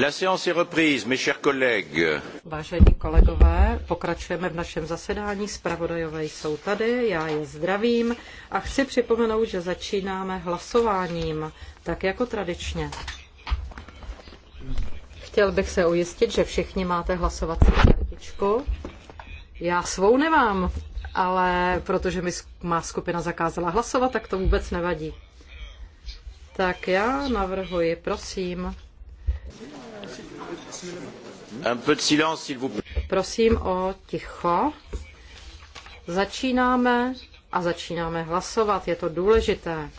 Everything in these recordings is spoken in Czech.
La séance est reprise, mes chers collègues. Vážení kolegové, pokračujeme v našem zasedání. Spravodajové jsou tady, já je zdravím a chci připomenout, že začínáme hlasováním, tak jako tradičně. Chtěl bych se ujistit, že všichni máte hlasovací kartičku. Já svou nemám, ale protože mi má skupina zakázala hlasovat, tak to vůbec nevadí. Tak já navrhuji, prosím, Prosím o ticho. Začínáme a začínáme hlasovat. Je to důležité.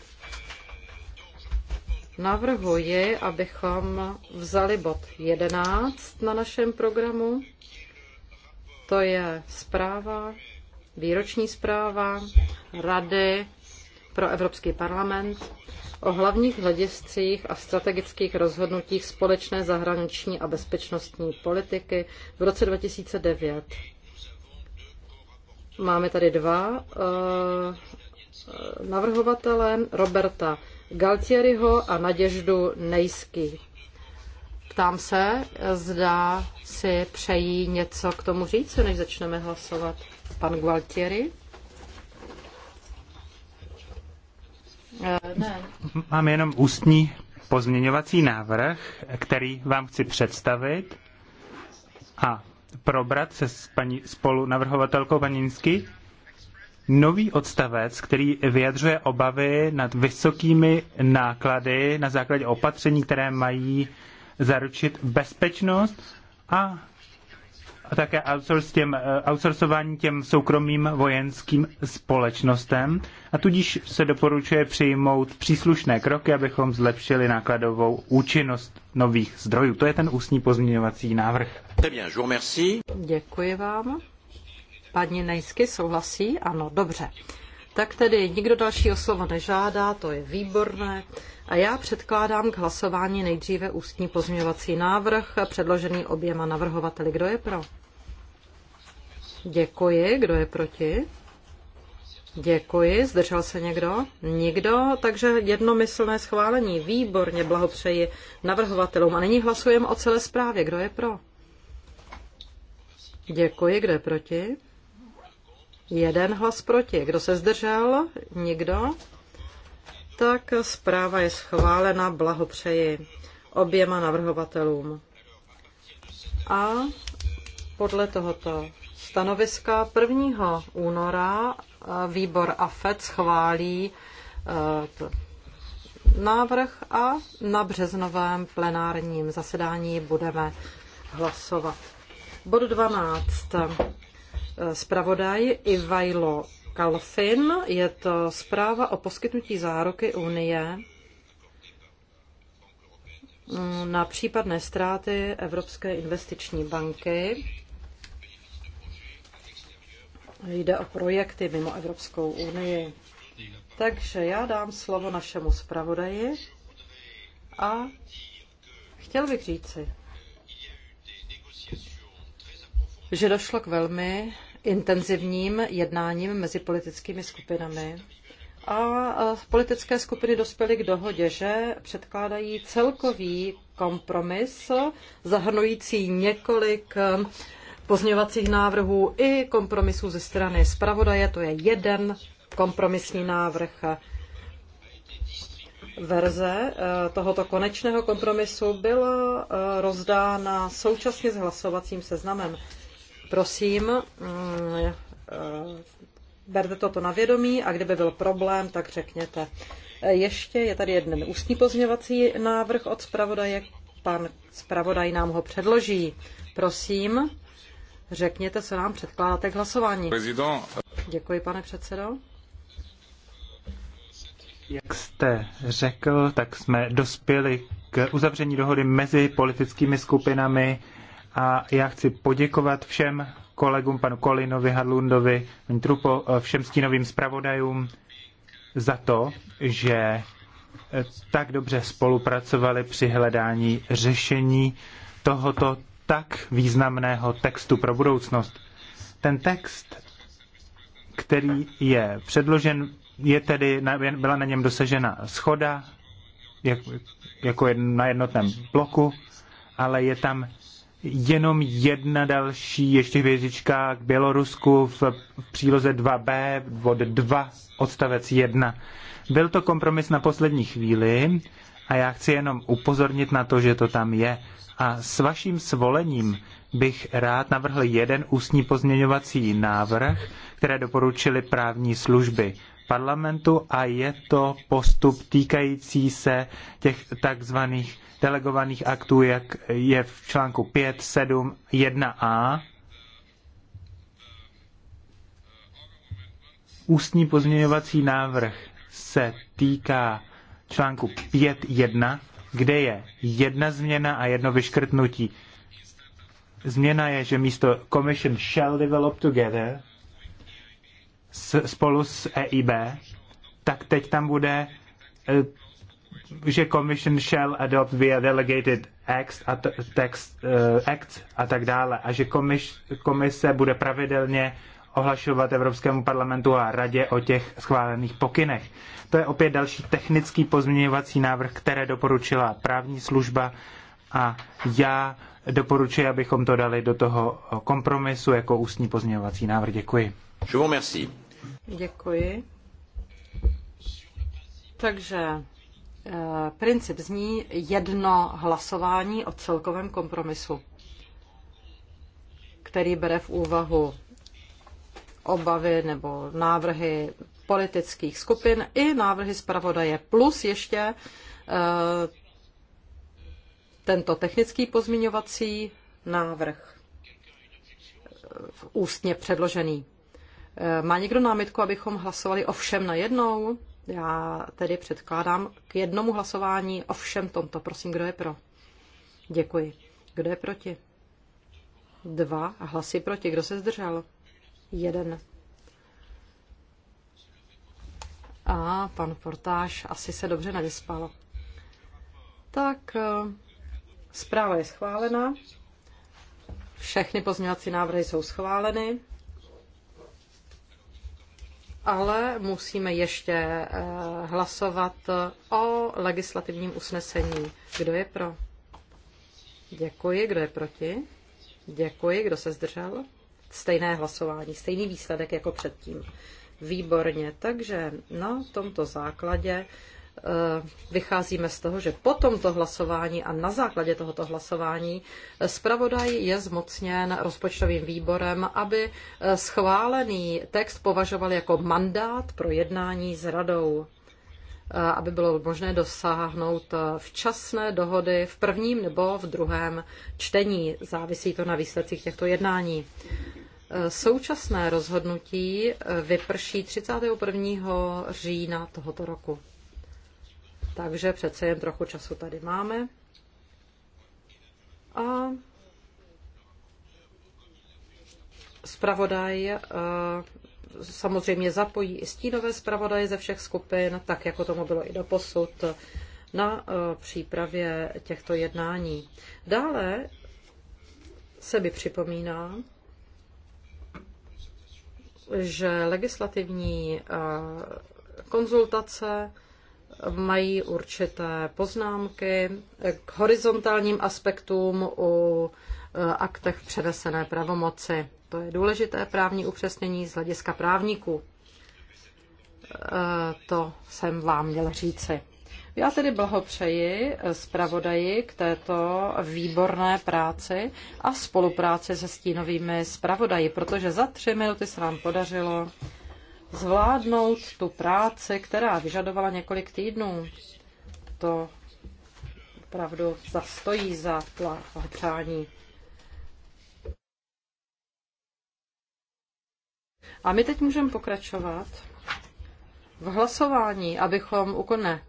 Navrhuji, abychom vzali bod 11 na našem programu. To je zpráva, výroční zpráva Rady pro Evropský parlament o hlavních hlediscích a strategických rozhodnutích společné zahraniční a bezpečnostní politiky v roce 2009. Máme tady dva eh, navrhovatele, Roberta Galtieriho a Naděždu Nejský. Ptám se, zda si přejí něco k tomu říct, než začneme hlasovat. Pan Gualtieri. Eh, ne. Mám jenom ústní pozměňovací návrh, který vám chci představit a probrat se s paní spolu navrhovatelkou Paninsky. Nový odstavec, který vyjadřuje obavy nad vysokými náklady na základě opatření, které mají zaručit bezpečnost a a také eh, outsourcování těm soukromým vojenským společnostem a tudíž se doporučuje přijmout příslušné kroky, abychom zlepšili nákladovou účinnost nových zdrojů. To je ten ústní pozměňovací návrh. Děkuji vám. Paní Nejsky souhlasí? Ano, dobře. Tak tedy nikdo dalšího slovo nežádá, to je výborné. A já předkládám k hlasování nejdříve ústní pozměňovací návrh, předložený oběma navrhovateli. Kdo je pro? Děkuji. Kdo je proti? Děkuji. Zdržel se někdo? Nikdo. Takže jednomyslné schválení. Výborně blahopřeji navrhovatelům. A nyní hlasujeme o celé zprávě. Kdo je pro? Děkuji. Kdo je proti? Jeden hlas proti. Kdo se zdržel? Nikdo. Tak zpráva je schválena. Blahopřeji oběma navrhovatelům. A podle tohoto stanoviska 1. února eh, výbor AFED schválí eh, návrh a na březnovém plenárním zasedání budeme hlasovat. Bod 12 zpravodaj Ivajlo Kalfin. Je to zpráva o poskytnutí záruky Unie na případné ztráty Evropské investiční banky. Jde o projekty mimo Evropskou unii. Takže já dám slovo našemu zpravodaji a chtěl bych říci, že došlo k velmi intenzivním jednáním mezi politickými skupinami. A politické skupiny dospěly k dohodě, že předkládají celkový kompromis zahrnující několik um, pozměňovacích návrhů i kompromisů ze strany zpravodaje. To je jeden kompromisní návrh. Verze eh, tohoto konečného kompromisu byla eh, rozdána současně s hlasovacím seznamem. Prosím, mm, berte toto na vědomí a kdyby byl problém, tak řekněte. Ještě je tady jeden ústní pozměňovací návrh od zpravodaje. Pan zpravodaj nám ho předloží. Prosím, řekněte, co nám předkládáte k hlasování. Děkuji, pane předsedo. Jak jste řekl, tak jsme dospěli k uzavření dohody mezi politickými skupinami a já chci poděkovat všem kolegům, panu Kolinovi, Hadlundovi, Trupo, všem stínovým zpravodajům za to, že tak dobře spolupracovali při hledání řešení tohoto tak významného textu pro budoucnost. Ten text, který je předložen, je tedy, byla na něm dosažena schoda, jako na jednotném bloku, ale je tam jenom jedna další ještě hvězdička k Bělorusku v příloze 2b od 2 odstavec 1. Byl to kompromis na poslední chvíli a já chci jenom upozornit na to, že to tam je. A s vaším svolením bych rád navrhl jeden ústní pozměňovací návrh, které doporučili právní služby parlamentu a je to postup týkající se těch takzvaných delegovaných aktů, jak je v článku 5, 7, 1a. Ústní pozměňovací návrh se týká článku 5.1, kde je jedna změna a jedno vyškrtnutí. Změna je, že místo Commission shall develop together s, spolu s EIB, tak teď tam bude eh, že Commission shall adopt via delegated acts a, text, uh, acts a tak dále a že komis, komise bude pravidelně ohlašovat Evropskému parlamentu a radě o těch schválených pokynech. To je opět další technický pozměňovací návrh, které doporučila právní služba a já doporučuji, abychom to dali do toho kompromisu jako ústní pozměňovací návrh. Děkuji. Je vous Děkuji. Takže Eh, princip zní jedno hlasování o celkovém kompromisu, který bere v úvahu obavy nebo návrhy politických skupin i návrhy zpravodaje, plus ještě eh, tento technický pozměňovací návrh eh, ústně předložený. Má někdo námitku, abychom hlasovali o všem najednou? Já tedy předkládám k jednomu hlasování o všem tomto. Prosím, kdo je pro? Děkuji. Kdo je proti? Dva hlasy proti. Kdo se zdržel? Jeden. A pan Portáž asi se dobře nevyspal. Tak eh, zpráva je schválena. Všechny pozměňovací návrhy jsou schváleny ale musíme ještě eh, hlasovat o legislativním usnesení. Kdo je pro? Děkuji. Kdo je proti? Děkuji. Kdo se zdržel? Stejné hlasování, stejný výsledek jako předtím. Výborně. Takže na no, tomto základě Eh, vycházíme z toho, že po tomto hlasování a na základě tohoto hlasování eh, zpravodaj je zmocněn rozpočtovým výborem, aby eh, schválený text považoval jako mandát pro jednání s radou aby bylo možné dosáhnout včasné dohody v prvním nebo v druhém čtení. Závisí to na výsledcích těchto jednání. Současné rozhodnutí vyprší 31. října tohoto roku takže přece jen trochu času tady máme. A zpravodaj eh, samozřejmě zapojí i stínové zpravodaje ze všech skupin, tak jako tomu bylo i doposud na eh, přípravě těchto jednání. Dále se mi připomíná, že legislativní eh, konzultace mají určité poznámky k horizontálním aspektům u e, aktech přenesené pravomoci. To je důležité právní upřesnění z hlediska právníků. E, to jsem vám měl říci. Já tedy blahopřeji e, zpravodaji k této výborné práci a spolupráci se stínovými zpravodaji, protože za tři minuty se vám podařilo zvládnout tu práci, která vyžadovala několik týdnů. To opravdu zastojí za přání. A my teď můžeme pokračovat v hlasování, abychom ukon... Ne.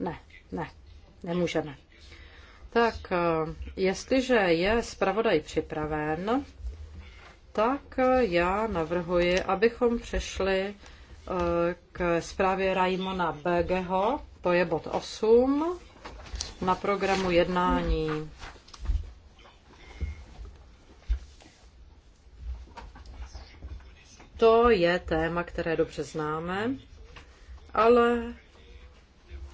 Ne, ne, nemůžeme. Tak, eh, jestliže je zpravodaj připraven, tak já navrhuji, abychom přešli eh, k zprávě Raimona Begeho, to je bod 8 na programu jednání. To je téma, které dobře známe, ale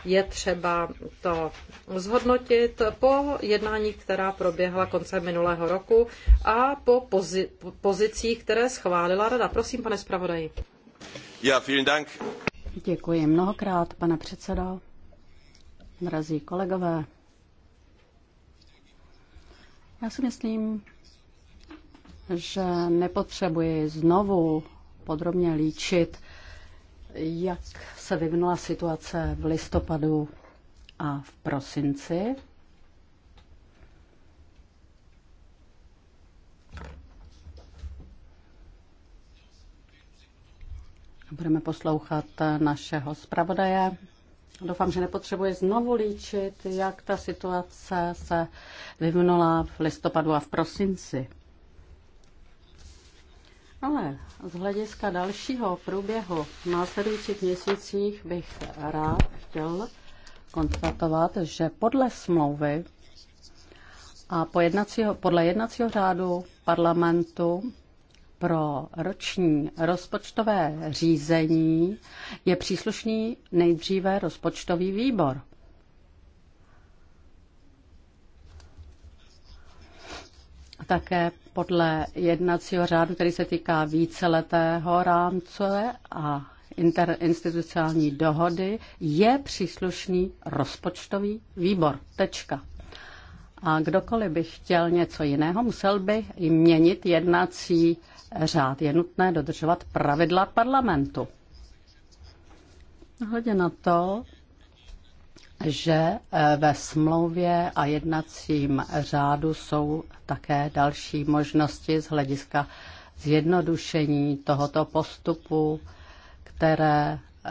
je třeba to zhodnotit po jednání, která proběhla koncem minulého roku a po pozi- pozicích, které schválila rada. Prosím, pane zpravodaji. Já, vielen Dank. Děkuji mnohokrát, pane předsedo. Drazí kolegové, já si myslím, že nepotřebuji znovu podrobně líčit, jak se vyvinula situace v listopadu a v prosinci. Budeme poslouchat našeho zpravodaje. Doufám, že nepotřebuje znovu líčit, jak ta situace se vyvinula v listopadu a v prosinci. Ale z hlediska dalšího průběhu v následujících měsících bych rád chtěl konstatovat, že podle smlouvy a po jednacího, podle jednacího řádu parlamentu pro roční rozpočtové řízení je příslušný nejdříve rozpočtový výbor. také podle jednacího řádu, který se týká víceletého rámce a interinstitucionální dohody, je příslušný rozpočtový výbor. Tečka. A kdokoliv by chtěl něco jiného, musel by měnit jednací řád. Je nutné dodržovat pravidla parlamentu. Hledě na to, že eh, ve smlouvě a jednacím řádu jsou také další možnosti z hlediska zjednodušení tohoto postupu, které eh,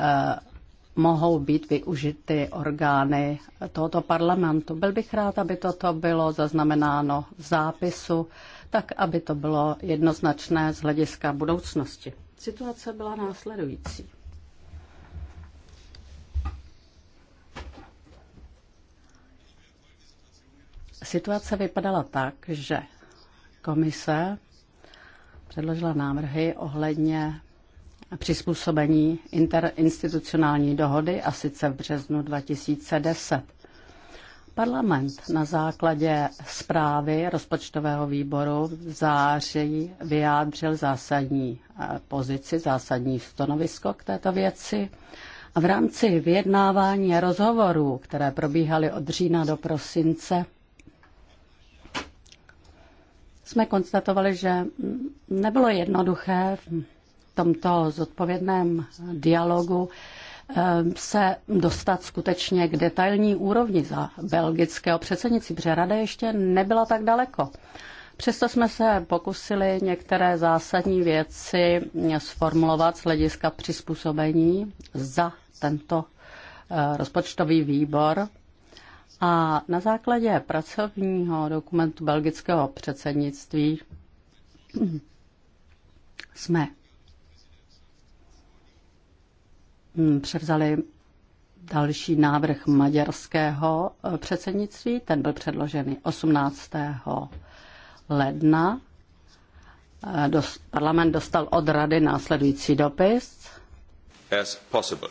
mohou být využity orgány tohoto parlamentu. Byl bych rád, aby toto bylo zaznamenáno v zápisu, tak aby to bylo jednoznačné z hlediska budoucnosti. Situace byla následující. Situace vypadala tak, že komise předložila návrhy ohledně přizpůsobení interinstitucionální dohody a sice v březnu 2010. Parlament na základě zprávy rozpočtového výboru v září vyjádřil zásadní eh, pozici, zásadní stanovisko k této věci. A v rámci vyjednávání a rozhovorů, které probíhaly od října do prosince, jsme konstatovali, že nebylo jednoduché v tomto zodpovědném dialogu eh, se dostat skutečně k detailní úrovni za belgického předsednictví, protože rada ještě nebyla tak daleko. Přesto jsme se pokusili některé zásadní věci sformulovat z hlediska přizpůsobení za tento eh, rozpočtový výbor a na základě pracovního dokumentu belgického předsednictví jsme hm, převzali další návrh maďarského eh, předsednictví. Ten byl předložený 18. ledna. Eh, parlament dostal od rady následující dopis. As possible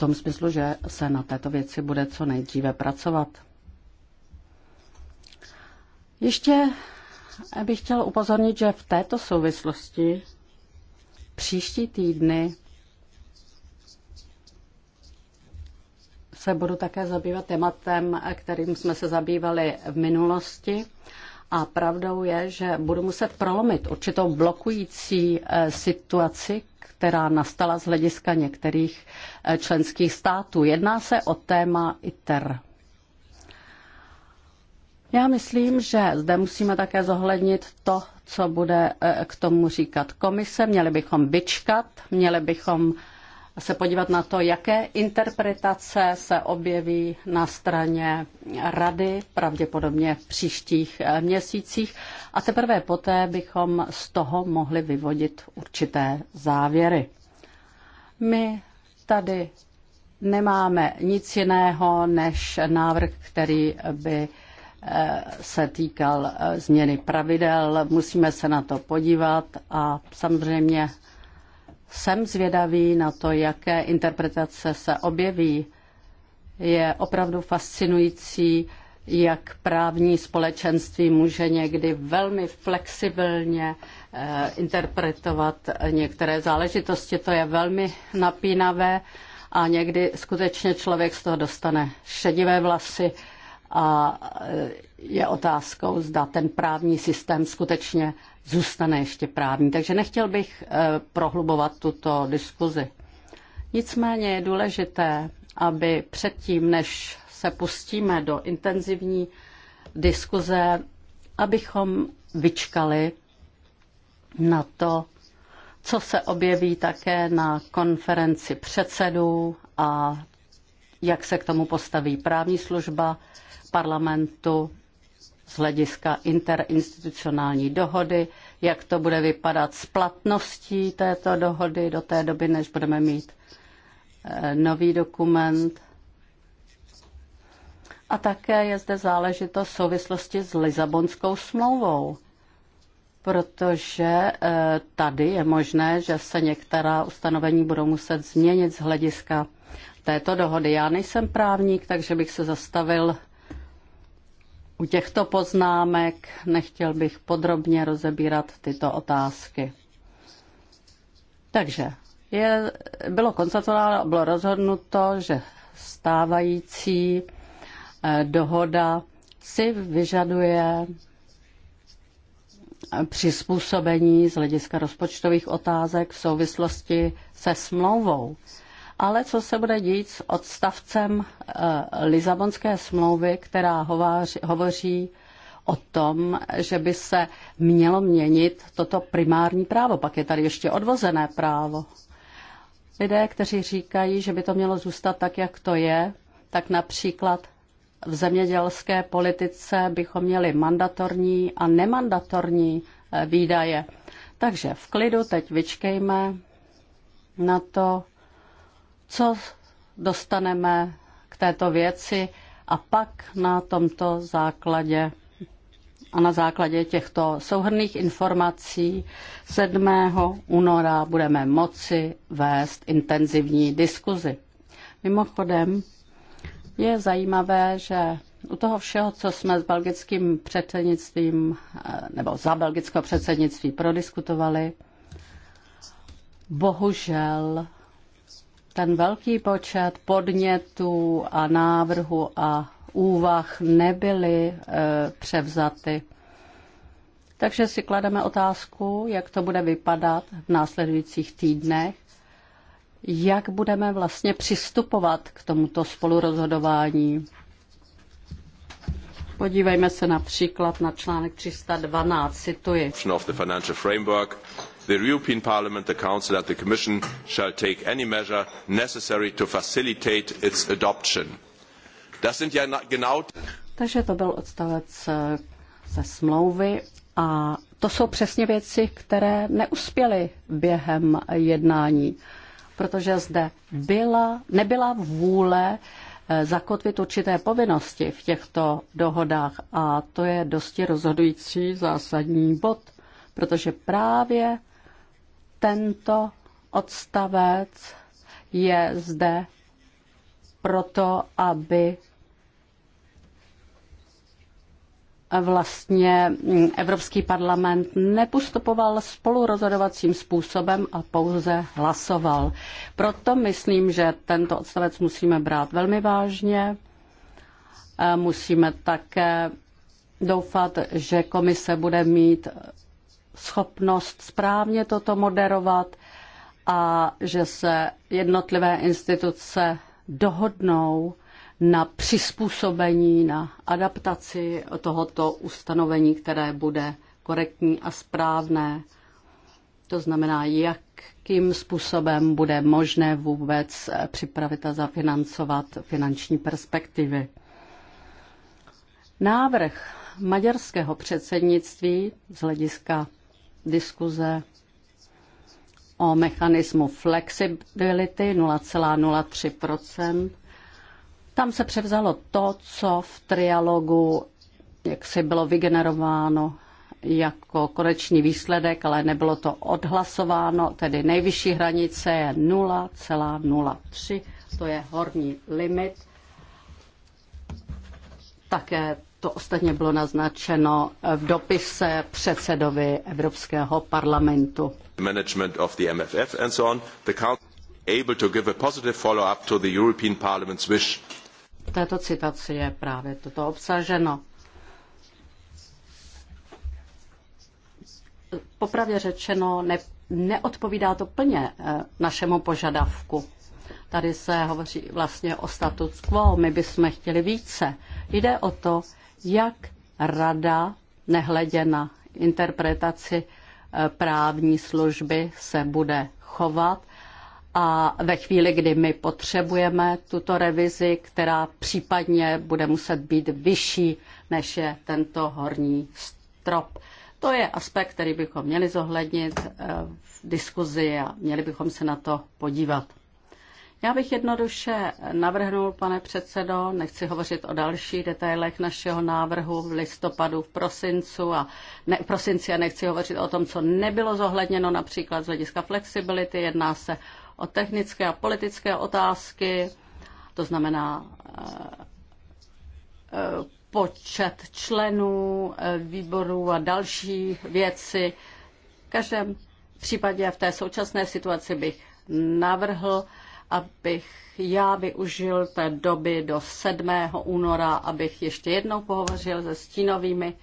tom smyslu, že se na této věci bude co nejdříve pracovat. Ještě bych chtěl upozornit, že v této souvislosti příští týdny se budu také zabývat tématem, kterým jsme se zabývali v minulosti. A pravdou je, že budu muset prolomit určitou blokující eh, situaci, která nastala z hlediska některých eh, členských států. Jedná se o téma ITER. Já myslím, že zde musíme také zohlednit to, co bude eh, k tomu říkat komise. Měli bychom vyčkat, měli bychom a se podívat na to, jaké interpretace se objeví na straně rady, pravděpodobně v příštích eh, měsících. A teprve poté bychom z toho mohli vyvodit určité závěry. My tady nemáme nic jiného než návrh, který by eh, se týkal eh, změny pravidel. Musíme se na to podívat a samozřejmě jsem zvědavý na to, jaké interpretace se objeví. Je opravdu fascinující, jak právní společenství může někdy velmi flexibilně eh, interpretovat některé záležitosti. To je velmi napínavé a někdy skutečně člověk z toho dostane šedivé vlasy a e, je otázkou, zda ten právní systém skutečně zůstane ještě právní. Takže nechtěl bych e, prohlubovat tuto diskuzi. Nicméně je důležité, aby předtím, než se pustíme do intenzivní diskuze, abychom vyčkali na to, co se objeví také na konferenci předsedů a jak se k tomu postaví právní služba parlamentu z hlediska interinstitucionální dohody, jak to bude vypadat s platností této dohody do té doby, než budeme mít eh, nový dokument. A také je zde záležitost v souvislosti s Lisabonskou smlouvou, protože eh, tady je možné, že se některá ustanovení budou muset změnit z hlediska této dohody. Já nejsem právník, takže bych se zastavil u těchto poznámek. Nechtěl bych podrobně rozebírat tyto otázky. Takže je, bylo konstatováno, bylo rozhodnuto, že stávající eh, dohoda si vyžaduje eh, přizpůsobení z hlediska rozpočtových otázek v souvislosti se smlouvou ale co se bude dít s odstavcem eh, Lisabonské smlouvy, která hovoří o tom, že by se mělo měnit toto primární právo. Pak je tady ještě odvozené právo. Lidé, kteří říkají, že by to mělo zůstat tak, jak to je, tak například v zemědělské politice bychom měli mandatorní a nemandatorní eh, výdaje. Takže v klidu teď vyčkejme na to, co dostaneme k této věci a pak na tomto základě a na základě těchto souhrných informací 7. února budeme moci vést intenzivní diskuzi. Mimochodem je zajímavé, že u toho všeho, co jsme s belgickým předsednictvím eh, nebo za belgického předsednictví prodiskutovali, bohužel ten velký počet podnětů a návrhu a úvah nebyly e, převzaty. Takže si klademe otázku, jak to bude vypadat v následujících týdnech, jak budeme vlastně přistupovat k tomuto spolurozhodování. Podívejme se například na článek 312, cituji the European Parliament, the Council and the Commission shall take any measure necessary to facilitate its adoption. Das sind ja genau... Takže to byl odstavec eh, ze smlouvy a to jsou přesně věci, které neuspěly během jednání, protože zde byla, nebyla vůle eh, zakotvit určité povinnosti v těchto dohodách a to je dosti rozhodující zásadní bod, protože právě tento odstavec je zde proto, aby vlastně Evropský parlament nepostupoval spolurozhodovacím způsobem a pouze hlasoval. Proto myslím, že tento odstavec musíme brát velmi vážně. Musíme také doufat, že komise bude mít schopnost správně toto moderovat a že se jednotlivé instituce dohodnou na přizpůsobení, na adaptaci tohoto ustanovení, které bude korektní a správné. To znamená, jakým způsobem bude možné vůbec připravit a zafinancovat finanční perspektivy. Návrh maďarského předsednictví z hlediska diskuze o mechanismu flexibility 0,03 Tam se převzalo to, co v trialogu jak si bylo vygenerováno jako konečný výsledek, ale nebylo to odhlasováno, tedy nejvyšší hranice je 0,03, to je horní limit. Také to ostatně bylo naznačeno v dopise předsedovi Evropského parlamentu. Management of the MFF and so on, the council able to give a positive follow-up to the European Parliament's wish. V této citaci je právě toto obsaženo. Popravě řečeno, ne, neodpovídá to plně eh, našemu požadavku. Tady se hovoří vlastně o status quo, my bychom chtěli více. Jde o to, jak rada, nehledě na interpretaci eh, právní služby, se bude chovat a ve chvíli, kdy my potřebujeme tuto revizi, která případně bude muset být vyšší, než je tento horní strop. To je aspekt, který bychom měli zohlednit eh, v diskuzi a měli bychom se na to podívat. Já bych jednoduše navrhnul, pane předsedo, nechci hovořit o dalších detailech našeho návrhu v listopadu, v prosincu a ne, v prosinci a nechci hovořit o tom, co nebylo zohledněno například z hlediska flexibility. Jedná se o technické a politické otázky, to znamená eh, eh, počet členů eh, výborů a další věci. V každém případě v té současné situaci bych navrhl, abych já využil té doby do 7. února, abych ještě jednou pohovořil se stínovými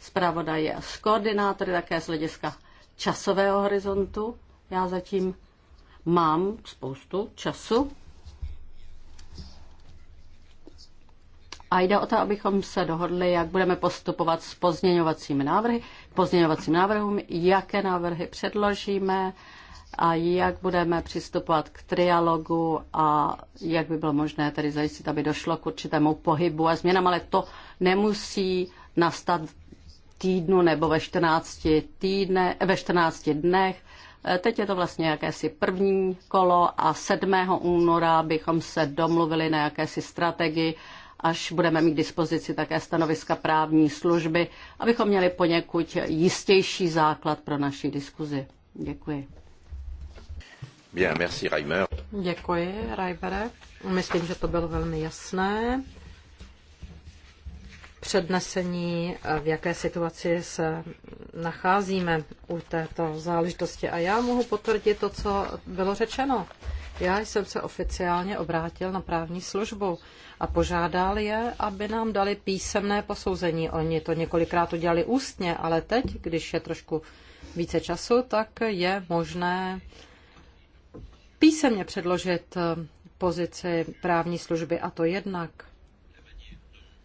zpravodaji a s koordinátory také z hlediska časového horizontu. Já zatím mám spoustu času. A jde o to, abychom se dohodli, jak budeme postupovat s pozměňovacími návrhy, pozměňovacím návrhům, jaké návrhy předložíme, a jak budeme přistupovat k trialogu a jak by bylo možné tedy zajistit, aby došlo k určitému pohybu a změnám, ale to nemusí nastat týdnu nebo ve 14, týdne, ve 14 dnech. Teď je to vlastně jakési první kolo a 7. února bychom se domluvili na jakési strategii, až budeme mít k dispozici také stanoviska právní služby, abychom měli poněkud jistější základ pro naši diskuzi. Děkuji. Bien, merci, Reimer. Děkuji, Reimere. Myslím, že to bylo velmi jasné přednesení, v jaké situaci se nacházíme u této záležitosti. A já mohu potvrdit to, co bylo řečeno. Já jsem se oficiálně obrátil na právní službu a požádal je, aby nám dali písemné posouzení. Oni to několikrát udělali ústně, ale teď, když je trošku více času, tak je možné písemně předložit eh, pozici právní služby, a to jednak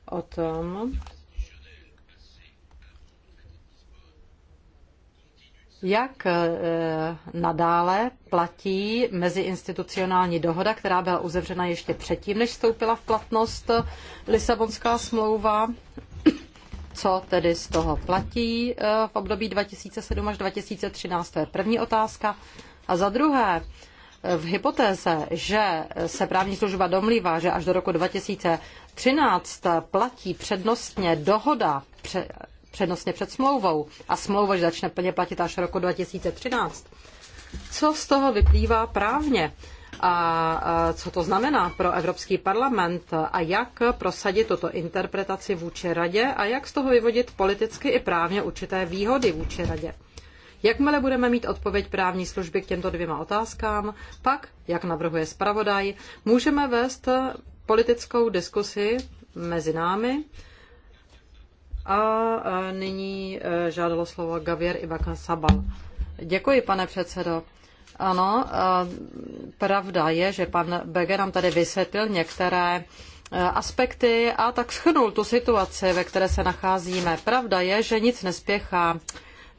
o tom, Jak eh, nadále platí meziinstitucionální dohoda, která byla uzavřena ještě předtím, než vstoupila v platnost Lisabonská smlouva? Co tedy z toho platí eh, v období 2007 až 2013? To je první otázka. A za druhé, v hypotéze, že se právní služba domlívá, že až do roku 2013 platí přednostně dohoda přednostně před smlouvou a smlouva že začne plně platit až roku 2013, co z toho vyplývá právně? A co to znamená pro Evropský parlament a jak prosadit tuto interpretaci vůči radě a jak z toho vyvodit politicky i právně určité výhody vůči radě. Jakmile budeme mít odpověď právní služby k těmto dvěma otázkám, pak, jak navrhuje zpravodaj, můžeme vést politickou diskusi mezi námi. A e, nyní e, žádalo slovo Gavier Ibaka Sabal. Děkuji, pane předsedo. Ano, e, pravda je, že pan Bege nám tady vysvětlil některé aspekty a tak schrnul tu situaci, ve které se nacházíme. Pravda je, že nic nespěchá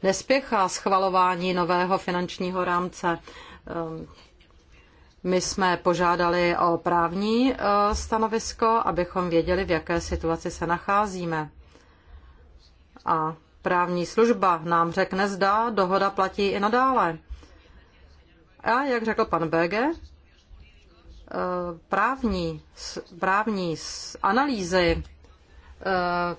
nespěchá schvalování nového finančního rámce. Ehm, my jsme požádali o právní eh, stanovisko, abychom věděli, v jaké situaci se nacházíme. A právní služba nám řekne, zda dohoda platí i nadále. A jak řekl pan Bege, eh, právní, právní analýzy eh,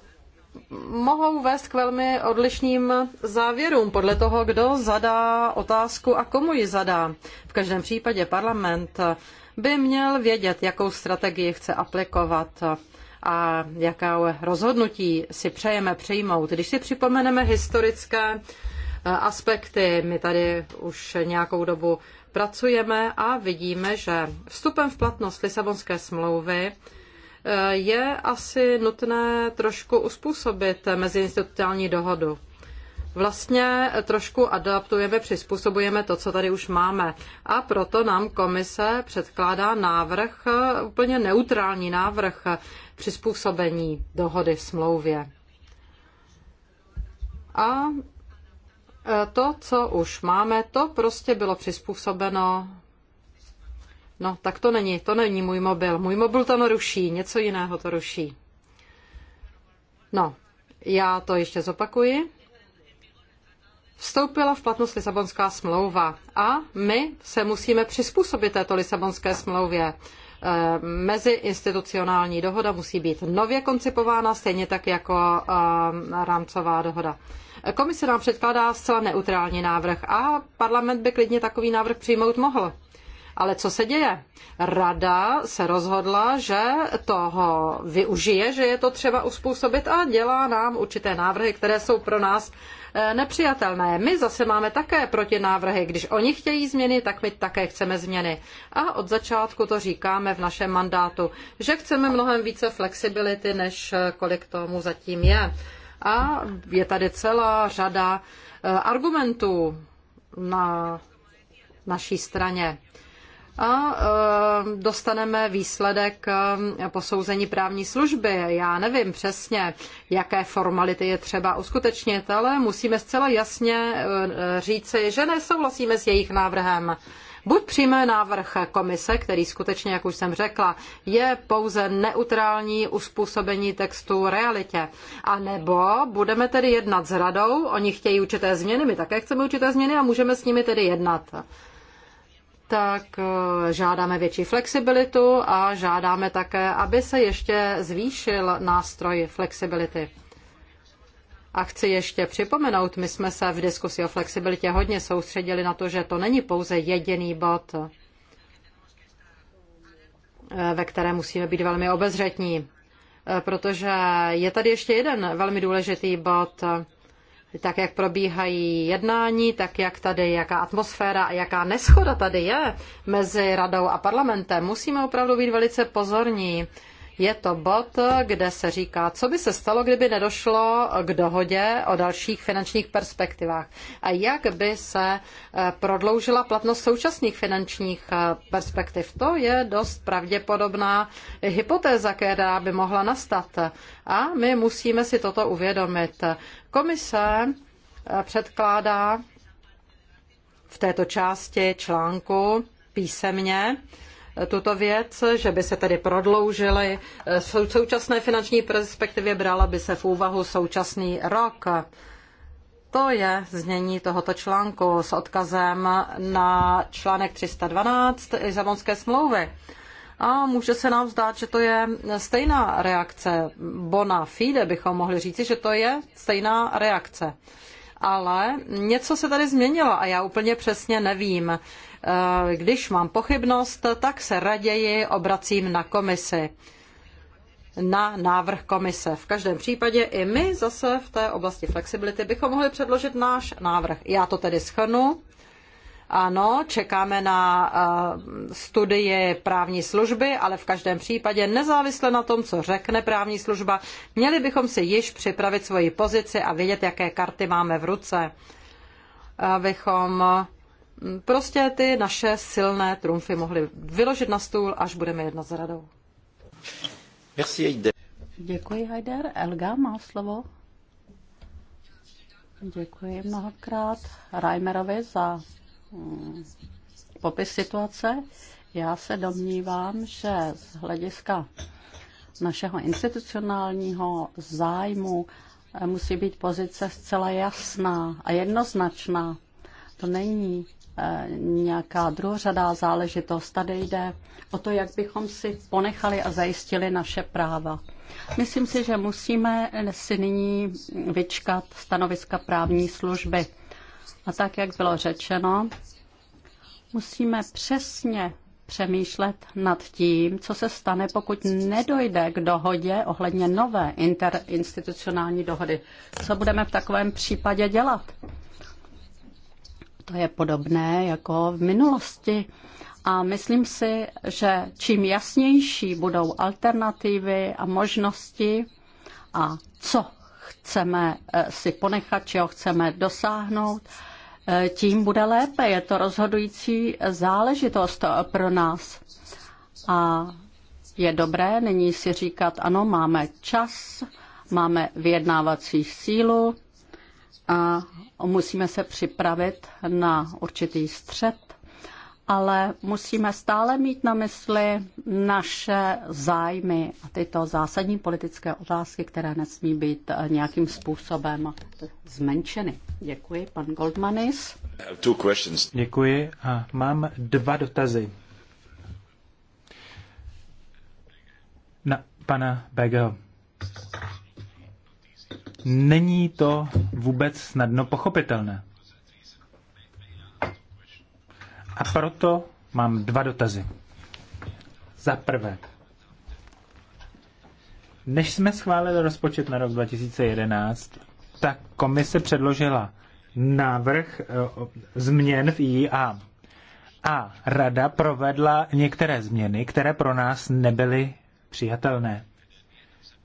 mohou vést k velmi odlišným závěrům podle toho, kdo zadá otázku a komu ji zadá. V každém případě parlament by měl vědět, jakou strategii chce aplikovat a jaká rozhodnutí si přejeme přijmout. Když si připomeneme historické eh, aspekty, my tady už nějakou dobu pracujeme a vidíme, že vstupem v platnost Lisabonské smlouvy je asi nutné trošku uspůsobit meziinstitucionální dohodu. Vlastně trošku adaptujeme, přizpůsobujeme to, co tady už máme. A proto nám komise předkládá návrh, úplně neutrální návrh přizpůsobení dohody v smlouvě. A e, to, co už máme, to prostě bylo přizpůsobeno No, tak to není, to není můj mobil. Můj mobil to ruší, něco jiného to ruší. No, já to ještě zopakuji. Vstoupila v platnost Lisabonská smlouva a my se musíme přizpůsobit této Lisabonské smlouvě. E, meziinstitucionální dohoda musí být nově koncipována, stejně tak jako e, rámcová dohoda. Komise nám předkládá zcela neutrální návrh a parlament by klidně takový návrh přijmout mohl. Ale co se děje? Rada se rozhodla, že toho využije, že je to třeba uspůsobit a dělá nám určité návrhy, které jsou pro nás eh, nepřijatelné. My zase máme také protinávrhy. Když oni chtějí změny, tak my také chceme změny. A od začátku to říkáme v našem mandátu, že chceme mnohem více flexibility, než eh, kolik tomu zatím je. A je tady celá řada eh, argumentů na naší straně a eh, dostaneme výsledek eh, posouzení právní služby. Já nevím přesně, jaké formality je třeba uskutečnit, ale musíme zcela jasně eh, říci, že nesouhlasíme s jejich návrhem. Buď přijme návrh komise, který skutečně, jak už jsem řekla, je pouze neutrální uspůsobení textu realitě. A nebo budeme tedy jednat s radou, oni chtějí určité změny, my také chceme určité změny a můžeme s nimi tedy jednat tak eh, žádáme větší flexibilitu a žádáme také, aby se ještě zvýšil nástroj flexibility. A chci ještě připomenout, my jsme se v diskusi o flexibilitě hodně soustředili na to, že to není pouze jediný bod, eh, ve kterém musíme být velmi obezřetní, eh, protože je tady ještě jeden velmi důležitý bod, tak jak probíhají jednání, tak jak tady, jaká atmosféra a jaká neschoda tady je mezi radou a parlamentem, musíme opravdu být velice pozorní. Je to bod, kde se říká, co by se stalo, kdyby nedošlo k dohodě o dalších finančních perspektivách a jak by se eh, prodloužila platnost současných finančních eh, perspektiv. To je dost pravděpodobná hypotéza, která by mohla nastat. A my musíme si toto uvědomit. Komise eh, předkládá v této části článku písemně eh, tuto věc, že by se tedy prodloužily eh, současné finanční perspektivě, brala by se v úvahu současný rok. To je znění tohoto článku s odkazem na článek 312 Lisabonské smlouvy. A může se nám zdát, že to je stejná reakce. Bona fide bychom mohli říci, že to je stejná reakce. Ale něco se tady změnilo a já úplně přesně nevím. Eh, když mám pochybnost, tak se raději obracím na komisi na návrh komise. V každém případě i my zase v té oblasti flexibility bychom mohli předložit náš návrh. Já to tedy schrnu ano, čekáme na eh, studii právní služby, ale v každém případě nezávisle na tom, co řekne právní služba, měli bychom si již připravit svoji pozici a vědět, jaké karty máme v ruce, abychom hm, prostě ty naše silné trumfy mohli vyložit na stůl, až budeme jednat s radou. Merci, Heide. Děkuji, Heider. Elga má slovo. Děkuji mnohokrát Reimerovi za Hmm. popis situace. Já se domnívám, že z hlediska našeho institucionálního zájmu eh, musí být pozice zcela jasná a jednoznačná. To není eh, nějaká druhořadá záležitost. Tady jde o to, jak bychom si ponechali a zajistili naše práva. Myslím si, že musíme si nyní vyčkat stanoviska právní služby. A tak, jak bylo řečeno, musíme přesně přemýšlet nad tím, co se stane, pokud nedojde k dohodě ohledně nové interinstitucionální dohody. Co budeme v takovém případě dělat? To je podobné jako v minulosti. A myslím si, že čím jasnější budou alternativy a možnosti a co chceme eh, si ponechat, čeho chceme dosáhnout, tím bude lépe. Je to rozhodující záležitost pro nás. A je dobré nyní si říkat, ano, máme čas, máme vyjednávací sílu a musíme se připravit na určitý střed ale musíme stále mít na mysli naše zájmy a tyto zásadní politické otázky, které nesmí být nějakým způsobem zmenšeny. Děkuji, pan Goldmanis. Děkuji a mám dva dotazy. Na pana Begel. Není to vůbec snadno pochopitelné. A proto mám dva dotazy. Za prvé, než jsme schválili rozpočet na rok 2011, tak komise předložila návrh eh, změn v IA. A rada provedla některé změny, které pro nás nebyly přijatelné.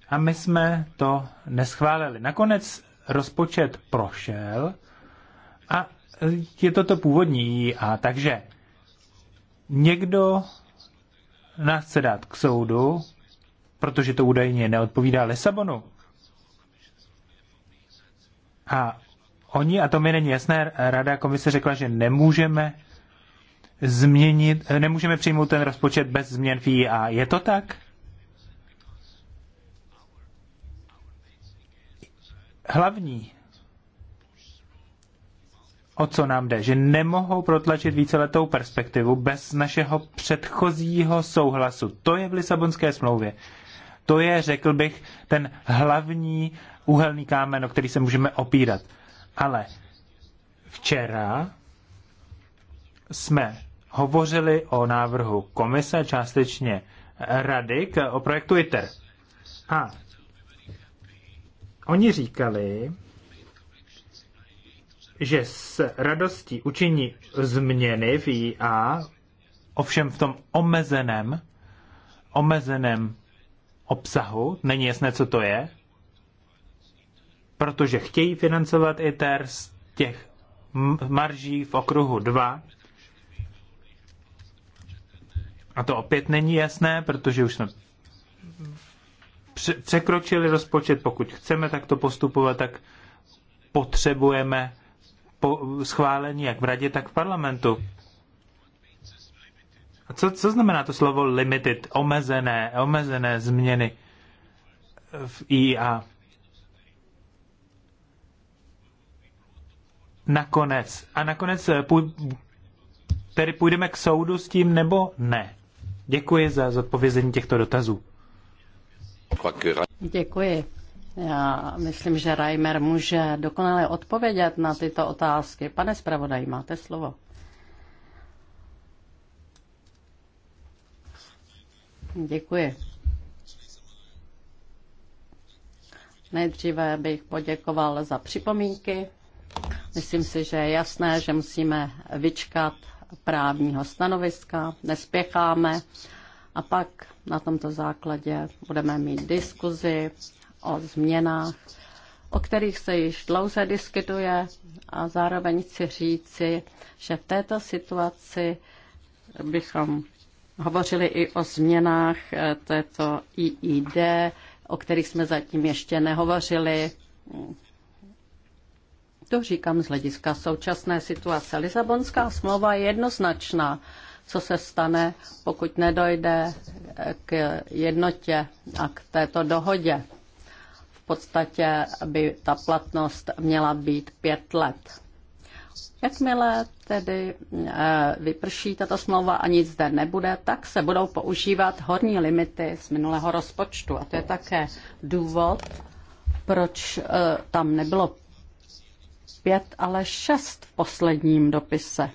A my jsme to neschválili. Nakonec rozpočet prošel a je to to původní a takže někdo nás chce dát k soudu, protože to údajně neodpovídá Lisabonu. A oni, a to mi není jasné, Rada komise řekla, že nemůžeme změnit, nemůžeme přijmout ten rozpočet bez změn FI a Je to tak? Hlavní o co nám jde, že nemohou protlačit víceletou perspektivu bez našeho předchozího souhlasu. To je v Lisabonské smlouvě. To je, řekl bych, ten hlavní úhelný kámen, o který se můžeme opírat. Ale včera jsme hovořili o návrhu komise, částečně rady, o projektu ITER. A oni říkali, že s radostí učiní změny v IA, ovšem v tom omezeném, omezeném obsahu, není jasné, co to je, protože chtějí financovat ITER z těch marží v okruhu 2. A to opět není jasné, protože už jsme překročili rozpočet. Pokud chceme takto postupovat, tak potřebujeme schválení jak v radě, tak v parlamentu. A co, co znamená to slovo limited, omezené, omezené změny v IA? Nakonec. A nakonec eh, půj, tedy půjdeme k soudu s tím nebo ne? Děkuji za zodpovězení těchto dotazů. Děkuji. Já myslím, že Reimer může dokonale odpovědět na tyto otázky. Pane zpravodaj, máte slovo. Děkuji. Nejdříve bych poděkoval za připomínky. Myslím si, že je jasné, že musíme vyčkat právního stanoviska, nespěcháme a pak na tomto základě budeme mít diskuzi o změnách, o kterých se již dlouze diskutuje a zároveň chci říci, že v této situaci bychom hovořili i o změnách eh, této IID, o kterých jsme zatím ještě nehovořili. To říkám z hlediska současné situace. Lisabonská smlouva je jednoznačná, co se stane, pokud nedojde eh, k jednotě a k této dohodě podstatě by ta platnost měla být pět let. Jakmile tedy eh, vyprší tato smlouva a nic zde nebude, tak se budou používat horní limity z minulého rozpočtu. A to je také důvod, proč eh, tam nebylo pět, ale šest v posledním dopise. Eh,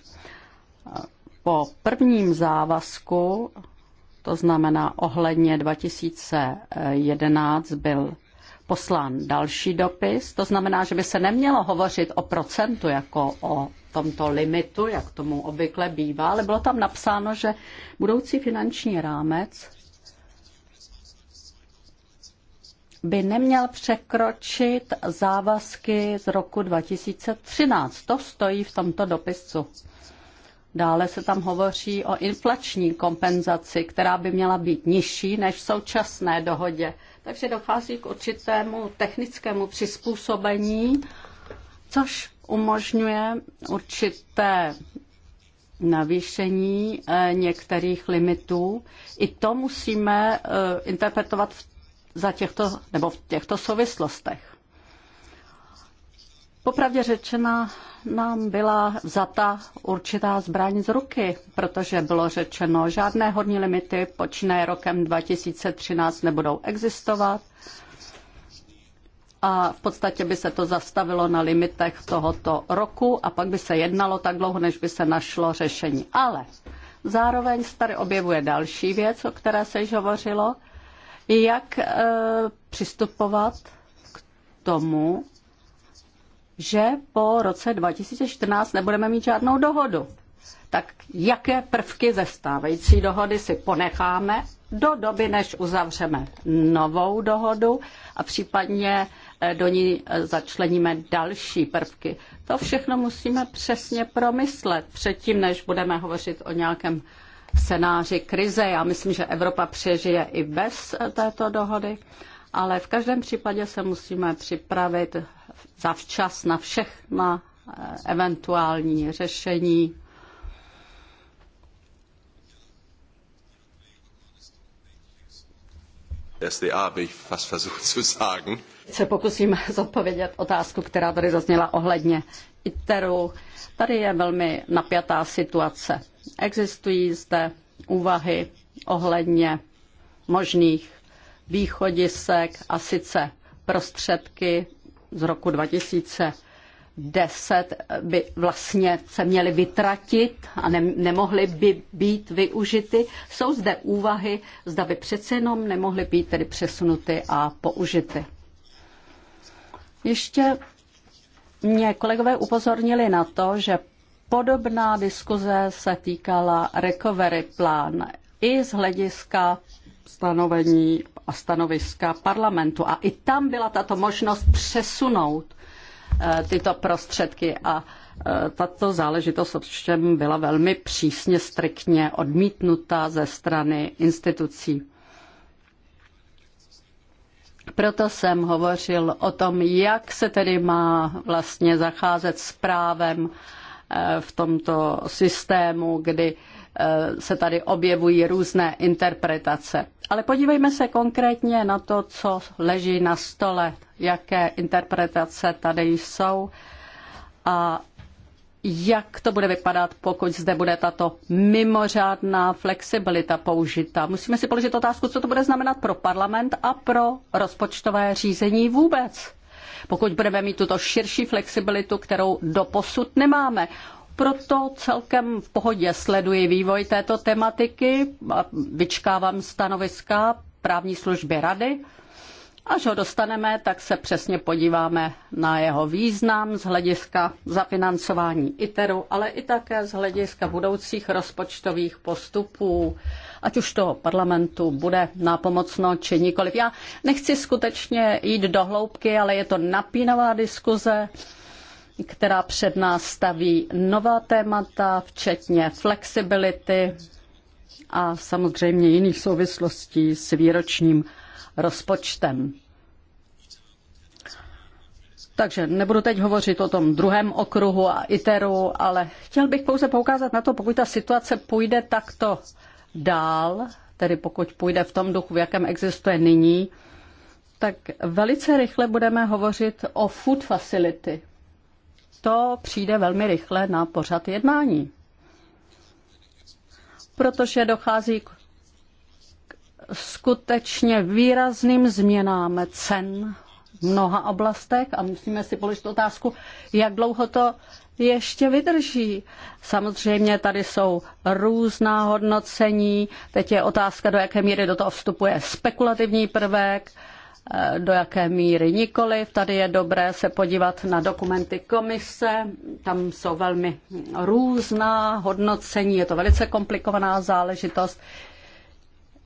po prvním závazku, to znamená ohledně 2011, byl poslán další dopis. To znamená, že by se nemělo hovořit o procentu jako o tomto limitu, jak tomu obvykle bývá, ale bylo tam napsáno, že budoucí finanční rámec by neměl překročit závazky z roku 2013. To stojí v tomto dopisu. Dále se tam hovoří o inflační kompenzaci, která by měla být nižší než v současné dohodě takže dochází k určitému technickému přizpůsobení, což umožňuje určité navýšení eh, některých limitů. I to musíme eh, interpretovat za těchto, nebo v těchto souvislostech. Popravdě řečena nám byla vzata určitá zbraň z ruky, protože bylo řečeno, žádné horní limity počné rokem 2013 nebudou existovat a v podstatě by se to zastavilo na limitech tohoto roku a pak by se jednalo tak dlouho, než by se našlo řešení. Ale zároveň se tady objevuje další věc, o které se již hovořilo, jak e, přistupovat k tomu, že po roce 2014 nebudeme mít žádnou dohodu. Tak jaké prvky ze stávající dohody si ponecháme do doby, než uzavřeme novou dohodu a případně eh, do ní eh, začleníme další prvky. To všechno musíme přesně promyslet předtím, než budeme hovořit o nějakém scénáři krize. Já myslím, že Evropa přežije i bez eh, této dohody, ale v každém případě se musíme připravit zavčas na všechna eh, eventuální řešení. bych Se pokusím zodpovědět otázku, která tady zazněla ohledně ITERu. Tady je velmi napjatá situace. Existují zde úvahy ohledně možných východisek a sice prostředky z roku 2010 by vlastně se měly vytratit a ne, nemohly by být využity. Jsou zde úvahy, zda by přece jenom nemohly být tedy přesunuty a použity. Ještě mě kolegové upozornili na to, že podobná diskuze se týkala recovery plán i z hlediska stanovení a stanoviska parlamentu. A i tam byla tato možnost přesunout eh, tyto prostředky a eh, tato záležitost ovšem byla velmi přísně, striktně odmítnuta ze strany institucí. Proto jsem hovořil o tom, jak se tedy má vlastně zacházet s právem eh, v tomto systému, kdy Eh, se tady objevují různé interpretace. Ale podívejme se konkrétně na to, co leží na stole, jaké interpretace tady jsou a jak to bude vypadat, pokud zde bude tato mimořádná flexibilita použita. Musíme si položit otázku, co to bude znamenat pro parlament a pro rozpočtové řízení vůbec. Pokud budeme mít tuto širší flexibilitu, kterou doposud nemáme, proto celkem v pohodě sleduji vývoj této tematiky, vyčkávám stanoviska právní služby rady. Až ho dostaneme, tak se přesně podíváme na jeho význam z hlediska zafinancování ITERu, ale i také z hlediska budoucích rozpočtových postupů, ať už toho parlamentu bude nápomocno či nikoliv. Já nechci skutečně jít do hloubky, ale je to napínavá diskuze která před nás staví nová témata, včetně flexibility a samozřejmě jiných souvislostí s výročním rozpočtem. Takže nebudu teď hovořit o tom druhém okruhu a ITERu, ale chtěl bych pouze poukázat na to, pokud ta situace půjde takto dál, tedy pokud půjde v tom duchu, v jakém existuje nyní, tak velice rychle budeme hovořit o food facility to přijde velmi rychle na pořad jednání. Protože dochází k skutečně výrazným změnám cen v mnoha oblastech a musíme si položit otázku, jak dlouho to ještě vydrží. Samozřejmě tady jsou různá hodnocení, teď je otázka, do jaké míry do toho vstupuje spekulativní prvek, Eh, do jaké míry nikoli. Tady je dobré se podívat na dokumenty komise, tam jsou velmi různá hodnocení, je to velice komplikovaná záležitost,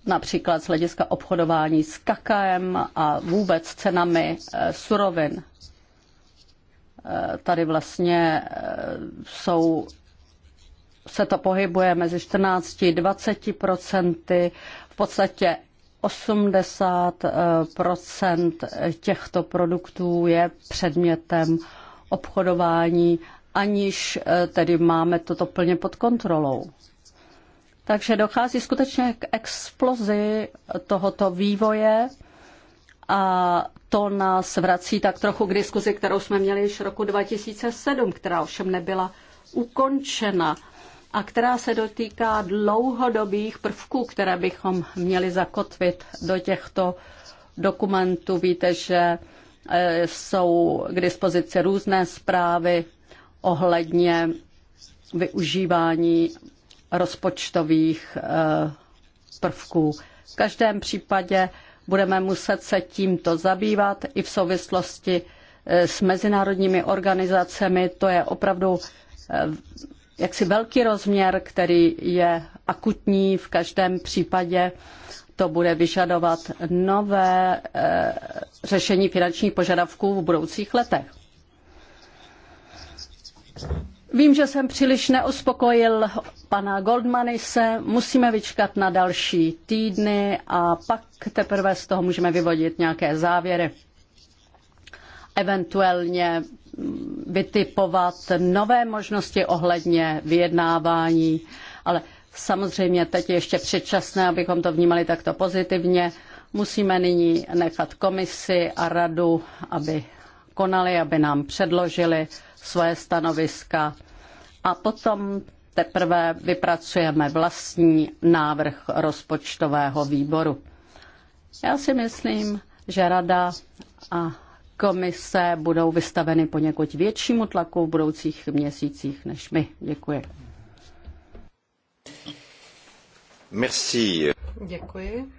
například z hlediska obchodování s kakaem a vůbec cenami eh, surovin. Eh, tady vlastně jsou se to pohybuje mezi 14 a 20 v podstatě 80 eh, těchto produktů je předmětem obchodování, aniž eh, tedy máme toto plně pod kontrolou. Takže dochází skutečně k explozi tohoto vývoje a to nás vrací tak trochu k diskuzi, kterou jsme měli již roku 2007, která ovšem nebyla ukončena a která se dotýká dlouhodobých prvků, které bychom měli zakotvit do těchto dokumentů. Víte, že e, jsou k dispozici různé zprávy ohledně využívání rozpočtových e, prvků. V každém případě budeme muset se tímto zabývat i v souvislosti e, s mezinárodními organizacemi. To je opravdu jaksi velký rozměr, který je akutní v každém případě. To bude vyžadovat nové e, řešení finančních požadavků v budoucích letech. Vím, že jsem příliš neuspokojil pana Goldmanise. Musíme vyčkat na další týdny a pak teprve z toho můžeme vyvodit nějaké závěry. Eventuálně vytipovat nové možnosti ohledně vyjednávání, ale samozřejmě teď je ještě předčasné, abychom to vnímali takto pozitivně. Musíme nyní nechat komisi a radu, aby konali, aby nám předložili svoje stanoviska a potom teprve vypracujeme vlastní návrh rozpočtového výboru. Já si myslím, že rada a komise budou vystaveny poněkud většímu tlaku v budoucích měsících než my. Děkuji. Merci. Děkuji,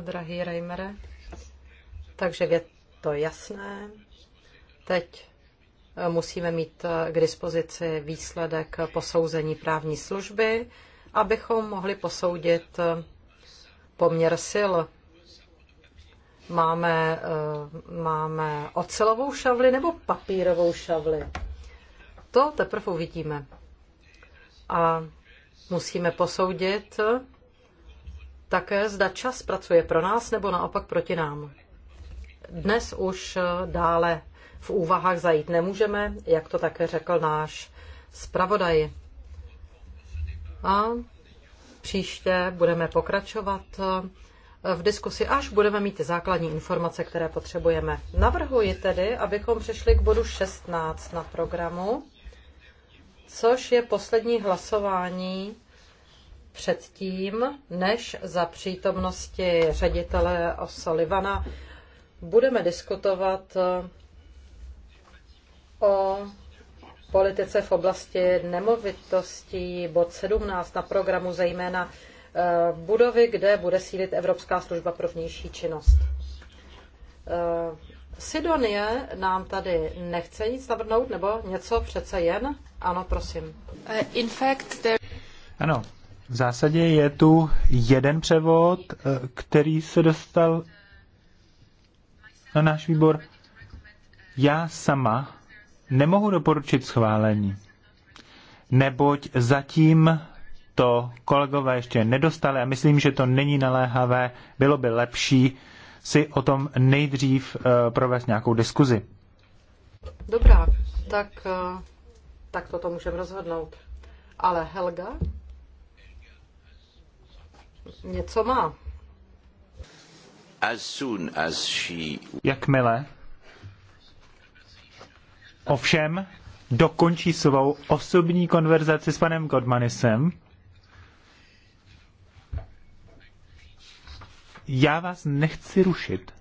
drahý Reimere. Takže je to jasné. Teď eh, musíme mít eh, k dispozici výsledek posouzení právní služby, abychom mohli posoudit eh, poměr sil Máme, eh, máme ocelovou šavli nebo papírovou šavli? To teprve uvidíme. A musíme posoudit také, zda čas pracuje pro nás nebo naopak proti nám. Dnes už dále v úvahách zajít nemůžeme, jak to také řekl náš zpravodaj. A příště budeme pokračovat v diskusi, až budeme mít základní informace, které potřebujeme. Navrhuji tedy, abychom přešli k bodu 16 na programu, což je poslední hlasování předtím, než za přítomnosti ředitele O'Sullivana budeme diskutovat eh, o politice v oblasti nemovitostí, bod 17 na programu zejména Eh, budovy, kde bude sídlit Evropská služba pro vnější činnost. Eh, Sidonie nám tady nechce nic navrhnout, nebo něco přece jen? Ano, prosím. Eh, in fact, there... Ano, v zásadě je tu jeden převod, který se dostal na náš výbor. Já sama nemohu doporučit schválení, neboť zatím to kolegové ještě nedostali a myslím, že to není naléhavé. Bylo by lepší si o tom nejdřív eh, provést nějakou diskuzi. Dobrá, tak, eh, tak toto můžeme rozhodnout. Ale Helga něco má. As soon as she... Jakmile ovšem dokončí svou osobní konverzaci s panem Godmanisem, Já vás nechci rušit,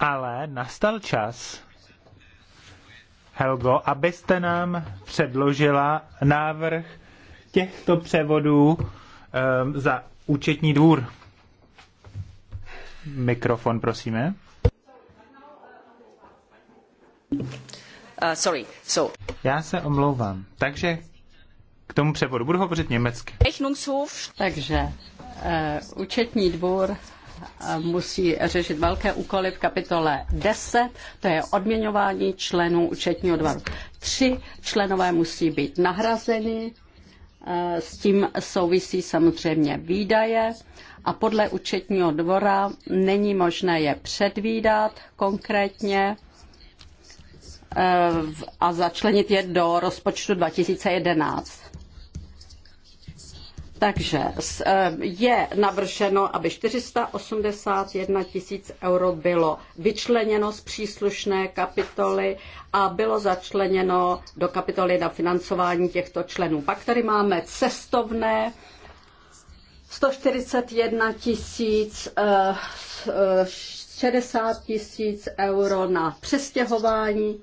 ale nastal čas, Helgo, abyste nám předložila návrh těchto převodů um, za účetní dvůr. Mikrofon, prosíme. Uh, sorry, so. Já se omlouvám. Takže k tomu převodu budu hovořit německy. Takže Eh, účetní dvůr eh, musí řešit velké úkoly v kapitole 10, to je odměňování členů účetního dvoru. Tři členové musí být nahrazeny, eh, s tím souvisí samozřejmě výdaje a podle účetního dvora není možné je předvídat konkrétně a začlenit je do rozpočtu 2011. Takže eh, je navrženo, aby 481 tisíc euro bylo vyčleněno z příslušné kapitoly a bylo začleněno do kapitoly na financování těchto členů. Pak tady máme cestovné 141 tisíc 60 eh, eh, tisíc euro na přestěhování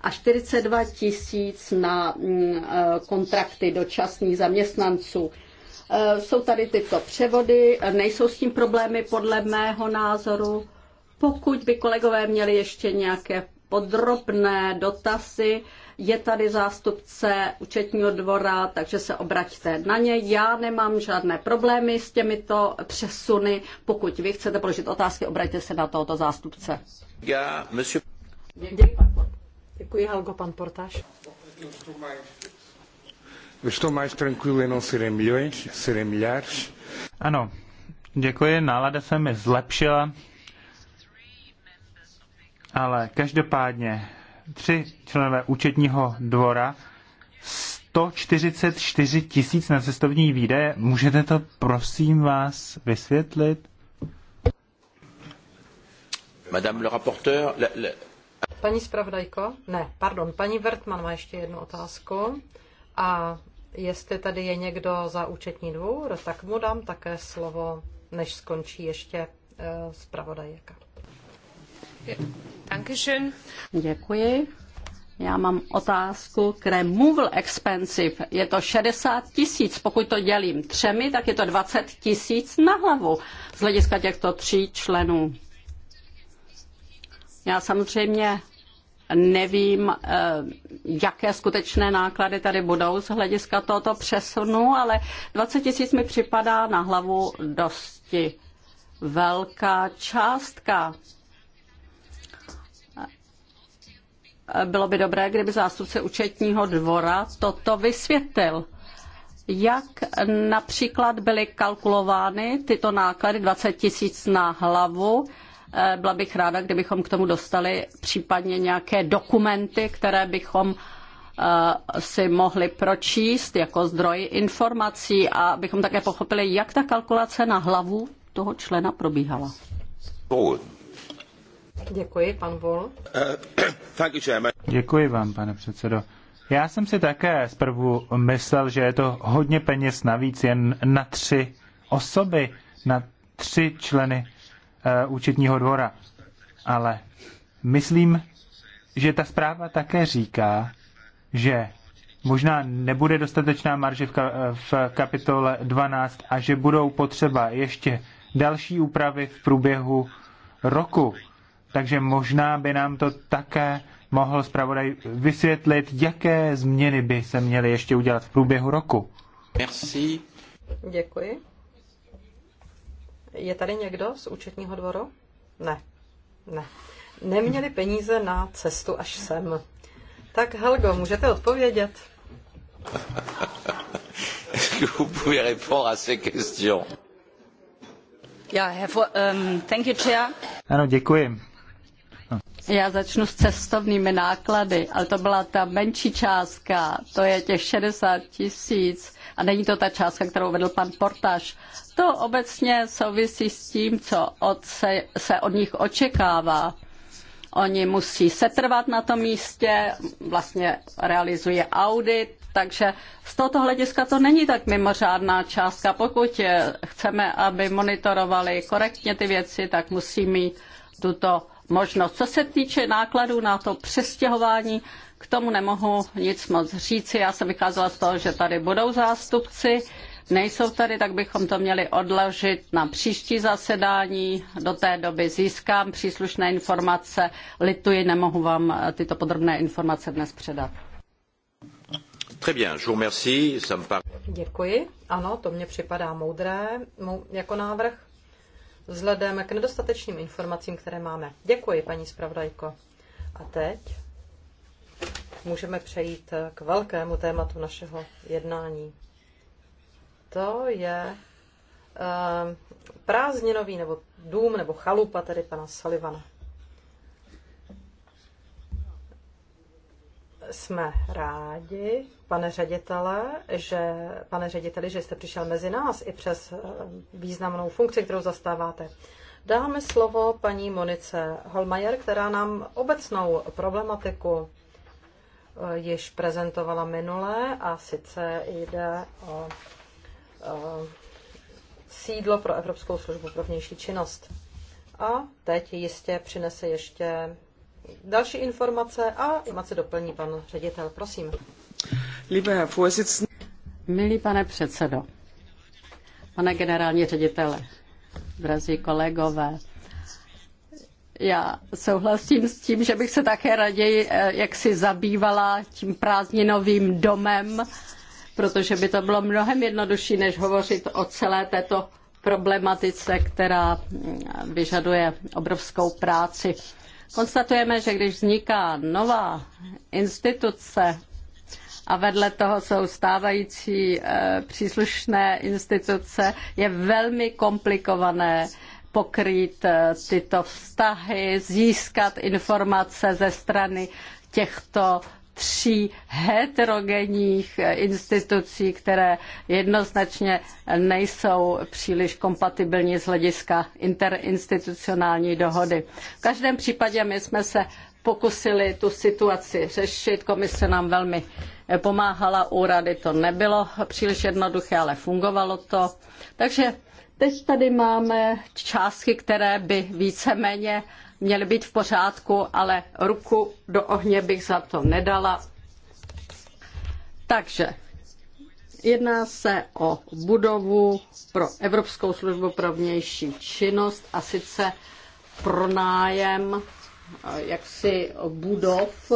a 42 tisíc na mm, eh, kontrakty dočasných zaměstnanců. Eh, jsou tady tyto převody, nejsou s tím problémy podle mého názoru. Pokud by kolegové měli ještě nějaké podrobné dotazy, je tady zástupce účetního dvora, takže se obraťte na ně. Já nemám žádné problémy s těmito přesuny. Pokud vy chcete položit otázky, obraťte se na tohoto zástupce. Já, monsieur... Děkuji, Děkuji, Helgo, pan Portáš. Estou mais tranquilo em não serem milhões, serem milhares. Ano, děkuji, nálada se mi zlepšila, ale každopádně tři členové účetního dvora 144 tisíc na cestovní výdaje. Můžete to prosím vás vysvětlit? Madame le rapporteur, la, la, Paní zpravodajko? Ne, pardon, paní Vertman má ještě jednu otázku. A jestli tady je někdo za účetní dvůr, tak mu dám také slovo, než skončí ještě eh, zpravodajka. Děkuji. Já mám otázku k removal expensive. Je to 60 tisíc, pokud to dělím třemi, tak je to 20 tisíc na hlavu z hlediska těchto tří členů. Já samozřejmě Nevím, eh, jaké skutečné náklady tady budou z hlediska tohoto přesunu, ale 20 tisíc mi připadá na hlavu dosti velká částka. Bylo by dobré, kdyby zástupce účetního dvora toto vysvětlil. Jak například byly kalkulovány tyto náklady 20 tisíc na hlavu? Eh, byla bych ráda, kdybychom k tomu dostali případně nějaké dokumenty, které bychom eh, si mohli pročíst jako zdroj informací a bychom také pochopili, jak ta kalkulace na hlavu toho člena probíhala. Děkuji, pan Vol. Eh, Děkuji vám, pane předsedo. Já jsem si také zprvu myslel, že je to hodně peněz navíc jen na tři osoby, na tři členy Eh, účetního dvora. Ale myslím, že ta zpráva také říká, že možná nebude dostatečná marže v, ka- eh, v kapitole 12 a že budou potřeba ještě další úpravy v průběhu roku. Takže možná by nám to také mohl zpravodaj vysvětlit, jaké změny by se měly ještě udělat v průběhu roku. Merci. Děkuji. Je tady někdo z účetního dvoru? Ne. Ne. Neměli peníze na cestu až sem. Tak Helgo, můžete odpovědět? Um, thank you, Ano, děkuji. Já začnu s cestovními náklady, ale to byla ta menší částka, to je těch 60 tisíc a není to ta částka, kterou vedl pan Portaš. To obecně souvisí s tím, co od se, se od nich očekává. Oni musí setrvat na tom místě, vlastně realizuje audit, takže z tohoto hlediska to není tak mimořádná částka. Pokud chceme, aby monitorovali korektně ty věci, tak musí mít tuto možnost. Co se týče nákladů na to přestěhování, k tomu nemohu nic moc říci. Já jsem vycházela z toho, že tady budou zástupci nejsou tady, tak bychom to měli odložit na příští zasedání. Do té doby získám příslušné informace. Lituji, nemohu vám tyto podrobné informace dnes předat. Děkuji. Ano, to mně připadá moudré jako návrh vzhledem k nedostatečným informacím, které máme. Děkuji, paní zpravodajko. A teď můžeme přejít k velkému tématu našeho jednání to je eh, prázdninový nebo dům nebo chalupa tady pana Salivana. Jsme rádi, pane ředitele, že, pane řediteli, že jste přišel mezi nás i přes eh, významnou funkci, kterou zastáváte. Dáme slovo paní Monice Holmajer, která nám obecnou problematiku eh, již prezentovala minule a sice jde o Eh, sídlo pro Evropskou službu pro vnější činnost. A teď jistě přinese ještě další informace a informace doplní pan ředitel. Prosím. Milý pane předsedo, pane generální ředitele, drazí kolegové, já souhlasím s tím, že bych se také raději eh, jaksi zabývala tím prázdninovým domem, protože by to bylo mnohem jednodušší, než hovořit o celé této problematice, která vyžaduje obrovskou práci. Konstatujeme, že když vzniká nová instituce a vedle toho jsou stávající eh, příslušné instituce, je velmi komplikované pokrýt eh, tyto vztahy, získat informace ze strany těchto tří heterogenních eh, institucí, které jednoznačně nejsou příliš kompatibilní z hlediska interinstitucionální dohody. V každém případě my jsme se pokusili tu situaci řešit. Komise nám velmi eh, pomáhala, u rady to nebylo příliš jednoduché, ale fungovalo to. Takže teď tady máme částky, které by víceméně měly být v pořádku, ale ruku do ohně bych za to nedala. Takže jedná se o budovu pro Evropskou službu pro vnější činnost a sice pronájem eh, jaksi budov.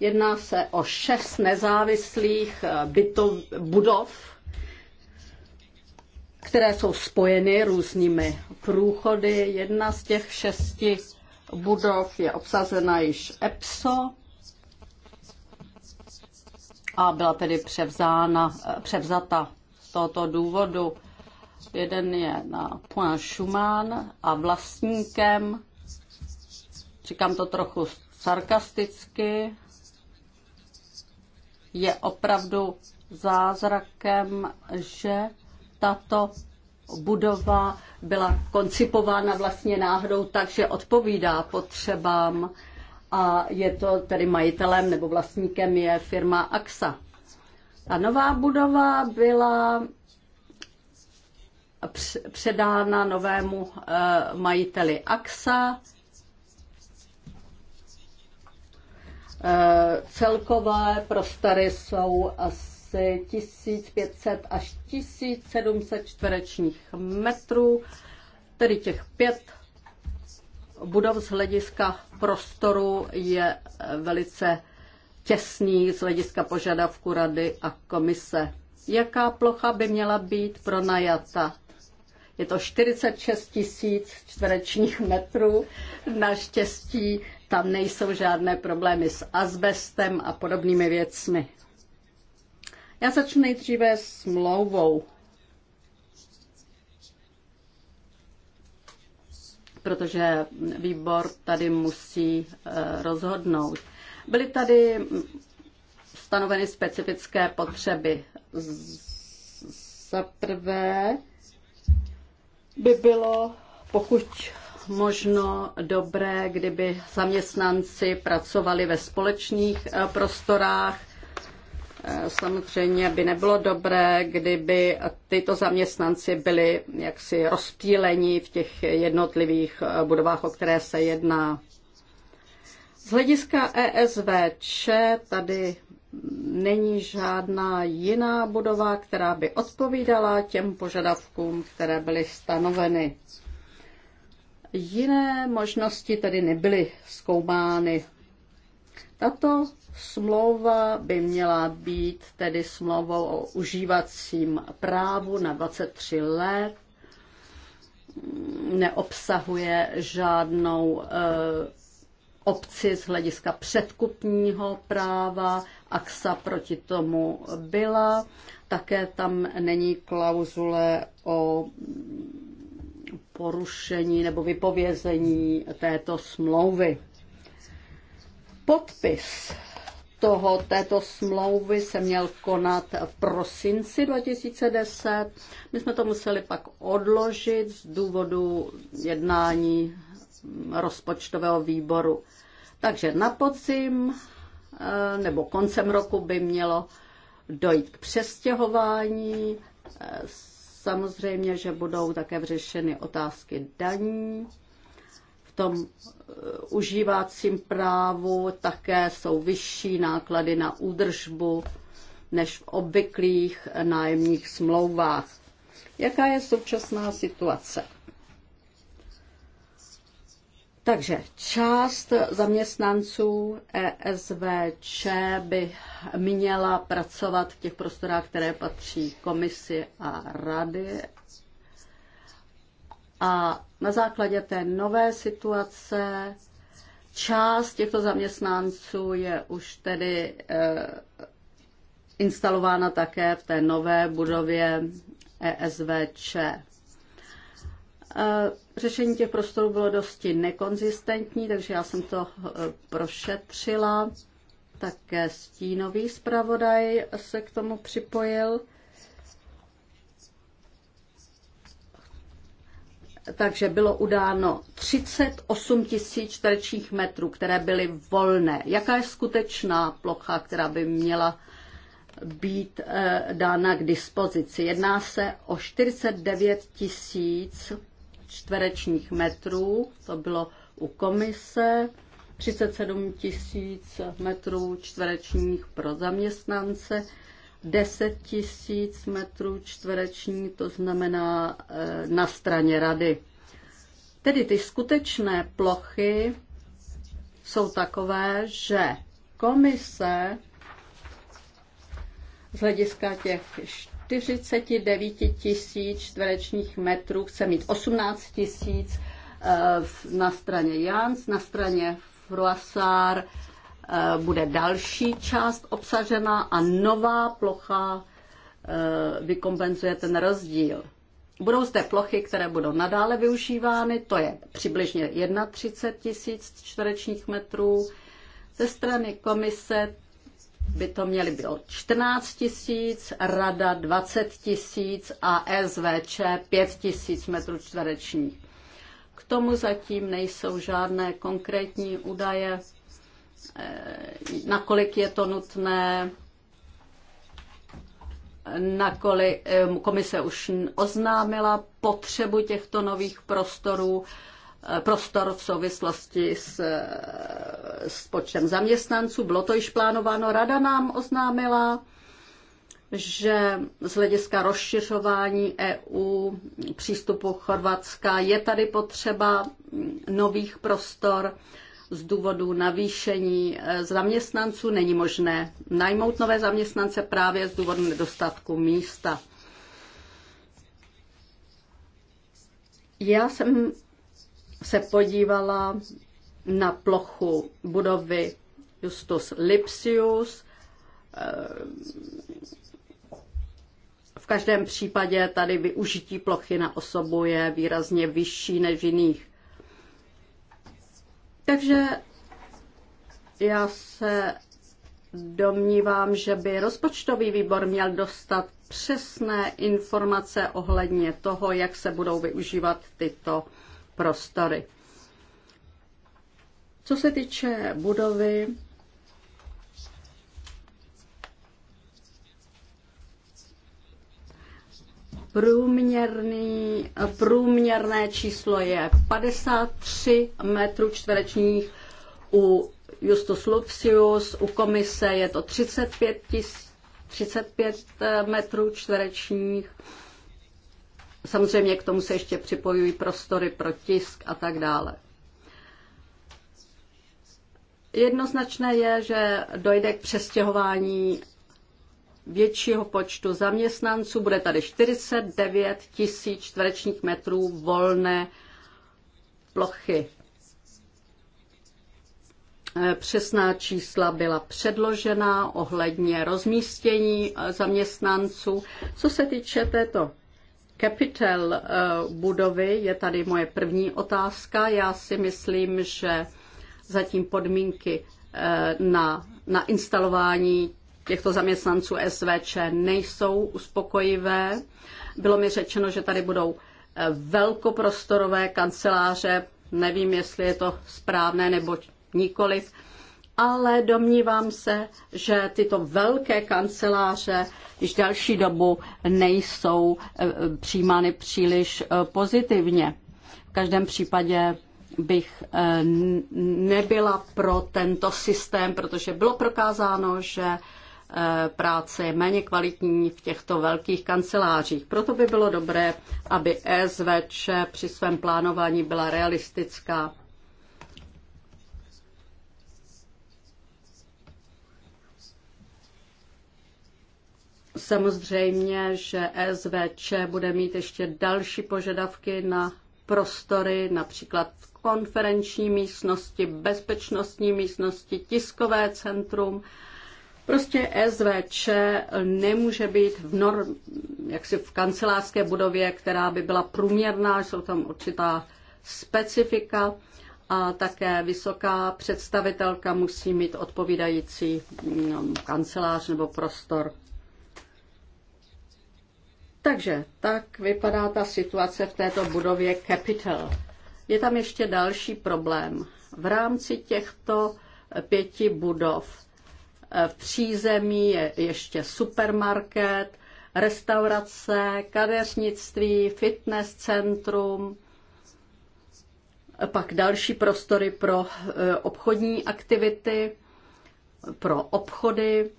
Jedná se o šest nezávislých eh, bytov, budov které jsou spojeny různými průchody. Jedna z těch šesti budov je obsazena již EPSO a byla tedy převzána, převzata z tohoto důvodu. Jeden je na Point Schumann a vlastníkem, říkám to trochu sarkasticky, je opravdu zázrakem, že tato budova byla koncipována vlastně náhodou tak, že odpovídá potřebám a je to tedy majitelem nebo vlastníkem je firma AXA. Ta nová budova byla předána novému eh, majiteli AXA. Eh, celkové prostory jsou asi asi 1500 až 1700 čtverečních metrů, tedy těch pět budov z hlediska prostoru je velice těsný z hlediska požadavku rady a komise. Jaká plocha by měla být pronajata? Je to 46 tisíc čtverečních metrů. Naštěstí tam nejsou žádné problémy s asbestem a podobnými věcmi. Já začnu nejdříve smlouvou. protože výbor tady musí eh, rozhodnout. Byly tady stanoveny specifické potřeby. Za prvé by bylo, pokud možno dobré, kdyby zaměstnanci pracovali ve společných eh, prostorách, Eh, samozřejmě by nebylo dobré, kdyby tyto zaměstnanci byli jaksi rozptýleni v těch jednotlivých eh, budovách, o které se jedná. Z hlediska ESVČ tady není žádná jiná budova, která by odpovídala těm požadavkům, které byly stanoveny. Jiné možnosti tedy nebyly zkoumány. Tato Smlouva by měla být tedy smlouvou o užívacím právu na 23 let. Neobsahuje žádnou eh, obci z hlediska předkupního práva. AXA proti tomu byla. Také tam není klauzule o porušení nebo vypovězení této smlouvy. Podpis toho, této smlouvy se měl konat v prosinci 2010. My jsme to museli pak odložit z důvodu jednání rozpočtového výboru. Takže na podzim eh, nebo koncem roku by mělo dojít k přestěhování. Eh, samozřejmě, že budou také vyřešeny otázky daní v tom eh, užívacím právu také jsou vyšší náklady na údržbu než v obvyklých nájemních smlouvách. Jaká je současná situace? Takže část zaměstnanců ESVČ by měla pracovat v těch prostorách, které patří komisi a rady. A na základě té nové situace část těchto zaměstnanců je už tedy eh, instalována také v té nové budově ESVČ. Eh, řešení těch prostorů bylo dosti nekonzistentní, takže já jsem to eh, prošetřila. Také stínový zpravodaj se k tomu připojil. takže bylo udáno 38 tisíc čtverečních metrů, které byly volné. Jaká je skutečná plocha, která by měla být eh, dána k dispozici? Jedná se o 49 tisíc čtverečních metrů, to bylo u komise, 37 tisíc metrů čtverečních pro zaměstnance, 10 tisíc metrů čtvereční, to znamená eh, na straně rady. Tedy ty skutečné plochy jsou takové, že komise z hlediska těch 49 tisíc čtverečních metrů chce mít 18 tisíc eh, na straně Jans, na straně Froissart Eh, bude další část obsažena a nová plocha eh, vykompenzuje ten rozdíl. Budou zde plochy, které budou nadále využívány, to je přibližně 31 tisíc čtverečních metrů. Ze strany komise by to měly být 14 tisíc, rada 20 tisíc a SVČ 5 tisíc metrů čtverečních. K tomu zatím nejsou žádné konkrétní údaje. Eh, nakolik je to nutné, nakolik eh, komise už oznámila potřebu těchto nových prostorů, eh, prostor v souvislosti s, s počtem zaměstnanců. Bylo to již plánováno, rada nám oznámila, že z hlediska rozšiřování EU přístupu Chorvatska je tady potřeba nových prostor z důvodu navýšení eh, zaměstnanců není možné najmout nové zaměstnance právě z důvodu nedostatku místa. Já jsem se podívala na plochu budovy Justus Lipsius. Eh, v každém případě tady využití plochy na osobu je výrazně vyšší než v jiných takže já se domnívám, že by rozpočtový výbor měl dostat přesné informace ohledně toho, jak se budou využívat tyto prostory. Co se týče budovy, Průměrný, průměrné číslo je 53 metrů čtverečních u Justus Lupsius, u komise je to 35, tis, 35 metrů čtverečních. Samozřejmě k tomu se ještě připojují prostory pro tisk a tak dále. Jednoznačné je, že dojde k přestěhování většího počtu zaměstnanců. Bude tady 49 tisíc čtverečních metrů volné plochy. Eh, přesná čísla byla předložena ohledně rozmístění eh, zaměstnanců. Co se týče této Capital eh, budovy je tady moje první otázka. Já si myslím, že zatím podmínky na, na instalování těchto zaměstnanců SVČ nejsou uspokojivé. Bylo mi řečeno, že tady budou eh, velkoprostorové kanceláře, nevím, jestli je to správné nebo nikoliv, ale domnívám se, že tyto velké kanceláře již další dobu nejsou eh, přijímány příliš eh, pozitivně. V každém případě bych nebyla pro tento systém, protože bylo prokázáno, že Eh, práce je méně kvalitní v těchto velkých kancelářích. Proto by bylo dobré, aby ESVČ při svém plánování byla realistická. Samozřejmě, že SVČ bude mít ještě další požadavky na prostory, například konferenční místnosti, bezpečnostní místnosti, tiskové centrum Prostě SVČ nemůže být v, norm, jaksi v kancelářské budově, která by byla průměrná, jsou tam určitá specifika a také vysoká představitelka musí mít odpovídající mm, kancelář nebo prostor. Takže tak vypadá ta situace v této budově Capital. Je tam ještě další problém. V rámci těchto pěti budov Eh, v přízemí je ještě supermarket, restaurace, kadeřnictví, fitness centrum, pak další prostory pro eh, obchodní aktivity, pro obchody.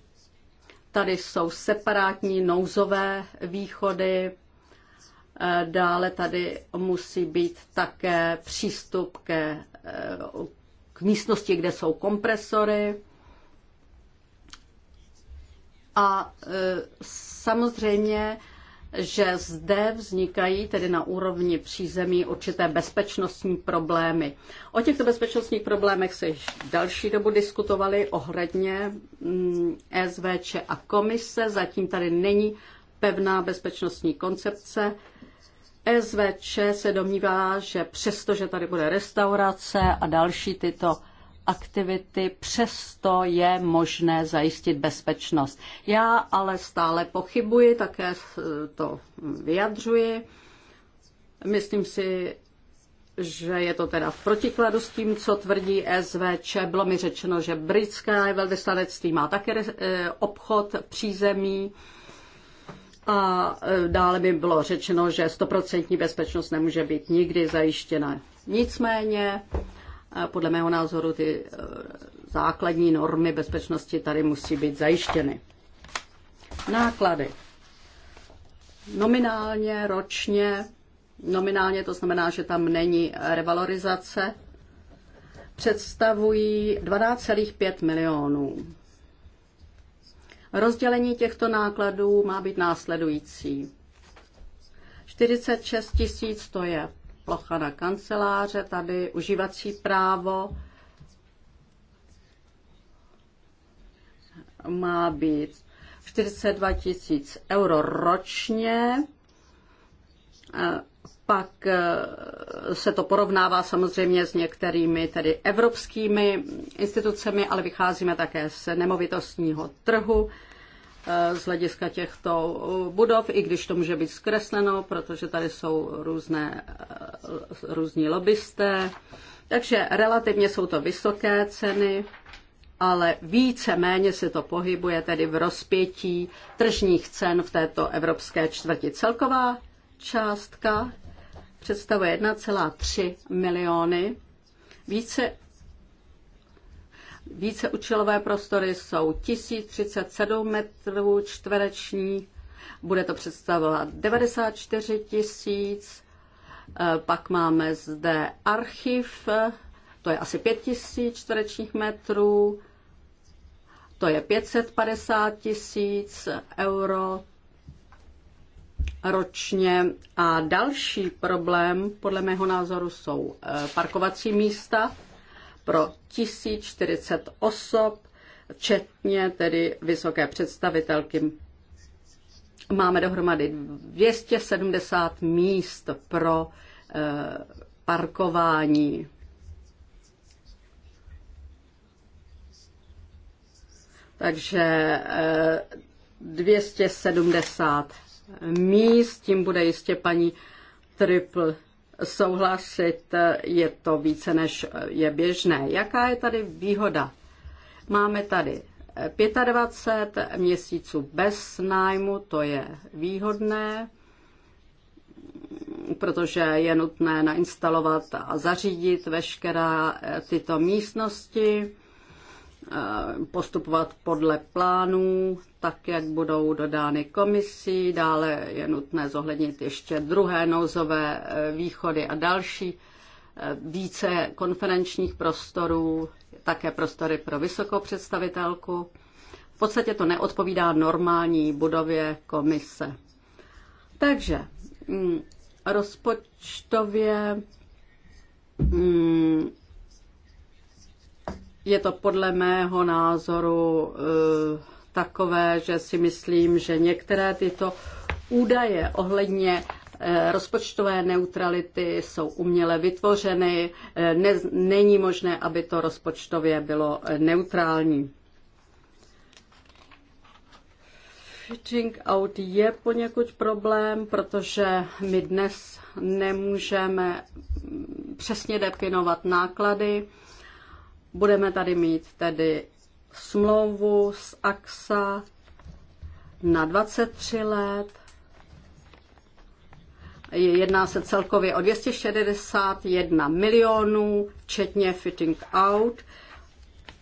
Tady jsou separátní nouzové východy. Eh, dále tady musí být také přístup ke, k místnosti, kde jsou kompresory a e, samozřejmě, že zde vznikají tedy na úrovni přízemí určité bezpečnostní problémy. O těchto bezpečnostních problémech se již další dobu diskutovali ohledně mm, SVČ a komise. Zatím tady není pevná bezpečnostní koncepce. SVČ se domnívá, že přestože tady bude restaurace a další tyto aktivity, přesto je možné zajistit bezpečnost. Já ale stále pochybuji, také to vyjadřuji. Myslím si, že je to teda v protikladu s tím, co tvrdí SVČ. Bylo mi řečeno, že britské velvyslanectví má také eh, obchod přízemí. A eh, dále by bylo řečeno, že stoprocentní bezpečnost nemůže být nikdy zajištěna. Nicméně podle mého názoru ty eh, základní normy bezpečnosti tady musí být zajištěny. Náklady. Nominálně, ročně, nominálně to znamená, že tam není revalorizace, představují 12,5 milionů. Rozdělení těchto nákladů má být následující. 46 tisíc to je plocha na kanceláře, tady užívací právo má být 42 tisíc euro ročně. Pak e, se to porovnává samozřejmě s některými tedy evropskými institucemi, ale vycházíme také z nemovitostního trhu. Eh, z hlediska těchto eh, budov, i když to může být zkresleno, protože tady jsou různé, eh, různí lobbysté. Takže relativně jsou to vysoké ceny, ale více méně se to pohybuje tedy v rozpětí tržních cen v této evropské čtvrti. Celková částka představuje 1,3 miliony. Více více učilové prostory jsou 1037 metrů čtvereční, bude to představovat 94 tisíc, eh, pak máme zde archiv, to je asi 5 tisíc čtverečních metrů, to je 550 tisíc euro ročně. A další problém, podle mého názoru, jsou eh, parkovací místa pro 1040 osob, včetně tedy vysoké představitelky. Máme dohromady 270 míst pro eh, parkování. Takže 270 eh, míst, tím bude jistě paní Triple souhlasit, je to více než je běžné. Jaká je tady výhoda? Máme tady 25 měsíců bez nájmu, to je výhodné, protože je nutné nainstalovat a zařídit veškerá tyto místnosti. Eh, postupovat podle plánů, tak jak budou dodány komisí. Dále je nutné zohlednit ještě druhé nouzové eh, východy a další eh, více konferenčních prostorů, také prostory pro vysokou představitelku. V podstatě to neodpovídá normální budově komise. Takže mm, rozpočtově mm, je to podle mého názoru eh, takové, že si myslím, že některé tyto údaje ohledně eh, rozpočtové neutrality jsou uměle vytvořeny, eh, ne, není možné, aby to rozpočtově bylo neutrální. Fitting out je poněkud problém, protože my dnes nemůžeme přesně definovat náklady. Budeme tady mít tedy smlouvu z AXA na 23 let. Jedná se celkově o 261 milionů, včetně fitting out.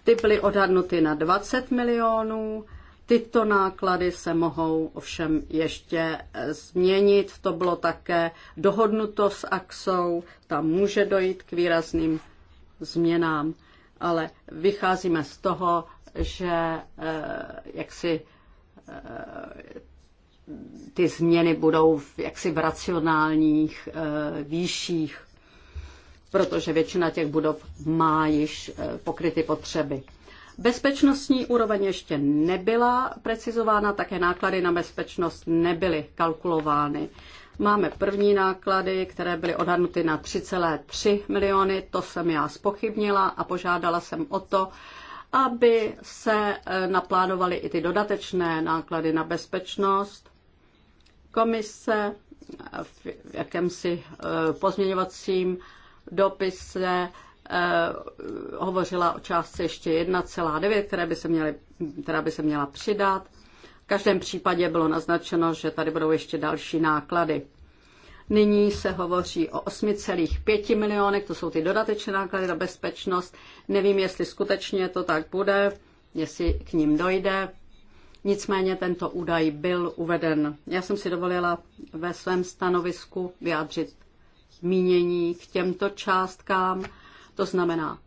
Ty byly odhadnuty na 20 milionů. Tyto náklady se mohou ovšem ještě eh, změnit. To bylo také dohodnuto s AXou. Tam může dojít k výrazným změnám ale vycházíme z toho, že eh, jaksi eh, ty změny budou v, jaksi v racionálních eh, výších, protože většina těch budov má již pokryty potřeby. Bezpečnostní úroveň ještě nebyla precizována, také náklady na bezpečnost nebyly kalkulovány. Máme první náklady, které byly odhadnuty na 3,3 miliony, to jsem já spochybnila a požádala jsem o to, aby se e, naplánovaly i ty dodatečné náklady na bezpečnost. Komise e, v jakémsi e, pozměňovacím dopise hovořila o částce ještě 1,9, která by se měla přidat každém případě bylo naznačeno, že tady budou ještě další náklady. Nyní se hovoří o 8,5 milionech, to jsou ty dodatečné náklady na bezpečnost. Nevím, jestli skutečně to tak bude, jestli k ním dojde. Nicméně tento údaj byl uveden. Já jsem si dovolila ve svém stanovisku vyjádřit mínění k těmto částkám. To znamená,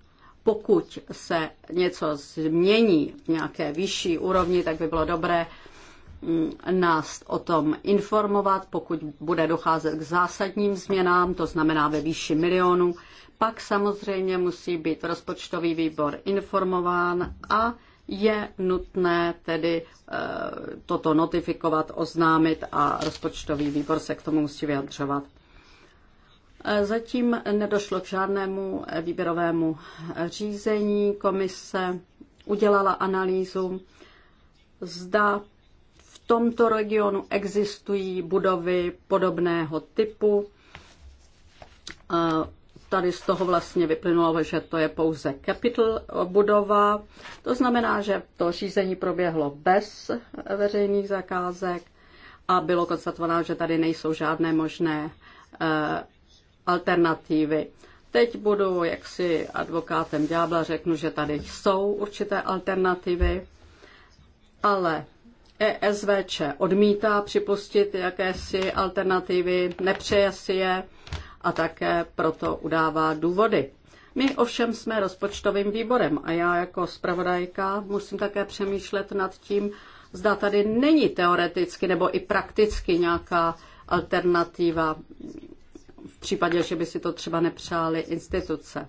pokud se něco změní v nějaké vyšší úrovni, tak by bylo dobré, nás o tom informovat, pokud bude docházet k zásadním změnám, to znamená ve výši milionu. Pak samozřejmě musí být rozpočtový výbor informován a je nutné tedy e, toto notifikovat, oznámit a rozpočtový výbor se k tomu musí vyjadřovat. Eh, zatím nedošlo k žádnému eh, výběrovému řízení. Komise udělala analýzu, zda tomto regionu existují budovy podobného typu. tady z toho vlastně vyplynulo, že to je pouze capital budova. To znamená, že to řízení proběhlo bez veřejných zakázek a bylo konstatováno, že tady nejsou žádné možné eh, alternativy. Teď budu jaksi advokátem ďábla, řeknu, že tady jsou určité alternativy, ale ESVČ odmítá připustit jakési alternativy, nepřeje si je a také proto udává důvody. My ovšem jsme rozpočtovým výborem a já jako zpravodajka musím také přemýšlet nad tím, zda tady není teoreticky nebo i prakticky nějaká alternativa v případě, že by si to třeba nepřáli instituce.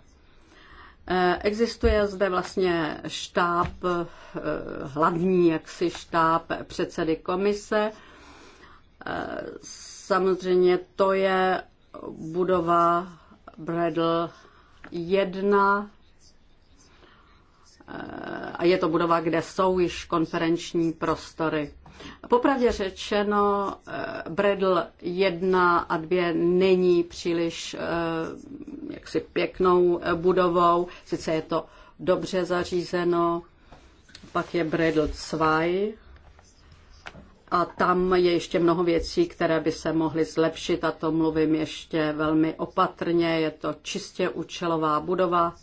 Eh, existuje zde vlastně štáb, eh, hlavní jaksi štáb předsedy komise. Eh, samozřejmě to je budova Bredl 1 a je to budova, kde jsou již konferenční prostory. Popravdě řečeno, eh, Bredl 1 a 2 není příliš eh, jaksi pěknou eh, budovou, sice je to dobře zařízeno, pak je Bredl 2 a tam je ještě mnoho věcí, které by se mohly zlepšit a to mluvím ještě velmi opatrně, je to čistě účelová budova.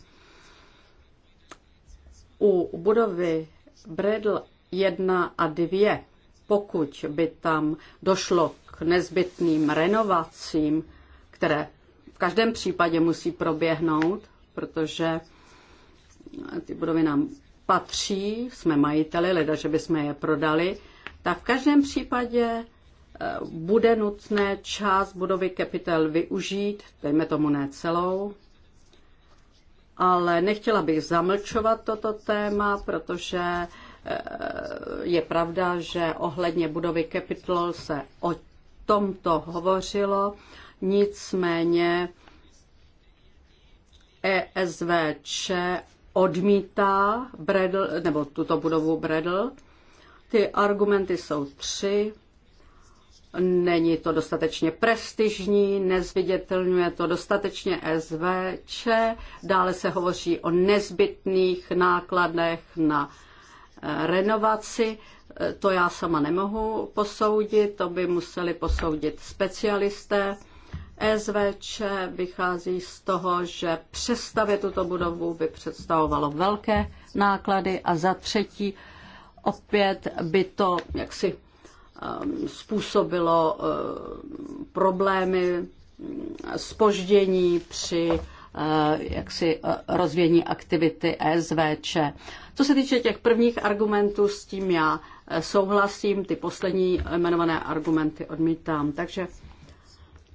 U budovy Bredl 1 a 2 pokud by tam došlo k nezbytným renovacím, které v každém případě musí proběhnout, protože eh, ty budovy nám patří, jsme majiteli, leda, že bychom je prodali, tak v každém případě eh, bude nutné část budovy kapitel využít, dejme tomu ne celou, ale nechtěla bych zamlčovat toto téma, protože Eh, je pravda, že ohledně budovy Capitol se o tomto hovořilo, nicméně ESVČ odmítá Bredl, nebo tuto budovu Bredl. Ty argumenty jsou tři. Není to dostatečně prestižní, nezvidětelňuje to dostatečně SVČ. Dále se hovoří o nezbytných nákladech na renovaci. To já sama nemohu posoudit, to by museli posoudit specialisté. SVČ vychází z toho, že přestavět tuto budovu by představovalo velké náklady a za třetí opět by to jaksi ehm, způsobilo ehm, problémy, spoždění ehm, při jaksi e, rozvíjení aktivity SVČ. Co se týče těch prvních argumentů, s tím já eh, souhlasím, ty poslední jmenované argumenty odmítám. Takže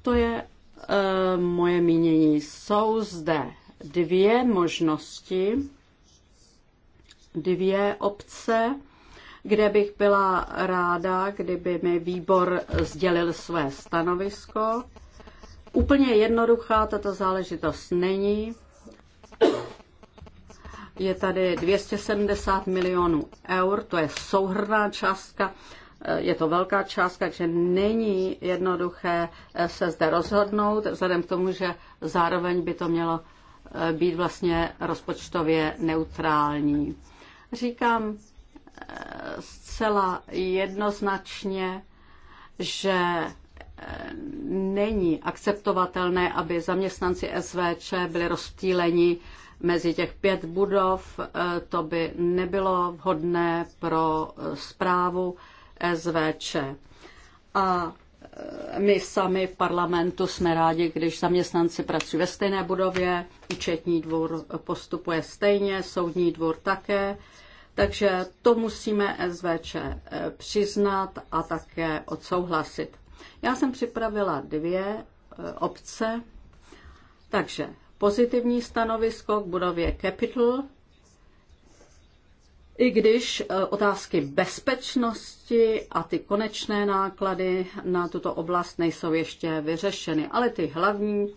to je e, moje mínění. Jsou zde dvě možnosti, dvě obce, kde bych byla ráda, kdyby mi výbor sdělil své stanovisko. Úplně jednoduchá tato záležitost není je tady 270 milionů eur, to je souhrná částka, eh, je to velká částka, takže není jednoduché eh, se zde rozhodnout, vzhledem k tomu, že zároveň by to mělo eh, být vlastně rozpočtově neutrální. Říkám zcela jednoznačně, že není akceptovatelné, aby zaměstnanci SVČ byli rozptýleni mezi těch pět budov. Eh, to by nebylo vhodné pro eh, zprávu SVČ. A eh, my sami v parlamentu jsme rádi, když zaměstnanci pracují ve stejné budově, účetní dvůr postupuje stejně, soudní dvůr také. Takže to musíme SVČ přiznat a také odsouhlasit. Já jsem připravila dvě obce, takže pozitivní stanovisko k budově Capital, i když e, otázky bezpečnosti a ty konečné náklady na tuto oblast nejsou ještě vyřešeny, ale ty hlavní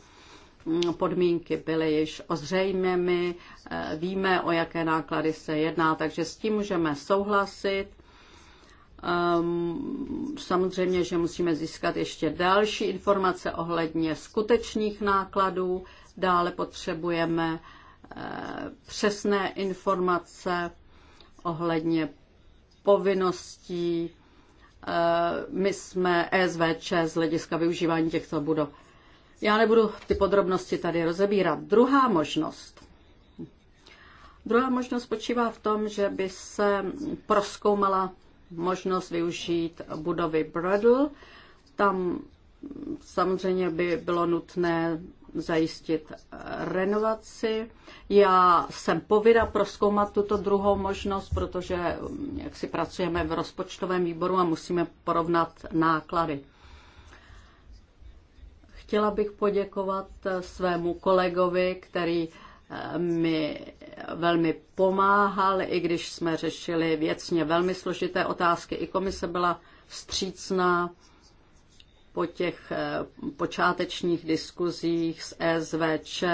mm, podmínky byly již ozřejměmi, e, víme, o jaké náklady se jedná, takže s tím můžeme souhlasit. Ehm, samozřejmě, že musíme získat ještě další informace ohledně skutečných nákladů, Dále potřebujeme eh, přesné informace ohledně povinností. Eh, my jsme ESVČ z hlediska využívání těchto budov. Já nebudu ty podrobnosti tady rozebírat. Druhá možnost. Druhá možnost spočívá v tom, že by se proskoumala možnost využít budovy Bradl. Tam samozřejmě by bylo nutné zajistit eh, renovaci. Já jsem povinna proskoumat tuto druhou možnost, protože mm, jak si pracujeme v rozpočtovém výboru a musíme porovnat náklady. Chtěla bych poděkovat eh, svému kolegovi, který eh, mi velmi pomáhal, i když jsme řešili věcně velmi složité otázky. I komise byla vstřícná po těch eh, počátečních diskuzích s e SVČ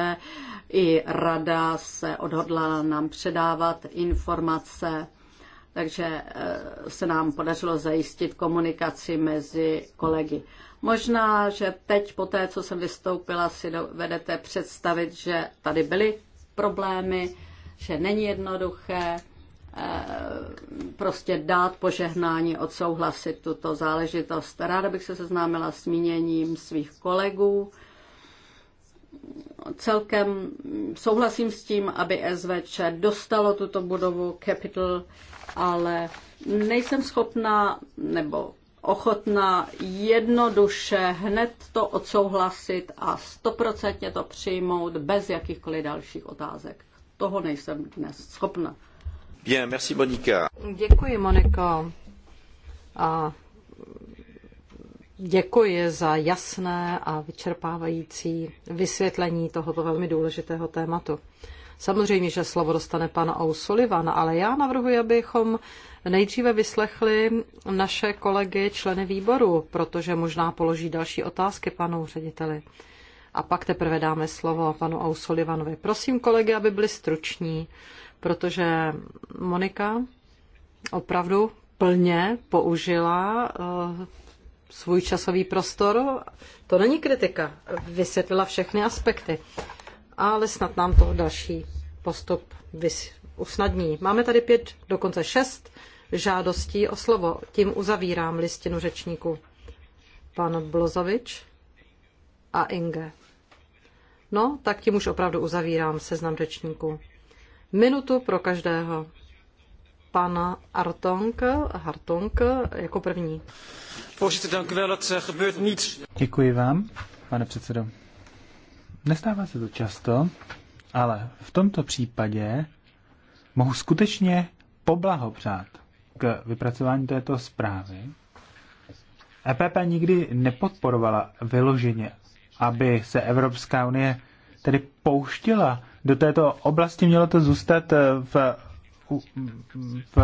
i rada se odhodlala nám předávat informace, takže eh, se nám podařilo zajistit komunikaci mezi kolegy. Možná, že teď po té, co jsem vystoupila, si dovedete představit, že tady byly problémy, že není jednoduché prostě dát požehnání, odsouhlasit tuto záležitost. Ráda bych se seznámila s míněním svých kolegů. Celkem souhlasím s tím, aby SVČ dostalo tuto budovu Capital, ale nejsem schopná nebo ochotná jednoduše hned to odsouhlasit a stoprocentně to přijmout bez jakýchkoliv dalších otázek. Toho nejsem dnes schopna. Bien, merci Monika. Děkuji, Moniko. A děkuji za jasné a vyčerpávající vysvětlení tohoto velmi důležitého tématu. Samozřejmě, že slovo dostane pan O'Sullivan, ale já navrhuji, abychom nejdříve vyslechli naše kolegy členy výboru, protože možná položí další otázky panu řediteli. A pak teprve dáme slovo panu O'Sullivanovi. Prosím kolegy, aby byli struční, protože Monika opravdu plně použila eh, svůj časový prostor. To není kritika, vysvětlila všechny aspekty, ale snad nám to další postup usnadní. Máme tady pět, dokonce šest žádostí o slovo. Tím uzavírám listinu řečníku Pan Blozovič a Inge. No, tak tím už opravdu uzavírám seznam řečníků. Minutu pro každého. Pana Artonk, Hartonk jako první. Eh, Děkuji vám, pane předsedo. Nestává se to často, ale v tomto případě mohu skutečně poblahopřát k vypracování této zprávy. EPP nikdy nepodporovala vyloženě, aby se Evropská unie tedy pouštila do této oblasti, mělo to zůstat eh, v, mm, v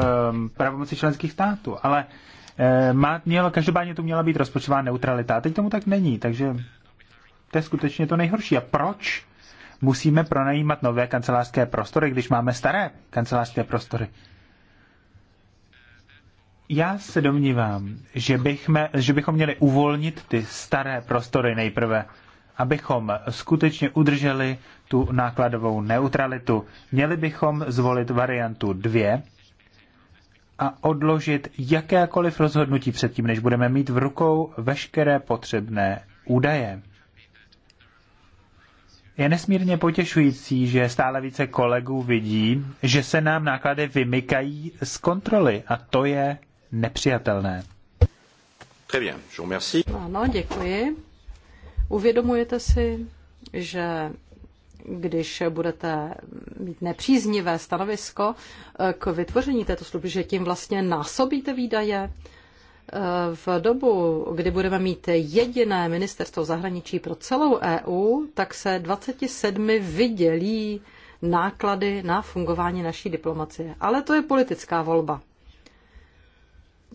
pravomoci členských států, ale eh, má, mělo, každopádně tu měla být rozpočtová neutralita. A teď tomu tak není, takže to je skutečně to nejhorší. A proč musíme pronajímat nové kancelářské prostory, když máme staré kancelářské prostory? Já se domnívám, že, bychme, že bychom měli uvolnit ty staré prostory nejprve abychom skutečně udrželi tu nákladovou neutralitu, měli bychom zvolit variantu 2 a odložit jakékoliv rozhodnutí předtím, než budeme mít v rukou veškeré potřebné údaje. Je nesmírně potěšující, že stále více kolegů vidí, že se nám náklady vymykají z kontroly a to je nepřijatelné. Très bien, je vous remercie. Ano, děkuji. Uvědomujete si, že když budete mít nepříznivé stanovisko eh, k vytvoření této služby, že tím vlastně násobíte výdaje. Eh, v dobu, kdy budeme mít jediné ministerstvo zahraničí pro celou EU, tak se 27 vydělí náklady na fungování naší diplomacie. Ale to je politická volba.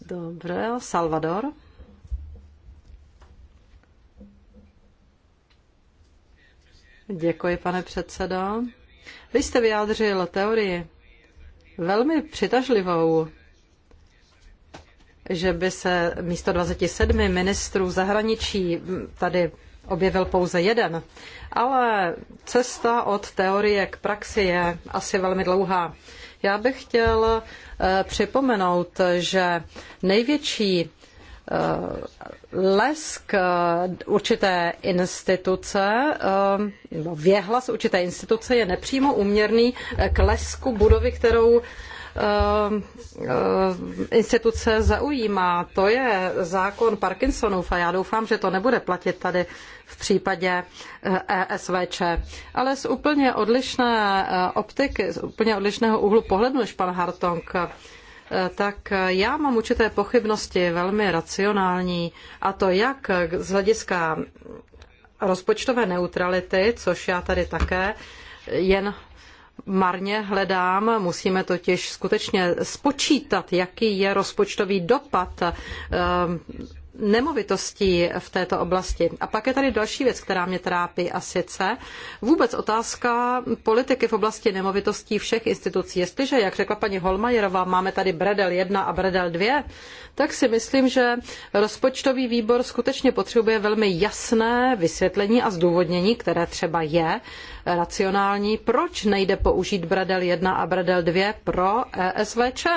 Dobré, Salvador. Děkuji, pane předsedo. Vy jste vyjádřil teorii velmi přitažlivou, že by se místo 27 ministrů zahraničí tady objevil pouze jeden. Ale cesta od teorie k praxi je asi velmi dlouhá. Já bych chtěl eh, připomenout, že největší lesk eh, určité instituce, eh, věhlas určité instituce je nepřímo uměrný k lesku budovy, kterou eh, instituce zaujímá. To je zákon Parkinsonův a já doufám, že to nebude platit tady v případě ESVČ. E Ale z úplně odlišné optiky, z úplně odlišného úhlu pohledu než pan Hartong Eh, tak eh, já mám určité pochybnosti, velmi racionální, a to jak z hlediska rozpočtové neutrality, což já tady také jen marně hledám. Musíme totiž skutečně spočítat, jaký je rozpočtový dopad eh, nemovitostí v této oblasti. A pak je tady další věc, která mě trápí a sice vůbec otázka politiky v oblasti nemovitostí všech institucí. Jestliže, jak řekla paní Holmajerová, máme tady Bredel 1 a Bredel 2, tak si myslím, že rozpočtový výbor skutečně potřebuje velmi jasné vysvětlení a zdůvodnění, které třeba je, racionální, proč nejde použít Bradel 1 a Bradel 2 pro e SVČ.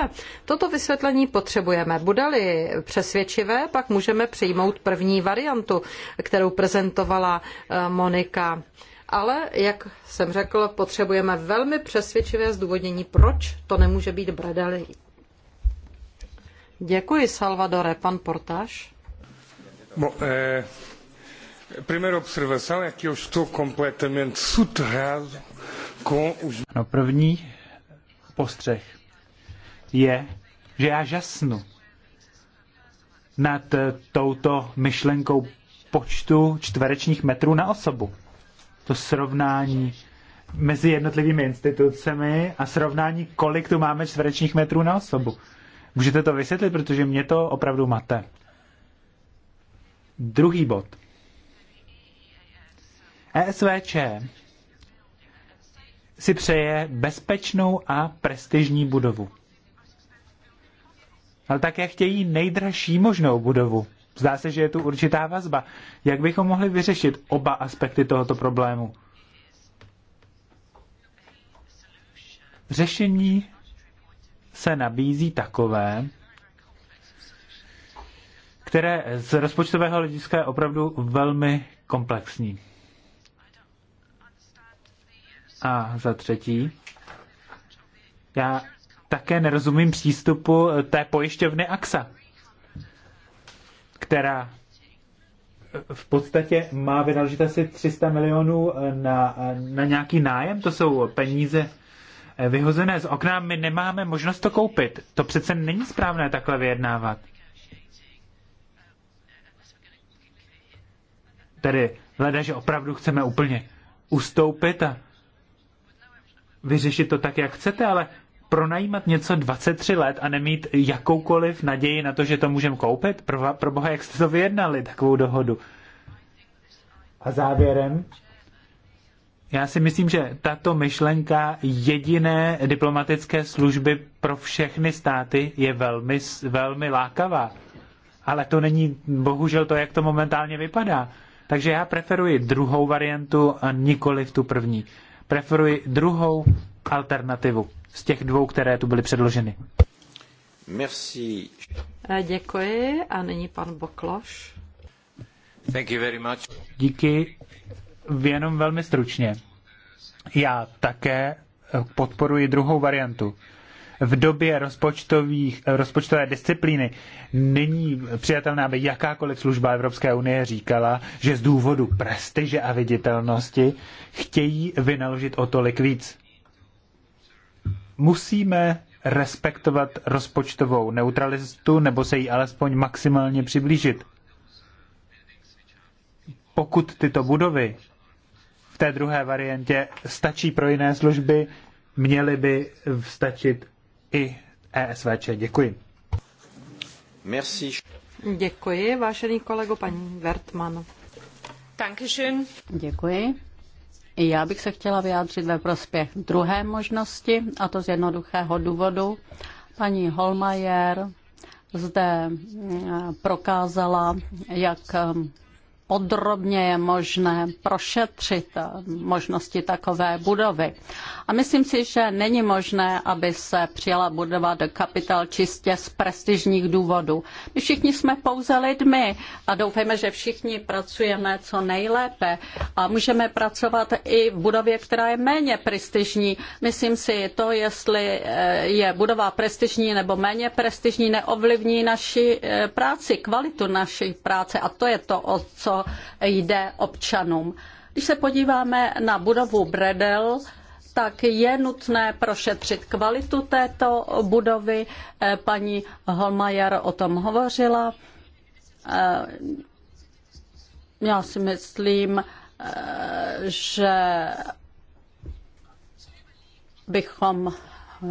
Toto vysvětlení potřebujeme. Bude-li přesvědčivé, pak můžeme přijmout první variantu, kterou prezentovala eh, Monika. Ale, jak jsem řekl, potřebujeme velmi přesvědčivé zdůvodnění, proč to nemůže být Bradel Děkuji, Salvadore. Pan Portáš? Bo, no, eh, primeira observação é que eu estou completamente soterrado com os... No první postřeh je, že já žasnu nad eh, touto myšlenkou počtu čtverečních metrů na osobu. To srovnání mezi jednotlivými institucemi a srovnání, kolik tu máme čtverečních metrů na osobu. Můžete to vysvětlit, protože mě to opravdu mate. Druhý bod. ESVČ si přeje bezpečnou a prestižní budovu. Ale také chtějí nejdražší možnou budovu. Zdá se, že je tu určitá vazba. Jak bychom mohli vyřešit oba aspekty tohoto problému? Řešení se nabízí takové, které z rozpočtového hlediska je opravdu velmi komplexní. A za třetí, já také nerozumím přístupu eh, té pojišťovny AXA, která eh, v podstatě má vynaložit asi 300 milionů eh, na, na nějaký nájem, to jsou peníze vyhozené z okna, my nemáme možnost to koupit. To přece není správné takhle vyjednávat. Tedy hleda, že opravdu chceme úplně ustoupit a vyřešit to tak, jak chcete, ale pronajímat něco 23 let a nemít jakoukoliv naději na to, že to můžeme koupit? Pro, pro boha, jak jste to vyjednali, takovou dohodu? A závěrem, já si myslím, že tato myšlenka jediné diplomatické služby pro všechny státy je velmi, velmi lákavá. Ale to není bohužel to, jak to momentálně vypadá. Takže já preferuji druhou variantu a nikoli v tu první preferuji druhou alternativu z těch dvou, které tu byly předloženy. Merci. Eh, děkuji a nyní pan Bokloš. Thank you very much. Díky. Jenom velmi stručně. Já také podporuji druhou variantu v době rozpočtových, eh, rozpočtové disciplíny není přijatelné, aby jakákoliv služba Evropské unie říkala, že z důvodu prestiže a viditelnosti chtějí vynaložit o tolik víc. Musíme respektovat rozpočtovou neutralitu nebo se jí alespoň maximálně přiblížit. Pokud tyto budovy v té druhé variantě stačí pro jiné služby, měly by stačit i ESVČ. Děkuji. Merci. Děkuji, vážený kolego, paní Vertman. Dankeschön. Děkuji. Já bych se chtěla vyjádřit ve prospěch druhé možnosti, a to z jednoduchého důvodu. Paní Holmajer zde mm, prokázala, jak mm, podrobně je možné prošetřit možnosti takové budovy. A myslím si, že není možné, aby se přijala budova do kapital čistě z prestižních důvodů. My všichni jsme pouze lidmi a doufejme, že všichni pracujeme co nejlépe a můžeme pracovat i v budově, která je méně prestižní. Myslím si, to, jestli eh, je budova prestižní nebo méně prestižní, neovlivní naši eh, práci, kvalitu naší práce a to je to, o co jde občanům. Když se podíváme na budovu Bredel, tak je nutné prošetřit kvalitu této budovy. Eh, paní Holmajer o tom hovořila. Eh, já si myslím, eh, že bychom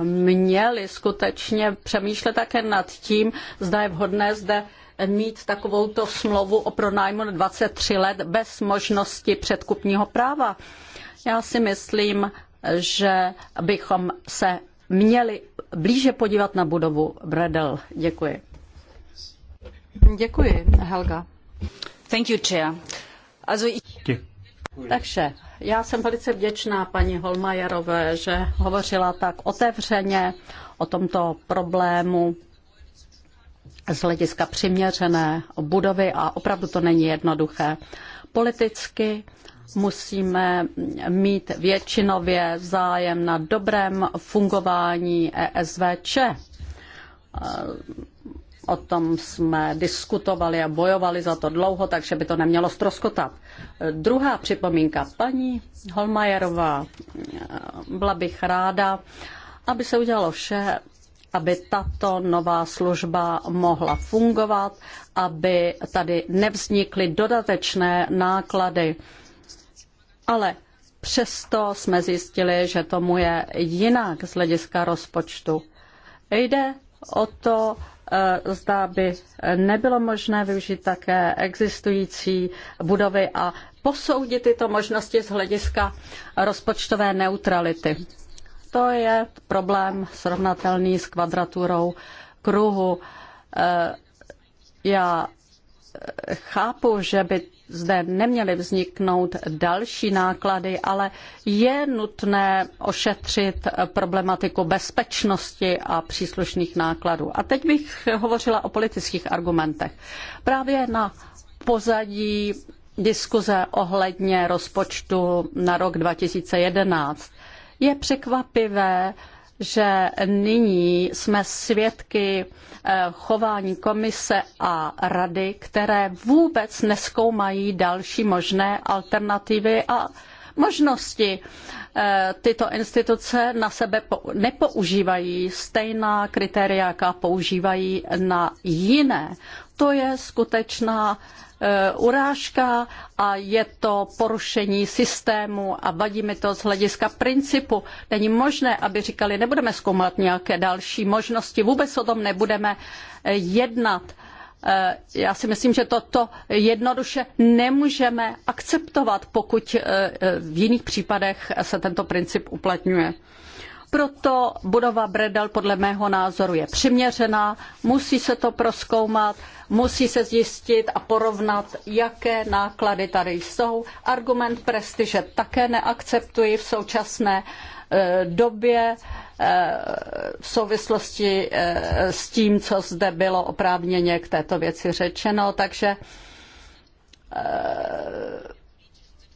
měli skutečně přemýšlet také nad tím, zda je vhodné zde mít takovouto smlouvu o pronájmu na 23 let bez možnosti předkupního práva. Já si myslím, že bychom se měli blíže podívat na budovu Bredel. Děkuji. Děkuji, Helga. Thank you, Chair. Also Takže já jsem velice vděčná paní Holmajerové, že hovořila tak otevřeně o tomto problému z hlediska přiměřené budovy a opravdu to není jednoduché. Politicky musíme mít většinově zájem na dobrém fungování ESVČ. Eh, o tom jsme diskutovali a bojovali za to dlouho, takže by to nemělo stroskotat. Druhá připomínka, paní Holmajerová, eh, byla bych ráda, aby se udělalo vše aby tato nová služba mohla fungovat, aby tady nevznikly dodatečné náklady. Ale přesto jsme zjistili, že tomu je jinak z hlediska rozpočtu. Jde o to, eh, zda by nebylo možné využít také existující budovy a posoudit tyto možnosti z hlediska rozpočtové neutrality. To je problém srovnatelný s kvadraturou kruhu. Eh, já eh, chápu, že by zde neměly vzniknout další náklady, ale je nutné ošetřit problematiku bezpečnosti a příslušných nákladů. A teď bych hovořila o politických argumentech. Právě na pozadí diskuze ohledně rozpočtu na rok 2011 je překvapivé, že nyní jsme svědky eh, chování komise a rady, které vůbec neskoumají další možné alternativy a možnosti. Eh, tyto instituce na sebe nepoužívají stejná kritéria, jaká používají na jiné. To je skutečná Eh, urážka a je to porušení systému a vadí mi to z hlediska principu. Není možné, aby říkali, nebudeme zkoumat nějaké další možnosti, vůbec o tom nebudeme eh, jednat. Eh, já si myslím, že toto jednoduše nemůžeme akceptovat, pokud v jiných případech se tento princip uplatňuje. Proto budova Bredel podle mého názoru je přiměřená, musí se to proskoumat, musí se zjistit a porovnat, jaké náklady tady jsou. Argument prestiže také neakceptuji v současné eh, době eh, v souvislosti eh, s tím, co zde bylo oprávněně k této věci řečeno. Takže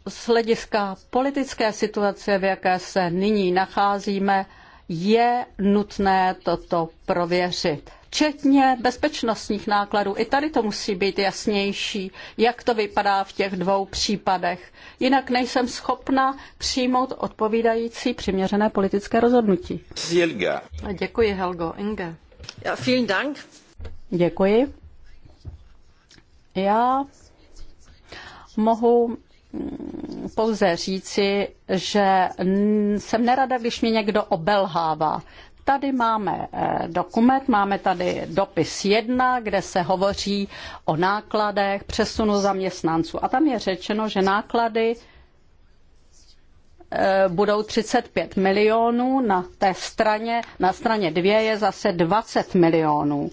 z hlediska politické situace, v jaké se nyní nacházíme, je nutné toto prověřit. Včetně bezpečnostních nákladů. I tady to musí být jasnější, jak to vypadá v těch dvou případech. Jinak nejsem schopna přijmout odpovídající přiměřené politické rozhodnutí. Helga. Děkuji, Helgo. Inge. Ja, vielen Dank. Děkuji. Já mohu pouze říci, že jsem nerada, když mě někdo obelhává. Tady máme eh, dokument, máme tady dopis 1, kde se hovoří o nákladech přesunu zaměstnanců. A tam je řečeno, že náklady eh, budou 35 milionů, na té straně, na straně 2 je zase 20 milionů.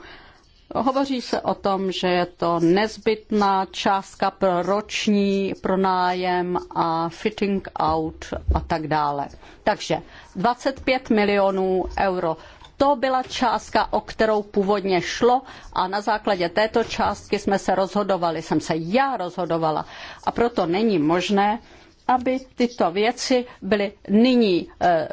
Hovoří se o tom, že je to nezbytná částka pro roční pronájem a fitting out a tak dále. Takže 25 milionů euro. To byla částka, o kterou původně šlo a na základě této částky jsme se rozhodovali, jsem se já rozhodovala a proto není možné, aby tyto věci byly nyní eh,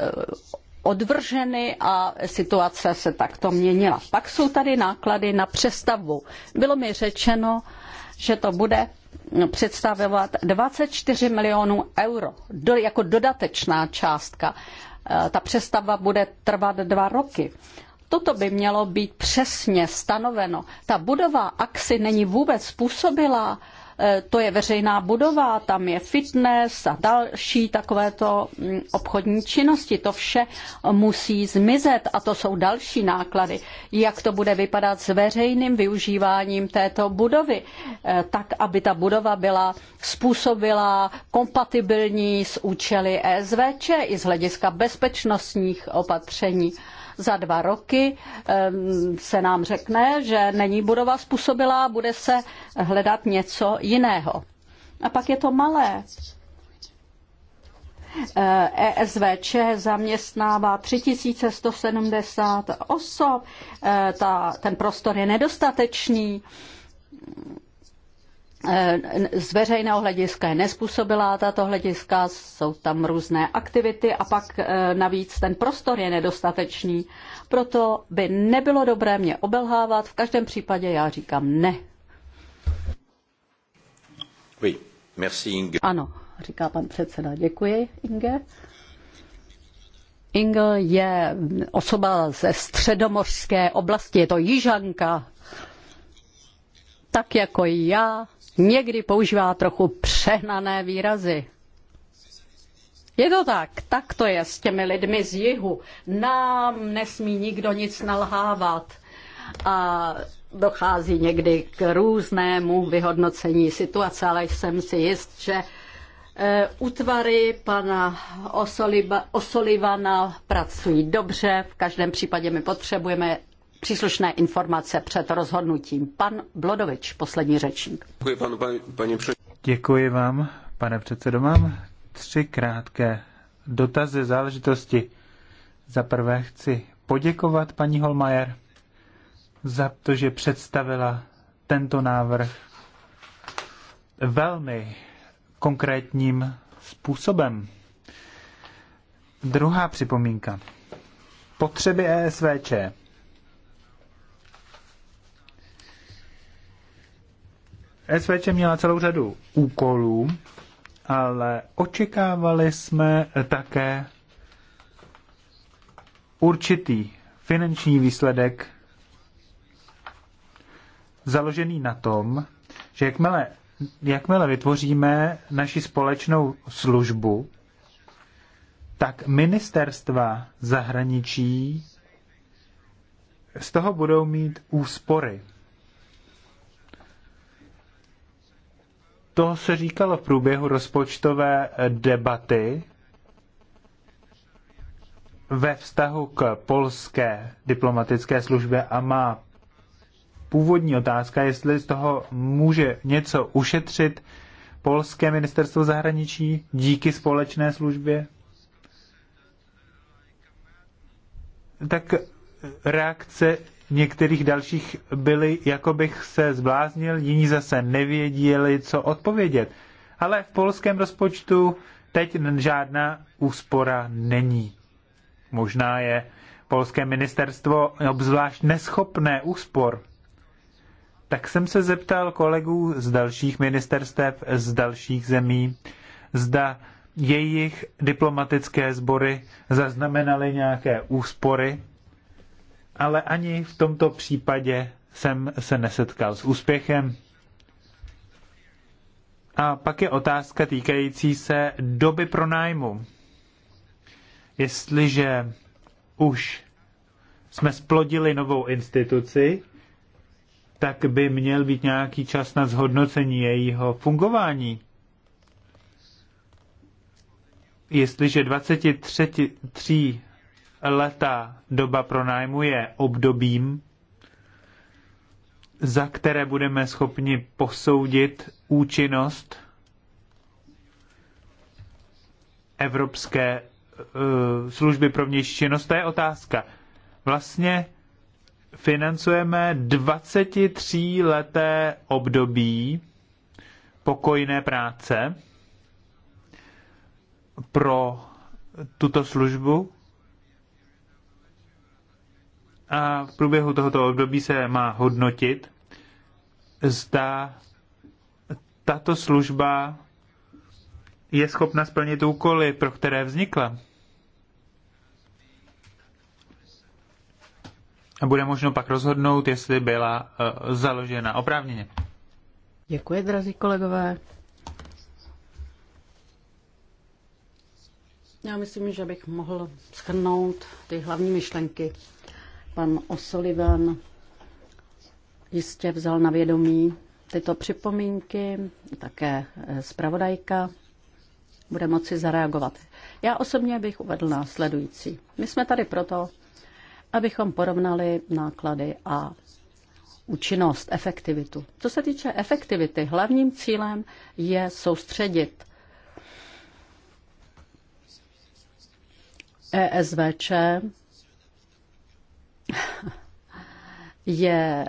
odvrženy a situace se takto měnila. Pak jsou tady náklady na přestavbu. Bylo mi řečeno, že to bude představovat 24 milionů euro do, jako dodatečná částka. E, ta přestavba bude trvat dva roky. Toto by mělo být přesně stanoveno. Ta budova AXI není vůbec způsobila Eh, to je veřejná budova, tam je fitness a další takovéto mm, obchodní činnosti. To vše musí zmizet a to jsou další náklady. Jak to bude vypadat s veřejným využíváním této budovy, eh, tak aby ta budova byla způsobila kompatibilní s účely ESVČ i z hlediska bezpečnostních opatření. Za dva roky se nám řekne, že není budova způsobila, bude se hledat něco jiného. A pak je to malé. ESVČ eh, e zaměstnává 3170 osob, eh, ta, ten prostor je nedostatečný Eh, z veřejného hlediska je nespůsobilá tato hlediska, jsou tam různé aktivity a pak eh, navíc ten prostor je nedostatečný. Proto by nebylo dobré mě obelhávat, v každém případě já říkám ne. Oui, merci Inge. Ano, říká pan předseda. Děkuji, Inge. Inge je osoba ze středomořské oblasti, je to jižanka, tak jako já někdy používá trochu přehnané výrazy. Je to tak, tak to je s těmi lidmi z jihu. Nám nesmí nikdo nic nalhávat. A dochází někdy k různému vyhodnocení situace, ale jsem si jist, že e, útvary pana Osolivana pracují dobře. V každém případě my potřebujeme příslušné informace před rozhodnutím. Pan Blodovič, poslední řečník. Děkuji, panu, paní, paní Děkuji vám, pane předsedo. Mám tři krátké dotazy, záležitosti. Za prvé chci poděkovat paní Holmajer za to, že představila tento návrh velmi konkrétním způsobem. Druhá připomínka. Potřeby ESVČ SVČ měla celou řadu úkolů, ale očekávali jsme také určitý finanční výsledek založený na tom, že jakmile, jakmile vytvoříme naši společnou službu, tak ministerstva zahraničí z toho budou mít úspory. to se říkalo v průběhu rozpočtové debaty ve vztahu k polské diplomatické službě a má původní otázka, jestli z toho může něco ušetřit polské ministerstvo zahraničí díky společné službě? Tak reakce některých dalších byli, jako bych se zbláznil, jiní zase nevěděli, co odpovědět. Ale v polském rozpočtu teď žádná úspora není. Možná je polské ministerstvo obzvlášť neschopné úspor. Tak jsem se zeptal kolegů z dalších ministerstev, z dalších zemí, zda jejich diplomatické sbory zaznamenaly nějaké úspory ale ani v tomto případě jsem se nesetkal s úspěchem. A pak je otázka týkající se doby pronájmu. Jestliže už jsme splodili novou instituci, tak by měl být nějaký čas na zhodnocení jejího fungování. Jestliže 23 leta doba pronájmu je obdobím, za které budeme schopni posoudit účinnost Evropské eh, služby pro vnější činnost. To je otázka. Vlastně financujeme 23 leté období pokojné práce pro tuto službu a v průběhu tohoto období se má hodnotit, zda tato služba je schopna splnit úkoly, pro které vznikla. A bude možno pak rozhodnout, jestli byla uh, založena oprávněně. Děkuji, drazí kolegové. Já myslím, že bych mohl schrnout ty hlavní myšlenky Pan Osolivan jistě vzal na vědomí tyto připomínky, také eh, zpravodajka bude moci zareagovat. Já osobně bych uvedl následující. My jsme tady proto, abychom porovnali náklady a účinnost, efektivitu. Co se týče efektivity, hlavním cílem je soustředit ESVČ je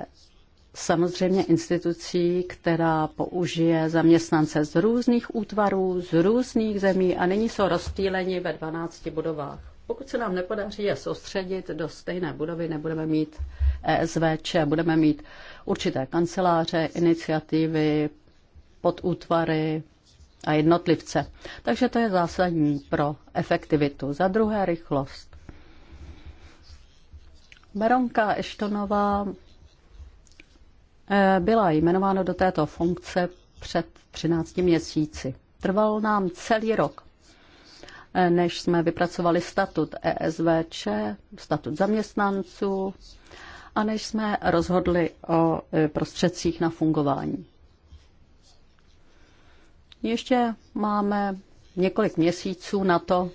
samozřejmě institucí, která použije zaměstnance z různých útvarů, z různých zemí a nyní jsou rozptýleni ve 12 budovách. Pokud se nám nepodaří je soustředit do stejné budovy, nebudeme mít ESVČ, budeme mít určité kanceláře, iniciativy, podútvary a jednotlivce. Takže to je zásadní pro efektivitu. Za druhé rychlost. Baronka Eštonová eh, byla jmenována do této funkce před 13 měsíci. Trval nám celý rok, eh, než jsme vypracovali statut ESVČ, statut zaměstnanců a než jsme rozhodli o eh, prostředcích na fungování. Ještě máme několik měsíců na to,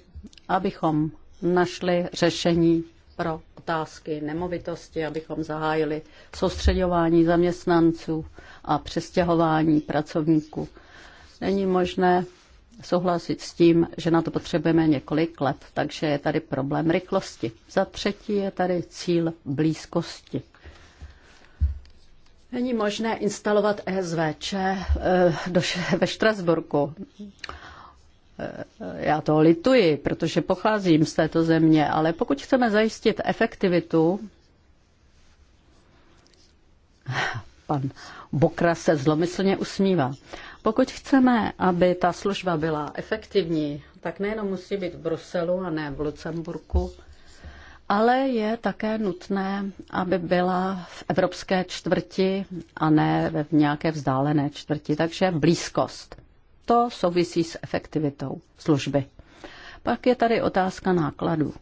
abychom našli řešení pro otázky nemovitosti, abychom zahájili soustředování zaměstnanců a přestěhování pracovníků. Není možné souhlasit s tím, že na to potřebujeme několik let, takže je tady problém rychlosti. Za třetí je tady cíl blízkosti. Není možné instalovat ESVČ eh, do, ve Štrasburku. Eh, já to lituji, protože pocházím z této země, ale pokud chceme zajistit efektivitu, pan Bokra se zlomyslně usmívá. Pokud chceme, aby ta služba byla efektivní, tak nejenom musí být v Bruselu a ne v Lucemburku, ale je také nutné, aby byla v evropské čtvrti a ne v nějaké vzdálené čtvrti, takže blízkost. To souvisí s efektivitou služby. Pak je tady otázka nákladů.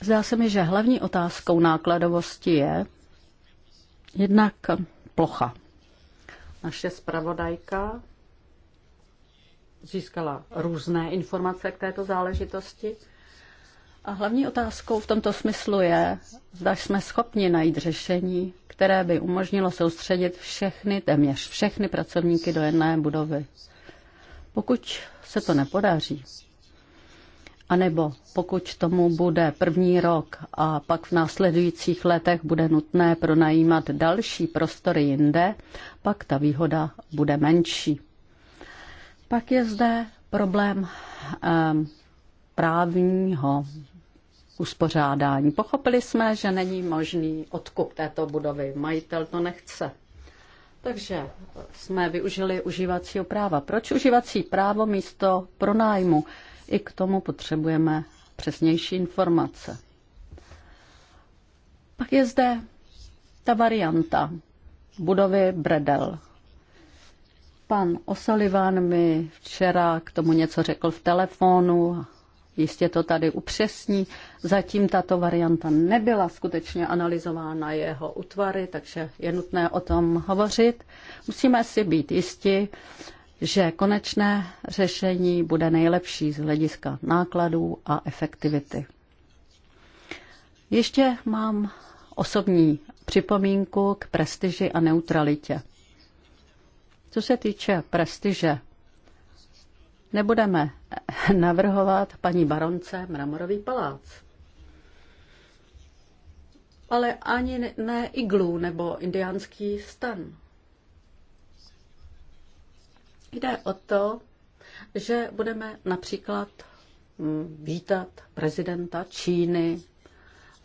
Zdá se mi, že hlavní otázkou nákladovosti je jednak plocha. Naše zpravodajka získala různé informace k této záležitosti. A hlavní otázkou v tomto smyslu je, zda jsme schopni najít řešení, které by umožnilo soustředit všechny, téměř všechny pracovníky do jedné budovy. Pokud se to nepodaří, anebo pokud tomu bude první rok a pak v následujících letech bude nutné pronajímat další prostory jinde, pak ta výhoda bude menší. Pak je zde problém eh, právního uspořádání. Pochopili jsme, že není možný odkup této budovy. Majitel to nechce. Takže jsme využili užívacího práva. Proč užívací právo místo pronájmu? I k tomu potřebujeme přesnější informace. Pak je zde ta varianta budovy Bredel. Pan O'Sullivan mi včera k tomu něco řekl v telefonu jistě to tady upřesní. Zatím tato varianta nebyla skutečně analyzována jeho útvary, takže je nutné o tom hovořit. Musíme si být jisti, že konečné řešení bude nejlepší z hlediska nákladů a efektivity. Ještě mám osobní připomínku k prestiži a neutralitě. Co se týče prestiže, nebudeme navrhovat paní baronce Mramorový palác. Ale ani ne iglu nebo indiánský stan. Jde o to, že budeme například mm, vítat prezidenta Číny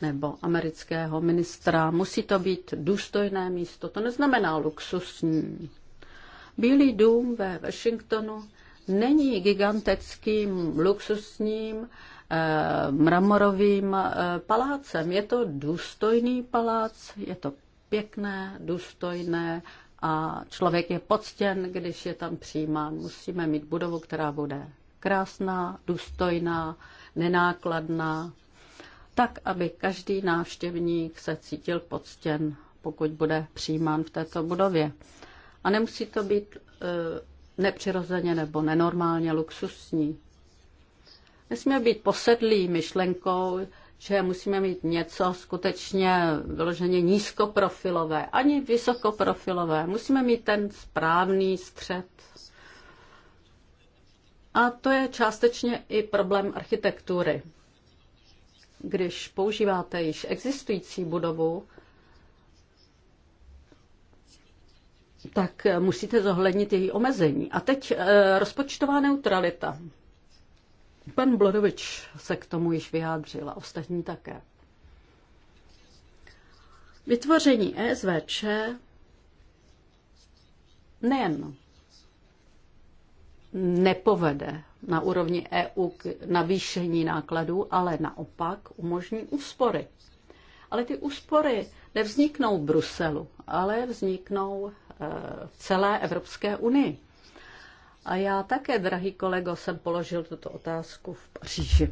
nebo amerického ministra. Musí to být důstojné místo, to neznamená luxusní. Bílý dům ve Washingtonu není gigantickým luxusním eh, mramorovým eh, palácem. Je to důstojný palác, je to pěkné, důstojné a člověk je poctěn, když je tam přijímán. Musíme mít budovu, která bude krásná, důstojná, nenákladná, tak, aby každý návštěvník se cítil poctěn, pokud bude přijímán v této budově. A nemusí to být eh, nepřirozeně nebo nenormálně luxusní. Nesmíme být posedlí myšlenkou, že musíme mít něco skutečně vyloženě nízkoprofilové, ani vysokoprofilové. Musíme mít ten správný střed. A to je částečně i problém architektury. Když používáte již existující budovu, tak eh, musíte zohlednit její omezení. A teď eh, rozpočtová neutralita. Pan Blodovič se k tomu již vyjádřil a ostatní také. Vytvoření ESVČ nejen nepovede na úrovni EU k navýšení nákladů, ale naopak umožní úspory. Ale ty úspory nevzniknou v Bruselu, ale vzniknou eh, v celé Evropské unii. A já také, drahý kolego, jsem položil tuto otázku v Paříži.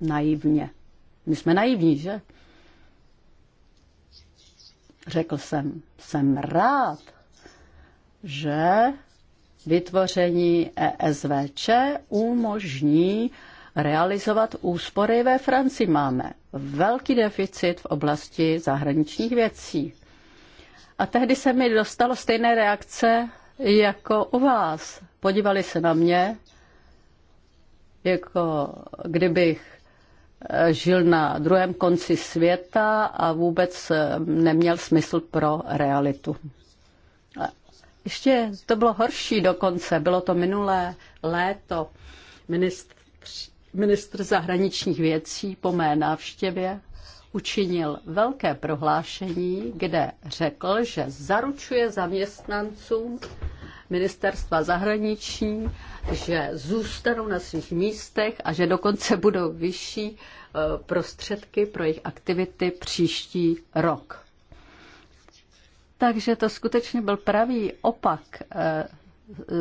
Naivně. My jsme naivní, že? Řekl jsem, jsem rád, že vytvoření ESVČ umožní realizovat úspory ve Francii máme velký deficit v oblasti zahraničních věcí. A tehdy se mi dostalo stejné reakce jako u vás. Podívali se na mě, jako kdybych eh, žil na druhém konci světa a vůbec eh, neměl smysl pro realitu. Ještě to bylo horší dokonce, bylo to minulé léto. Ministr, ministr zahraničních věcí po mé návštěvě učinil velké prohlášení, kde řekl, že zaručuje zaměstnancům ministerstva zahraničí, že zůstanou na svých místech a že dokonce budou vyšší e, prostředky pro jejich aktivity příští rok. Takže to skutečně byl pravý opak e,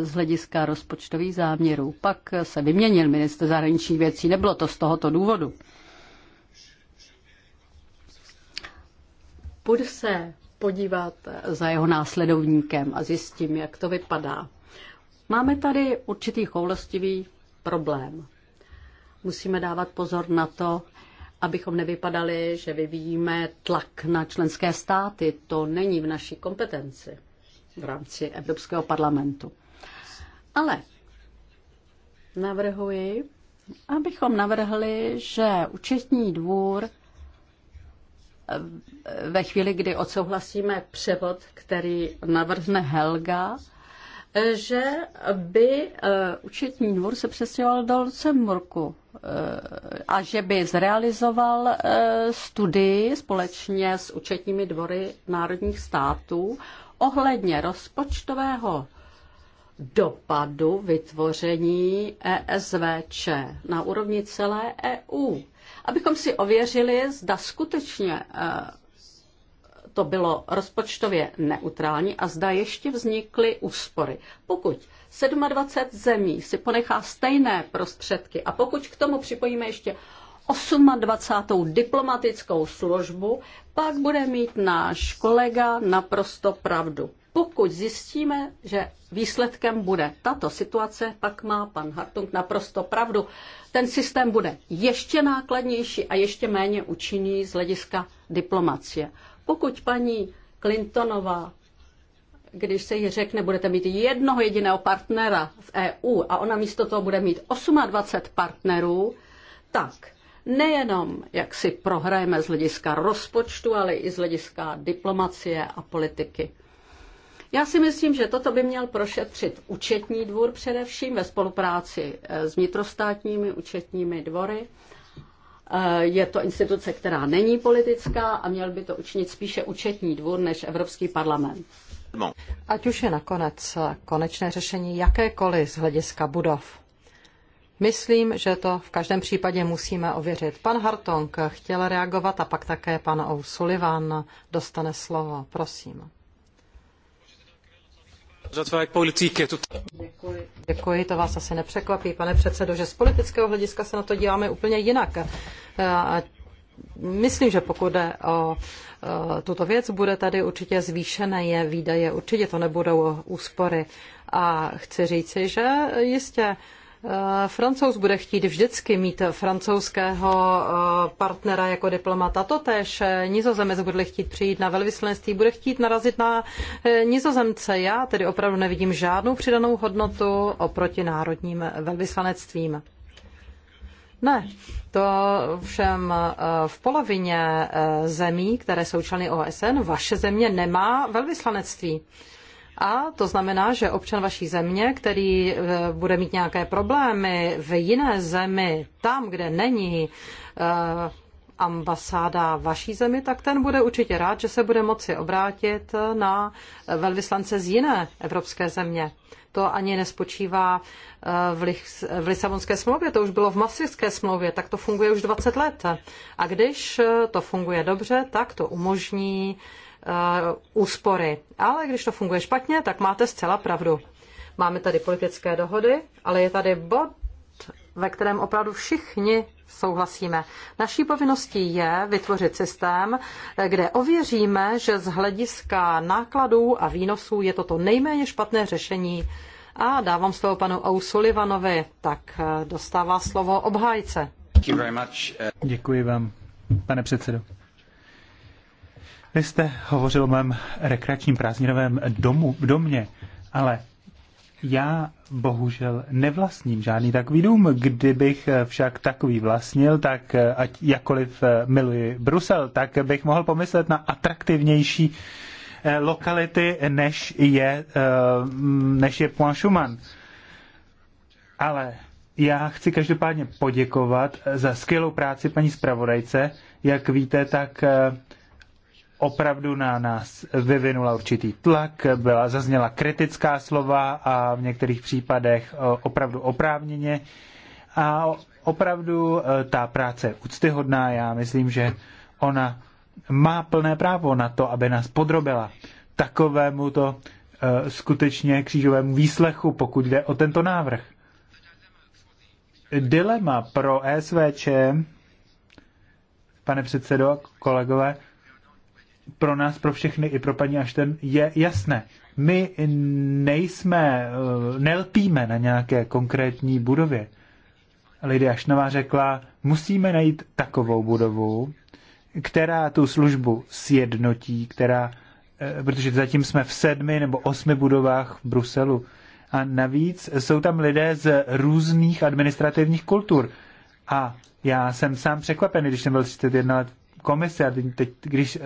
z hlediska rozpočtových záměrů. Pak se vyměnil minister zahraničních věcí, nebylo to z tohoto důvodu. Půjdu se podívat za jeho následovníkem a zjistím, jak to vypadá. Máme tady určitý choulostivý problém. Musíme dávat pozor na to, abychom nevypadali, že vyvíjíme tlak na členské státy. To není v naší kompetenci v rámci Evropského parlamentu. Ale navrhuji, abychom navrhli, že účetní dvůr eh, ve chvíli, kdy odsouhlasíme převod, který navrhne Helga, že by eh, účetní dvůr se přesňoval do Lucemburku eh, a že by zrealizoval eh, studii společně s účetními dvory národních států ohledně rozpočtového dopadu vytvoření ESVČ na úrovni celé EU, abychom si ověřili, zda skutečně to bylo rozpočtově neutrální a zda ještě vznikly úspory. Pokud 27 zemí si ponechá stejné prostředky a pokud k tomu připojíme ještě 28. diplomatickou službu, pak bude mít náš kolega naprosto pravdu. Pokud zjistíme, že výsledkem bude tato situace, pak má pan Hartung naprosto pravdu. Ten systém bude ještě nákladnější a ještě méně účinný z hlediska diplomacie. Pokud paní Clintonová, když se jí řekne, budete mít jednoho jediného partnera v EU a ona místo toho bude mít 28 partnerů, tak nejenom, jak si prohrajeme z hlediska rozpočtu, ale i z hlediska diplomacie a politiky. Já si myslím, že toto by měl prošetřit účetní dvůr především ve spolupráci eh, s vnitrostátními účetními dvory Eh, je to instituce, která není politická a měl by to učinit spíše účetní dvůr než Evropský parlament. No. Ať už je nakonec konečné řešení jakékoliv z hlediska budov. Myslím, že to v každém případě musíme ověřit. Pan Hartong chtěl reagovat a pak také pan O'Sullivan dostane slovo. Prosím. Děkuji. Děkuji, to vás asi nepřekvapí, pane předsedo, že z politického hlediska se na to díváme úplně jinak. E, myslím, že pokud jde o e, tuto věc, bude tady určitě zvýšené je výdaje, určitě to nebudou úspory. A chci říci, že jistě Eh, Francouz bude chtít vždycky mít francouzského eh, partnera jako diplomata. Totež eh, nizozemec bude chtít přijít na velvyslanectví, bude chtít narazit na nizozemce. Já tedy opravdu nevidím žádnou přidanou hodnotu oproti národním velvyslanectvím. Ne, to všem v polovině zemí, které jsou členy OSN, vaše země nemá velvyslanectví. A to znamená, že občan vaší země, který eh, bude mít nějaké problémy v jiné zemi, tam, kde není eh, ambasáda vaší zemi, tak ten bude určitě rád, že se bude moci obrátit na velvyslance z jiné evropské země. To ani nespočívá eh, v, Lis- v Lisabonské smlouvě, to už bylo v Maastrichtské smlouvě, tak to funguje už 20 let. A když to funguje dobře, tak to umožní uh, Uh, úspory. Ale když to funguje špatně, tak máte zcela pravdu. Máme tady politické dohody, ale je tady bod, ve kterém opravdu všichni souhlasíme. Naší povinností je vytvořit systém, kde ověříme, že z hlediska nákladů a výnosů je to to nejméně špatné řešení. A dávám slovo panu O'Sullivanovi, tak eh, dostává slovo obhájce. Děkuji vám, pane předsedo. Vy jste hovořil o mém rekreačním prázdninovém domu, domě, ale já bohužel nevlastním žádný takový dům. Kdybych však takový vlastnil, tak ať jakkoliv eh, miluji Brusel, tak bych mohl pomyslet na atraktivnější eh, lokality, než je, eh, než je Point Schumann. Ale já chci každopádně poděkovat za skvělou práci paní zpravodajce. Jak víte, tak opravdu na nás vyvinula určitý tlak, byla, zazněla kritická slova a v některých případech eh, opravdu oprávněně. A opravdu eh, ta práce je úctyhodná, já myslím, že ona má plné právo na to, aby nás podrobila takovému to eh, skutečně křížovému výslechu, pokud jde o tento návrh. Dilema pro SVČ, pane předsedo, kolegové, pro nás, pro všechny i pro paní Ašten je jasné. My nejsme, eh, nelpíme na nějaké konkrétní budově. Lidia Ašnová řekla, musíme najít takovou budovu, která tu službu sjednotí, která, eh, protože zatím jsme v sedmi nebo osmi budovách v Bruselu. A navíc jsou tam lidé z různých administrativních kultur. A já jsem sám překvapený, když jsem byl 31 let komise a teď, když eh,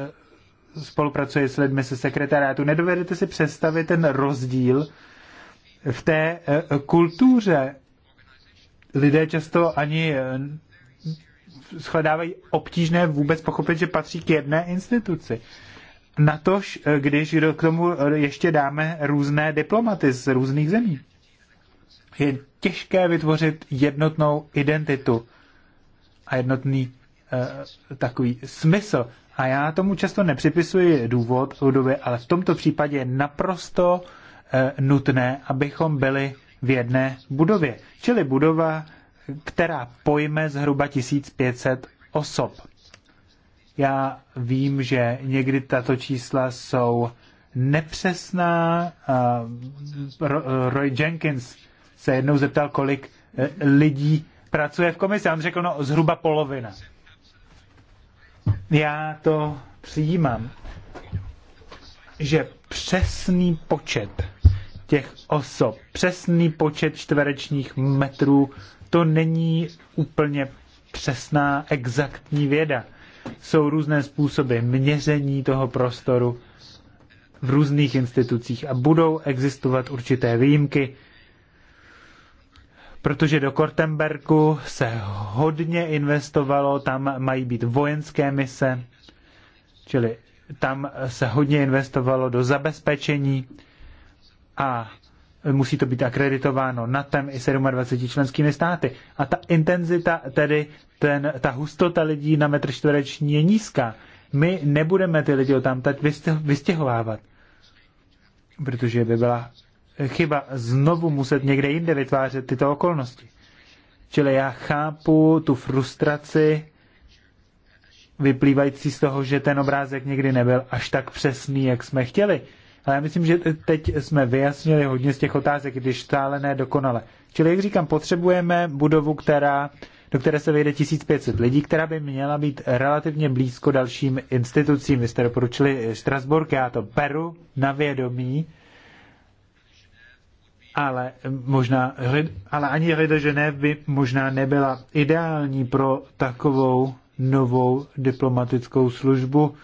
spolupracuje s lidmi se sekretariátu. Nedovedete si představit ten rozdíl v té eh, kultuře. Lidé často ani eh, shledávají obtížné vůbec pochopit, že patří k jedné instituci. Natož, eh, když k tomu ještě dáme různé diplomaty z různých zemí. Je těžké vytvořit jednotnou identitu a jednotný uh, takový smysl. A já tomu často nepřipisuji důvod, hudově, ale v tomto případě je naprosto eh, nutné, abychom byli v jedné budově. Čili budova, která pojme zhruba 1500 osob. Já vím, že někdy tato čísla jsou nepřesná. Roy Jenkins se jednou zeptal, kolik eh, lidí pracuje v komisi. On řekl, no zhruba polovina já to přijímám, že přesný počet těch osob, přesný počet čtverečních metrů, to není úplně přesná, exaktní věda. Jsou různé způsoby měření toho prostoru v různých institucích a budou existovat určité výjimky, protože do Kortenberku se hodně investovalo, tam mají být vojenské mise, čili tam se hodně investovalo do zabezpečení a musí to být akreditováno na tem i 27 členskými státy. A ta intenzita, tedy ten, ta hustota lidí na metr čtvereční je nízká. My nebudeme ty lidi tam teď vystěhovávat, protože by byla chyba znovu muset někde jinde vytvářet tyto okolnosti. Čili já chápu tu frustraci vyplývající z toho, že ten obrázek někdy nebyl až tak přesný, jak jsme chtěli. Ale já myslím, že teď jsme vyjasnili hodně z těch otázek, když stále ne dokonale. Čili, jak říkám, potřebujeme budovu, která, do které se vejde 1500 lidí, která by měla být relativně blízko dalším institucím. Vy jste doporučili Strasburg, já to beru na vědomí ale možná, ale ani Rida de by možná nebyla ideální pro takovou novou diplomatickou službu,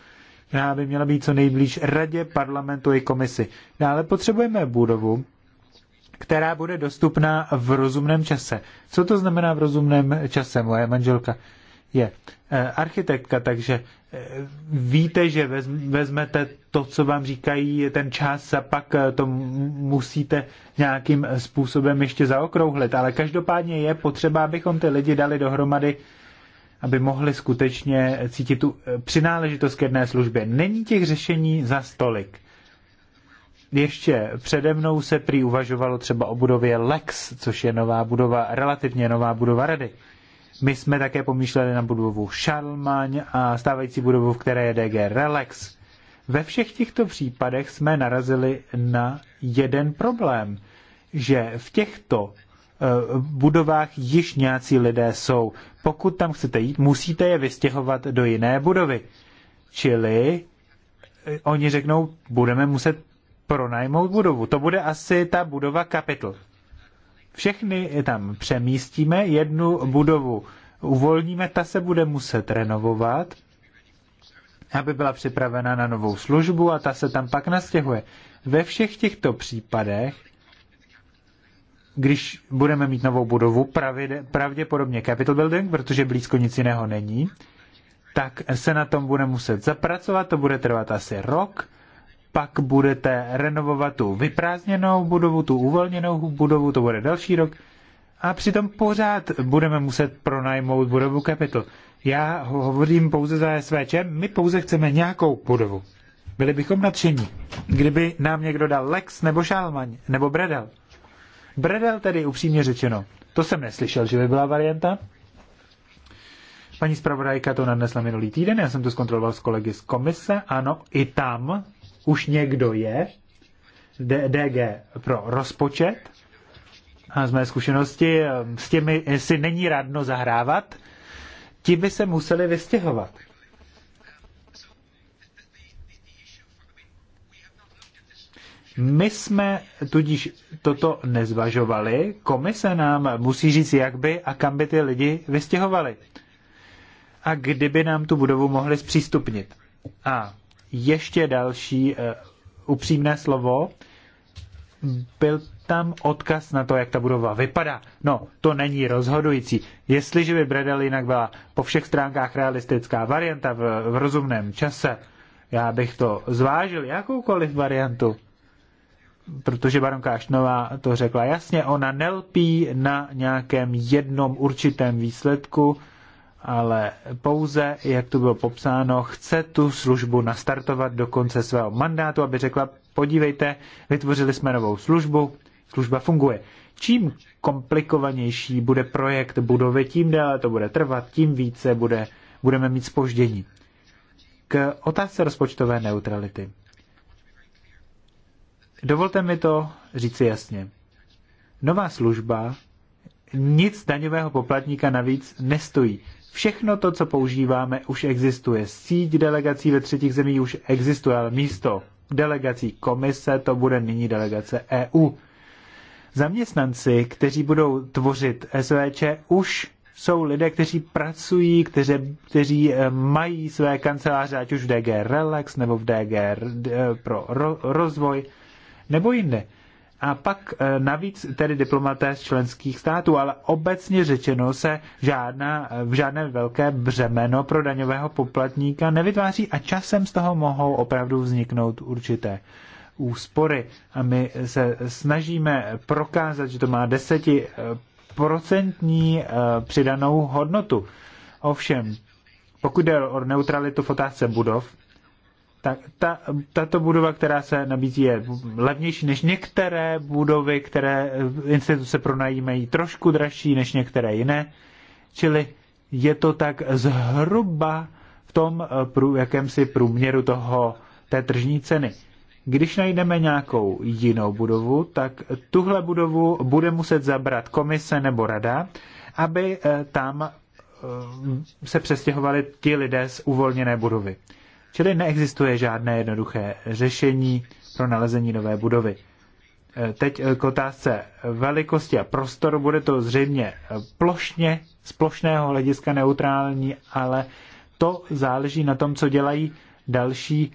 která by měla být co nejblíž radě, parlamentu i komisi. Dále potřebujeme budovu, která bude dostupná v rozumném čase. Co to znamená v rozumném čase, moje manželka? je eh, architektka, takže eh, víte, že vezmete to, co vám říkají, ten čas a pak eh, to musíte nějakým způsobem ještě zaokrouhlit. Ale každopádně je potřeba, abychom ty lidi dali dohromady, aby mohli skutečně cítit tu přináležitost k jedné službě. Není těch řešení za stolik. Ještě přede mnou se prý uvažovalo třeba o budově Lex, což je nová budova, relativně nová budova rady. My jsme také pomýšleli na budovu Šarlmaň a stávající budovu, v které je DG Relax. Ve všech těchto případech jsme narazili na jeden problém, že v těchto eh, budovách již nějací lidé jsou. Pokud tam chcete jít, musíte je vystěhovat do jiné budovy. Čili eh, oni řeknou, budeme muset pronajmout budovu. To bude asi ta budova Capital všechny tam přemístíme, jednu budovu uvolníme, ta se bude muset renovovat, aby byla připravena na novou službu a ta se tam pak nastěhuje. Ve všech těchto případech, když budeme mít novou budovu, pravděpodobně Capital Building, protože blízko nic jiného není, tak se na tom bude muset zapracovat, to bude trvat asi rok pak budete renovovat tu vyprázdněnou budovu, tu uvolněnou budovu, to bude další rok. A přitom pořád budeme muset pronajmout budovu Capital. Já hovořím pouze za SVČ, my pouze chceme nějakou budovu. Byli bychom nadšení, kdyby nám někdo dal Lex nebo Šálmaň nebo Bredel. Bredel tedy upřímně řečeno. To jsem neslyšel, že by byla varianta. Paní zpravodajka to nadnesla minulý týden, já jsem to zkontroloval s kolegy z komise. Ano, i tam už někdo je, DG pro rozpočet. A z mé zkušenosti ehm, s těmi si není radno zahrávat, ti by se museli vystěhovat. My jsme tudíž toto nezvažovali. Komise nám musí říct, jak by a kam by ty lidi vystěhovali. A kdyby nám tu budovu mohli zpřístupnit. A ještě další eh, upřímné slovo. Byl tam odkaz na to, jak ta budova vypadá. No, to není rozhodující. Jestliže by Bredel jinak byla po všech stránkách realistická varianta v, v rozumném čase, já bych to zvážil, jakoukoliv variantu. Protože baronka Aštnová to řekla jasně, ona nelpí na nějakém jednom určitém výsledku, ale pouze, jak tu bylo popsáno, chce tu službu nastartovat do konce svého mandátu, aby řekla, podívejte, vytvořili jsme novou službu, služba funguje. Čím komplikovanější bude projekt budovy, tím déle to bude trvat, tím více bude, budeme mít spoždění. K otázce rozpočtové neutrality. Dovolte mi to říci jasně. Nová služba nic daňového poplatníka navíc nestojí. Všechno to, co používáme, už existuje. Síť delegací ve třetích zemích už existuje, ale místo delegací komise to bude nyní delegace EU. Zaměstnanci, kteří budou tvořit SVČ, už jsou lidé, kteří pracují, kteří, kteří eh, mají své kanceláře, ať už v DG Relax nebo v DG eh, pro rozvoj nebo jinde a pak e, navíc tedy diplomaté z členských států, ale obecně řečeno se žádná, v žádné velké břemeno pro daňového poplatníka nevytváří a časem z toho mohou opravdu vzniknout určité úspory. A my se snažíme prokázat, že to má desetiprocentní e, přidanou hodnotu. Ovšem, pokud jde o neutralitu v otázce budov, tak ta, tato budova, která se nabízí, je levnější než některé budovy, které instituce pronajímají trošku dražší než některé jiné. Čili je to tak zhruba v tom eh, prů, jakémsi průměru toho, té tržní ceny. Když najdeme nějakou jinou budovu, tak tuhle budovu bude muset zabrat komise nebo rada, aby eh, tam eh, se přestěhovali ti lidé z uvolněné budovy. Čili neexistuje žádné jednoduché řešení pro nalezení nové budovy. E, teď e, k otázce velikosti a prostoru. Bude to zřejmě e, plošně, z plošného hlediska neutrální, ale to záleží na tom, co dělají další,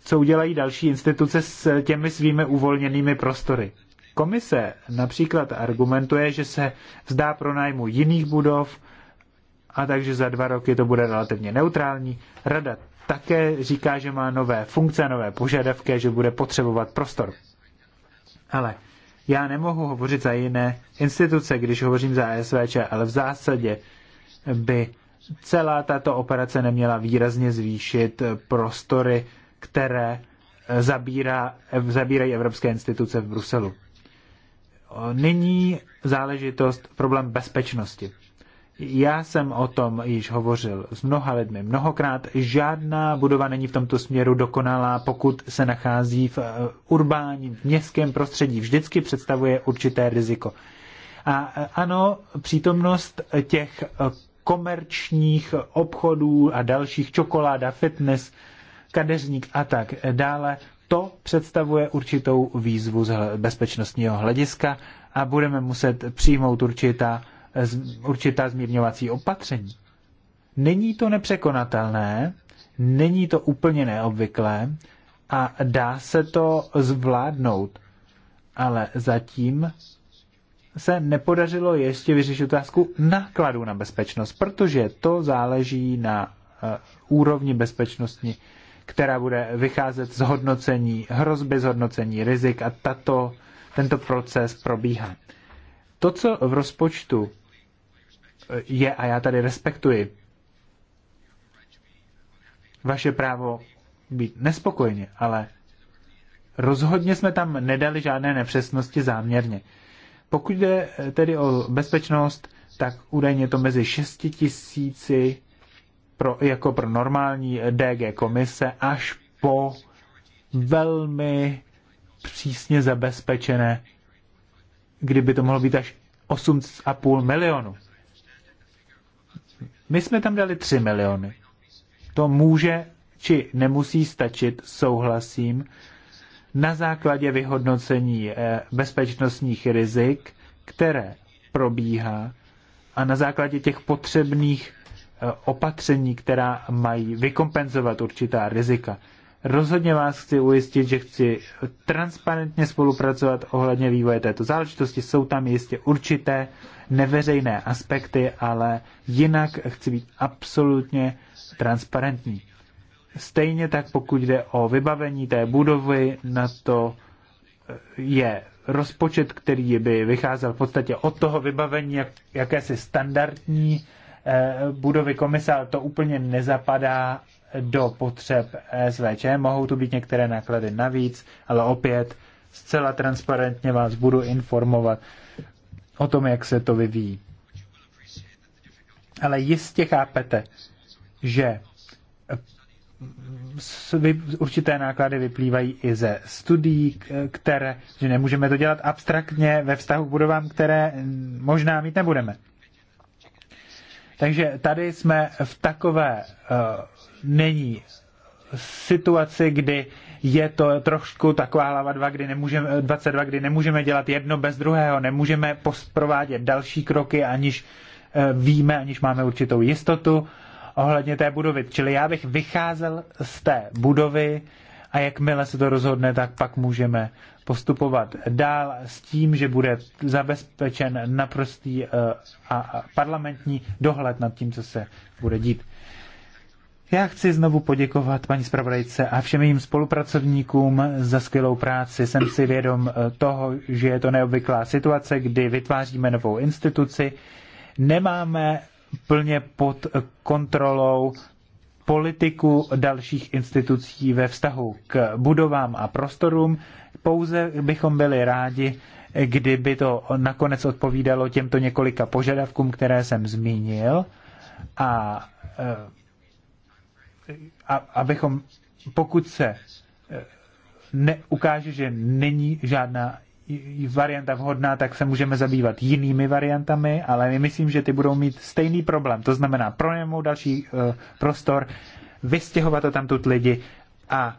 co udělají další instituce s těmi svými uvolněnými prostory. Komise například argumentuje, že se vzdá pronájmu jiných budov, a takže za dva roky to bude relativně neutrální. Rada také říká, že má nové funkce, nové požadavky, že bude potřebovat prostor. Ale já nemohu hovořit za jiné instituce, když hovořím za ESVČ, ale v zásadě by celá tato operace neměla výrazně zvýšit prostory, které zabírá, zabírají evropské instituce v Bruselu. Nyní záležitost problém bezpečnosti. Já jsem o tom již hovořil s mnoha lidmi mnohokrát. Žádná budova není v tomto směru dokonalá, pokud se nachází v eh, urbáním, v městském prostředí. Vždycky představuje určité riziko. A eh, ano, přítomnost těch eh, komerčních obchodů a dalších, čokoláda, fitness, kadeřník a tak dále, to představuje určitou výzvu z bezpečnostního hlediska a budeme muset přijmout určitá určitá zmírňovací opatření. Není to nepřekonatelné, není to úplně neobvyklé a dá se to zvládnout, ale zatím se nepodařilo ještě vyřešit otázku nákladů na bezpečnost, protože to záleží na eh, úrovni bezpečnosti, která bude vycházet z hodnocení hrozby, z hodnocení rizik a tato, tento proces probíhá. To, co v rozpočtu je a já tady respektuji vaše právo být nespokojeně, ale rozhodně jsme tam nedali žádné nepřesnosti záměrně. Pokud jde eh, tedy o bezpečnost, tak údajně to mezi 6 tisíci pro, jako pro normální eh, DG komise až po velmi přísně zabezpečené, kdyby to mohlo být až 8,5 milionů. My jsme tam dali 3 miliony. To může či nemusí stačit, souhlasím, na základě vyhodnocení eh, bezpečnostních rizik, které probíhá a na základě těch potřebných eh, opatření, která mají vykompenzovat určitá rizika. Rozhodně vás chci ujistit, že chci transparentně spolupracovat ohledně vývoje této záležitosti. Jsou tam jistě určité neveřejné aspekty, ale jinak chci být absolutně transparentní. Stejně tak, pokud jde o vybavení té budovy, na to eh, je rozpočet, který by vycházel v podstatě od toho vybavení jak, jakési standardní eh, budovy komise, ale to úplně nezapadá do potřeb SVČ. Mohou tu být některé náklady navíc, ale opět zcela transparentně vás budu informovat o tom, jak se to vyvíjí. Ale jistě chápete, že eh, určité náklady vyplývají i ze studií, které, že nemůžeme to dělat abstraktně ve vztahu k budovám, které možná mít nebudeme. Takže tady jsme v takové uh, není situaci, kdy je to trošku taková hlava 2, kdy nemůžeme, 22, kdy nemůžeme dělat jedno bez druhého, nemůžeme provádět další kroky, aniž eh, víme, aniž máme určitou jistotu ohledně té budovy. Čili já bych vycházel z té budovy a jakmile se to rozhodne, tak pak můžeme postupovat dál s tím, že bude zabezpečen naprostý eh, a parlamentní dohled nad tím, co se bude dít. Já chci znovu poděkovat paní zpravodajce a všem jejím spolupracovníkům za skvělou práci. Jsem si vědom eh, toho, že je to neobvyklá situace, kdy vytváříme novou instituci, nemáme plně pod kontrolou politiku dalších institucí ve vztahu k budovám a prostorům. Pouze bychom byli rádi, kdyby to nakonec odpovídalo těmto několika požadavkům, které jsem zmínil. A eh, a, abychom, pokud se eh, neukáže, ukáže, že není žádná varianta vhodná, tak se můžeme zabývat jinými variantami, ale my myslím, že ty budou mít stejný problém. To znamená pronajmout další uh, prostor, vystěhovat to tamtud lidi a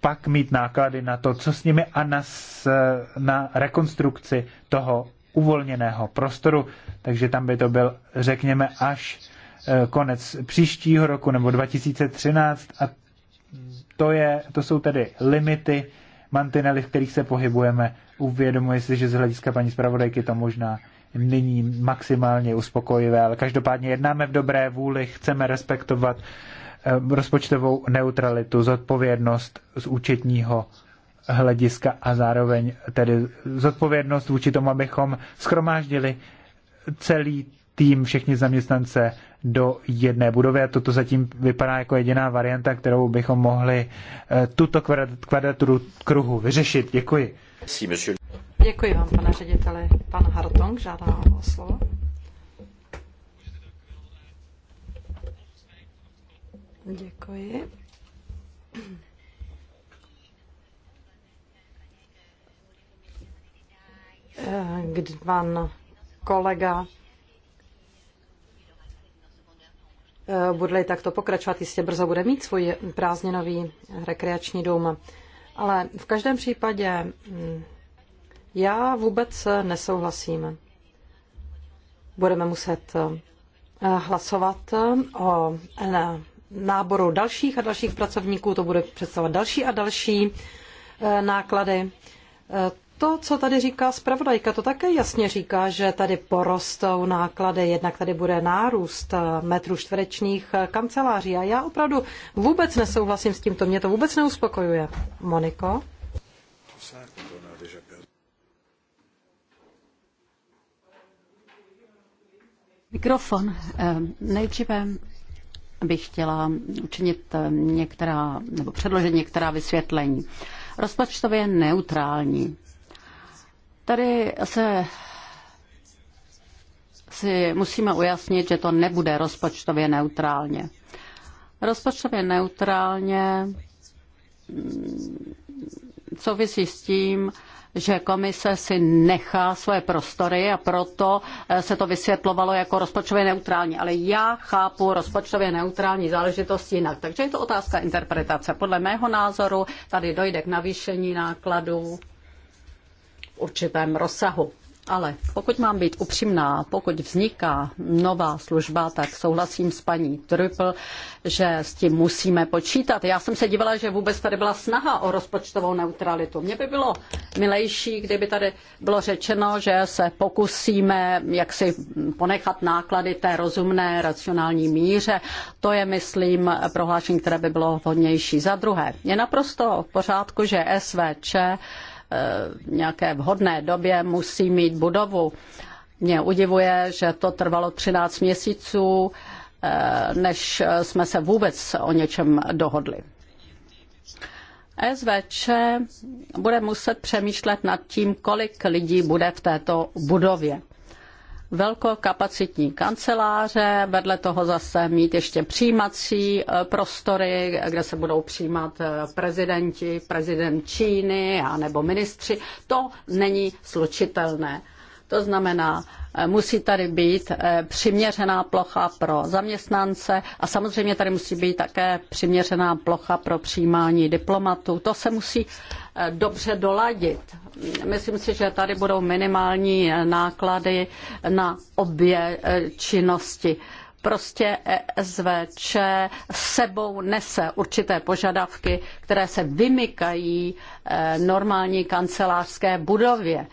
pak mít náklady na to, co s nimi a na, eh, na rekonstrukci toho uvolněného prostoru. Takže tam by to byl, řekněme, až Eh, konec příštího roku nebo 2013 a to, je, to jsou tedy limity, mantinely, v kterých se pohybujeme. Uvědomuji si, že z hlediska paní zpravodajky to možná není maximálně uspokojivé, ale každopádně jednáme v dobré vůli, chceme respektovat eh, rozpočtovou neutralitu, zodpovědnost z účetního hlediska a zároveň tedy zodpovědnost vůči tomu, abychom schromáždili celý tým, všechny zaměstnance do jedné budovy a toto zatím vypadá jako jediná varianta, kterou bychom mohli eh, tuto kvadraturu kruhu vyřešit. Děkuji. Děkuji vám, pane řediteli. Pan Hartong žádá o slovo. Děkuji. Eh, kdy pan kolega Eh, bude-li takto pokračovat, jistě brzo bude mít svůj prázdninový rekreační dům. Ale v každém případě hm, já vůbec nesouhlasím. Budeme muset eh, hlasovat o eh, náboru dalších a dalších pracovníků, to bude představovat další a další náklady to, co tady říká zpravodajka, to také jasně říká, že tady porostou náklady, jednak tady bude nárůst eh, metrů čtverečních eh, kanceláří. A já opravdu vůbec nesouhlasím s tímto, mě to vůbec neuspokojuje. Moniko? Mikrofon. Eh, nejdříve bych chtěla učinit některá, nebo předložit některá vysvětlení. Rozpočtově neutrální. Tady se si musíme ujasnit, že to nebude rozpočtově neutrálně. Rozpočtově neutrálně mm, souvisí s tím, že komise si nechá svoje prostory a proto eh, se to vysvětlovalo jako rozpočtově neutrální. Ale já chápu rozpočtově neutrální záležitost jinak. Takže je to otázka interpretace. Podle mého názoru tady dojde k navýšení nákladů v určitém rozsahu. Ale pokud mám být upřímná, pokud vzniká nová služba, tak souhlasím s paní Trupl, že s tím musíme počítat. Já jsem se dívala, že vůbec tady byla snaha o rozpočtovou neutralitu. Mně by bylo milejší, kdyby tady bylo řečeno, že se pokusíme jaksi ponechat náklady té rozumné, racionální míře. To je, myslím, prohlášení, které by bylo vhodnější. Za druhé, je naprosto v pořádku, že SVČ nějaké vhodné době musí mít budovu. Mě udivuje, že to trvalo 13 měsíců, eh, než jsme se vůbec o něčem dohodli. SVČ bude muset přemýšlet nad tím, kolik lidí bude v této budově velkokapacitní kanceláře, vedle toho zase mít ještě přijímací e, prostory, kde se budou přijímat e, prezidenti, prezident Číny a nebo ministři. To není slučitelné. To znamená, eh, musí tady být eh, přiměřená plocha pro zaměstnance a samozřejmě tady musí být také přiměřená plocha pro přijímání diplomatů. To se musí eh, dobře doladit. Myslím si, že tady budou minimální náklady na obě činnosti prostě ESVČ sebou nese určité požadavky, které se vymykají normální kancelářské budově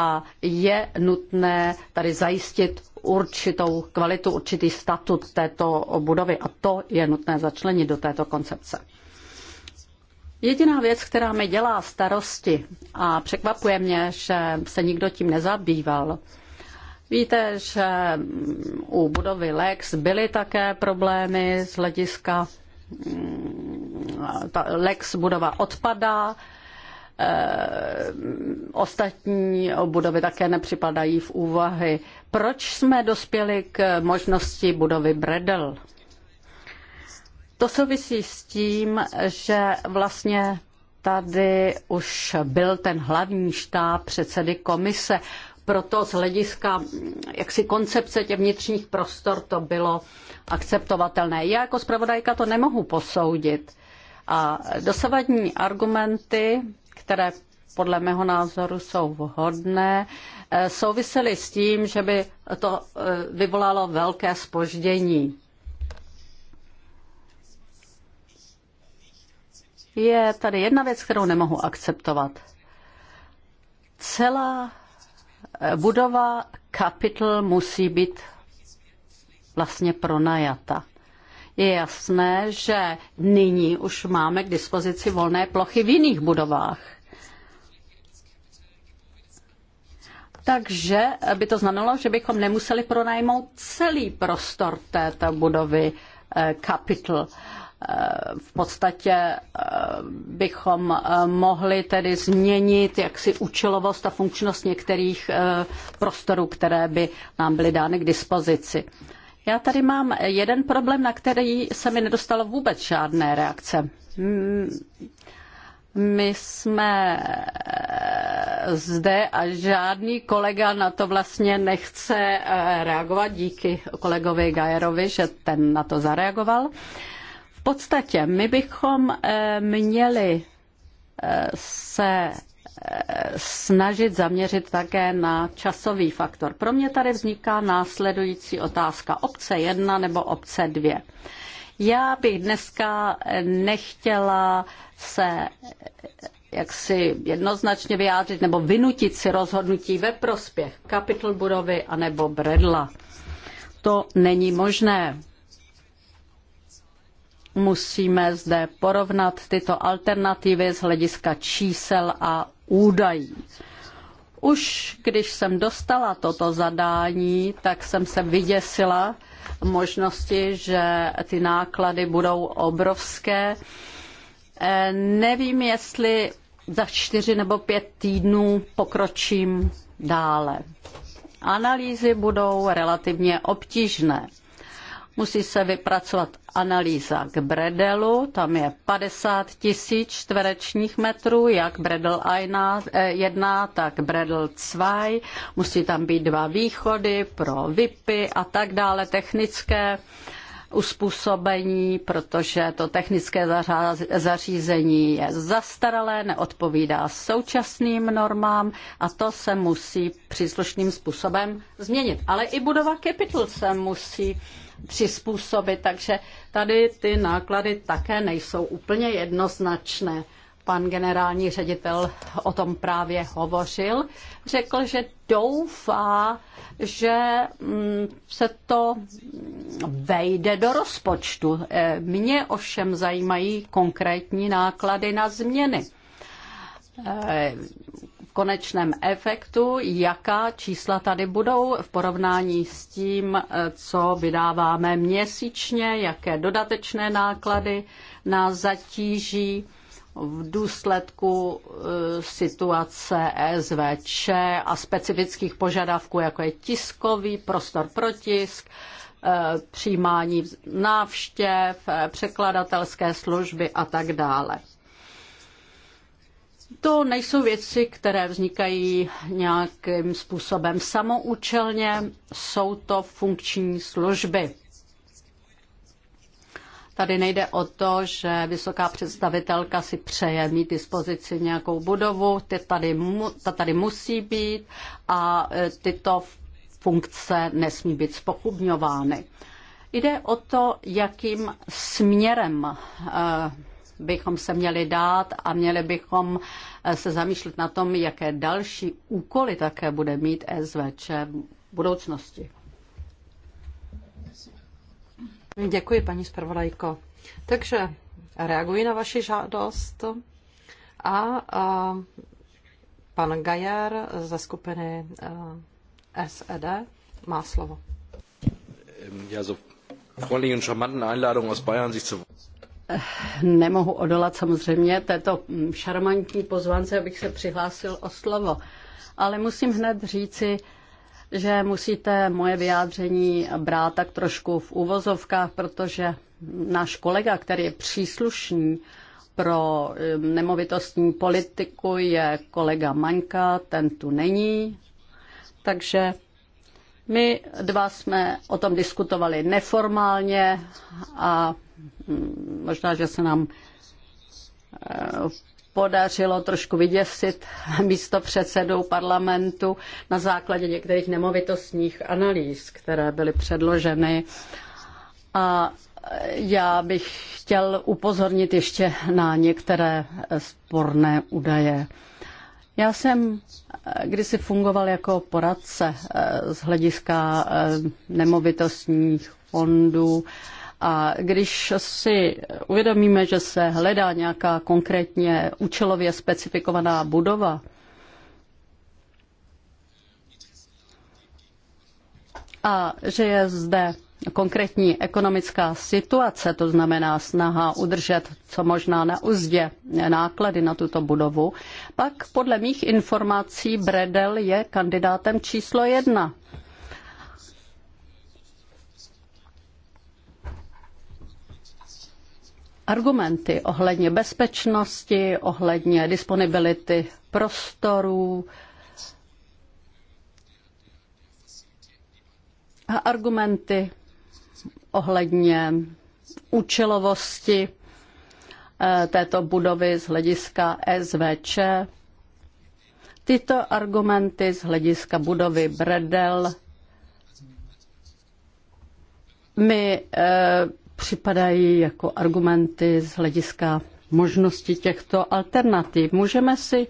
a je nutné tady zajistit určitou kvalitu, určitý statut této budovy a to je nutné začlenit do této koncepce. Jediná věc, která mi dělá starosti a překvapuje mě, že se nikdo tím nezabýval, Víte, že u budovy Lex byly také problémy z hlediska mm, ta Lex budova odpadá, Eh, ostatní budovy také nepřipadají v úvahy. Proč jsme dospěli k možnosti budovy Bredel? To souvisí s tím, že vlastně tady už byl ten hlavní štáb předsedy komise. Proto z hlediska jaksi koncepce těch vnitřních prostor to bylo akceptovatelné. Já jako zpravodajka to nemohu posoudit. A dosavadní argumenty které podle mého názoru jsou vhodné, eh, souvisely s tím, že by to eh, vyvolalo velké spoždění. Je tady jedna věc, kterou nemohu akceptovat. Celá eh, budova kapitl musí být vlastně pronajata. Je jasné, že nyní už máme k dispozici volné plochy v jiných budovách. Takže by to znamenalo, že bychom nemuseli pronajmout celý prostor této budovy eh, Capital. Eh, v podstatě eh, bychom mohli tedy změnit jaksi účelovost a funkčnost některých prostorů, které by nám byly dány k dispozici. Já tady mám jeden problém, na který se mi nedostalo vůbec žádné reakce. My jsme eh, zde a žádný kolega na to vlastně nechce eh, reagovat. Díky kolegovi Gajerovi, že ten na to zareagoval. V podstatě my bychom eh, měli se snažit zaměřit také na časový faktor. Pro mě tady vzniká následující otázka. Obce jedna nebo obce dvě. Já bych dneska nechtěla se jak si jednoznačně vyjádřit nebo vynutit si rozhodnutí ve prospěch kapitol budovy anebo Bredla. To není možné. Musíme zde porovnat tyto alternativy z hlediska čísel a údají. Už když jsem dostala toto zadání, tak jsem se vyděsila možnosti, že ty náklady budou obrovské. Eh, nevím, jestli za čtyři nebo pět týdnů pokročím dále. Analýzy budou relativně obtížné. Musí se vypracovat analýza k Bredelu, tam je 50 tisíc čtverečních metrů, jak Bredel 1, eh, tak Bredel 2. Musí tam být dva východy pro VIPy a tak dále, technické uspůsobení, protože to technické zařízení je zastaralé, neodpovídá současným normám a to se musí příslušným způsobem změnit. Ale i budova Capital se musí přizpůsobit, takže tady ty náklady také nejsou úplně jednoznačné. Pan generální ředitel o tom právě hovořil. Řekl, že doufá, že mm, se to vejde do rozpočtu. E, mě ovšem zajímají konkrétní náklady na změny e, konečném efektu, jaká čísla tady budou v porovnání s tím, co vydáváme měsíčně, jaké dodatečné náklady nás zatíží v důsledku eh, situace SVČ a specifických požadavků, jako je tiskový prostor pro tisk, eh, přijímání návštěv, eh, překladatelské služby a tak dále. To nejsou věci, které vznikají nějakým způsobem samoučelně, jsou to funkční služby. Tady nejde o to, že vysoká představitelka si přeje mít dispozici nějakou budovu, ty tady, mu, ta tady musí být a e, tyto funkce nesmí být spochubňovány. Jde o to, jakým směrem e, bychom se měli dát a měli bychom eh, se zamýšlet na tom, jaké další úkoly také bude mít SVČ v budoucnosti. Děkuji, paní zpravodajko. Takže reaguji na vaši žádost a, a pan Gajer ze skupiny a, eh, SED má slovo. Já so freundlichen, charmanten Einladung aus Bayern, sich zu nemohu odolat samozřejmě této šarmantní pozvance, abych se přihlásil o slovo. Ale musím hned říci, že musíte moje vyjádření brát tak trošku v uvozovkách, protože náš kolega, který je příslušný pro eh, nemovitostní politiku, je kolega Maňka, ten tu není. Takže my dva jsme o tom diskutovali neformálně a Možná, že se nám eh, podařilo trošku vyděsit místo předsedou parlamentu na základě některých nemovitostních analýz, které byly předloženy. A já bych chtěl upozornit ještě na některé sporné údaje. Já jsem eh, kdysi fungoval jako poradce eh, z hlediska nemovitostních fondů, a když si uvědomíme, že se hledá nějaká konkrétně účelově specifikovaná budova, a že je zde konkrétní ekonomická situace, to znamená snaha udržet co možná na uzdě náklady na tuto budovu, pak podle mých informací Bredel je kandidátem číslo jedna argumenty ohledně bezpečnosti, ohledně disponibility prostorů a argumenty ohledně účelovosti eh, této budovy z hlediska SVČ. Tyto argumenty z hlediska budovy Bredel mi připadají jako argumenty z hlediska možnosti těchto alternativ. Můžeme si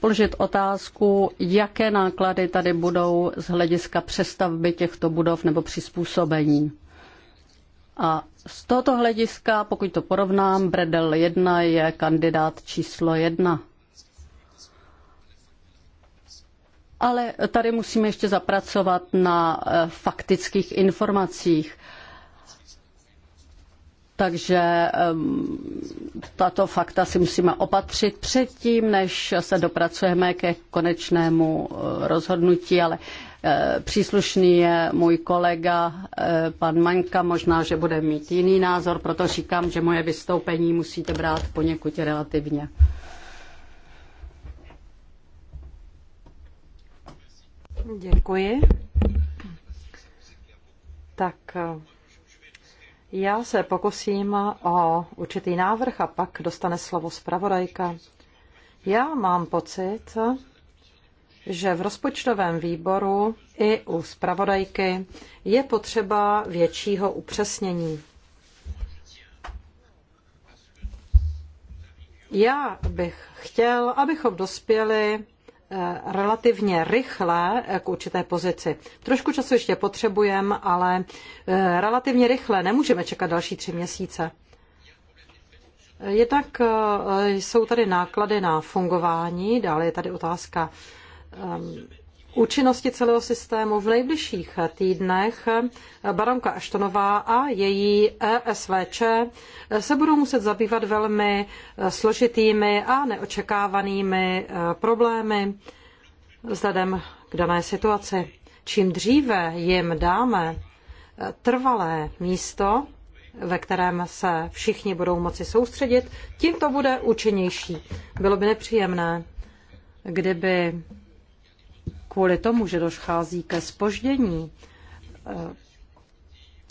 položit otázku, jaké náklady tady budou z hlediska přestavby těchto budov nebo přizpůsobení. A z tohoto hlediska, pokud to porovnám, Bredel 1 je kandidát číslo 1. Ale tady musíme ještě zapracovat na eh, faktických informacích. Takže tato fakta si musíme opatřit předtím, než se dopracujeme ke konečnému eh, rozhodnutí, ale eh, příslušný je můj kolega eh, pan Maňka, možná, že bude mít jiný názor, proto říkám, že moje vystoupení musíte brát poněkud relativně. Děkuji. Tak já se pokusím o určitý návrh a pak dostane slovo zpravodajka. Já mám pocit, že v rozpočtovém výboru i u zpravodajky je potřeba většího upřesnění. Já bych chtěl, abychom dospěli Eh, relativně rychle eh, k určité pozici. Trošku času ještě potřebujeme, ale eh, relativně rychle nemůžeme čekat další tři měsíce. Jednak jsou tady náklady na fungování, dále je tady otázka ehm, účinnosti celého systému v nejbližších týdnech baronka Ashtonová a její ESVČ se budou muset zabývat velmi složitými a neočekávanými eh, problémy vzhledem k dané situaci. Čím dříve jim dáme eh, trvalé místo, ve kterém se všichni budou moci soustředit, tím to bude účinnější. Bylo by nepříjemné, kdyby kvůli tomu, že dochází ke spoždění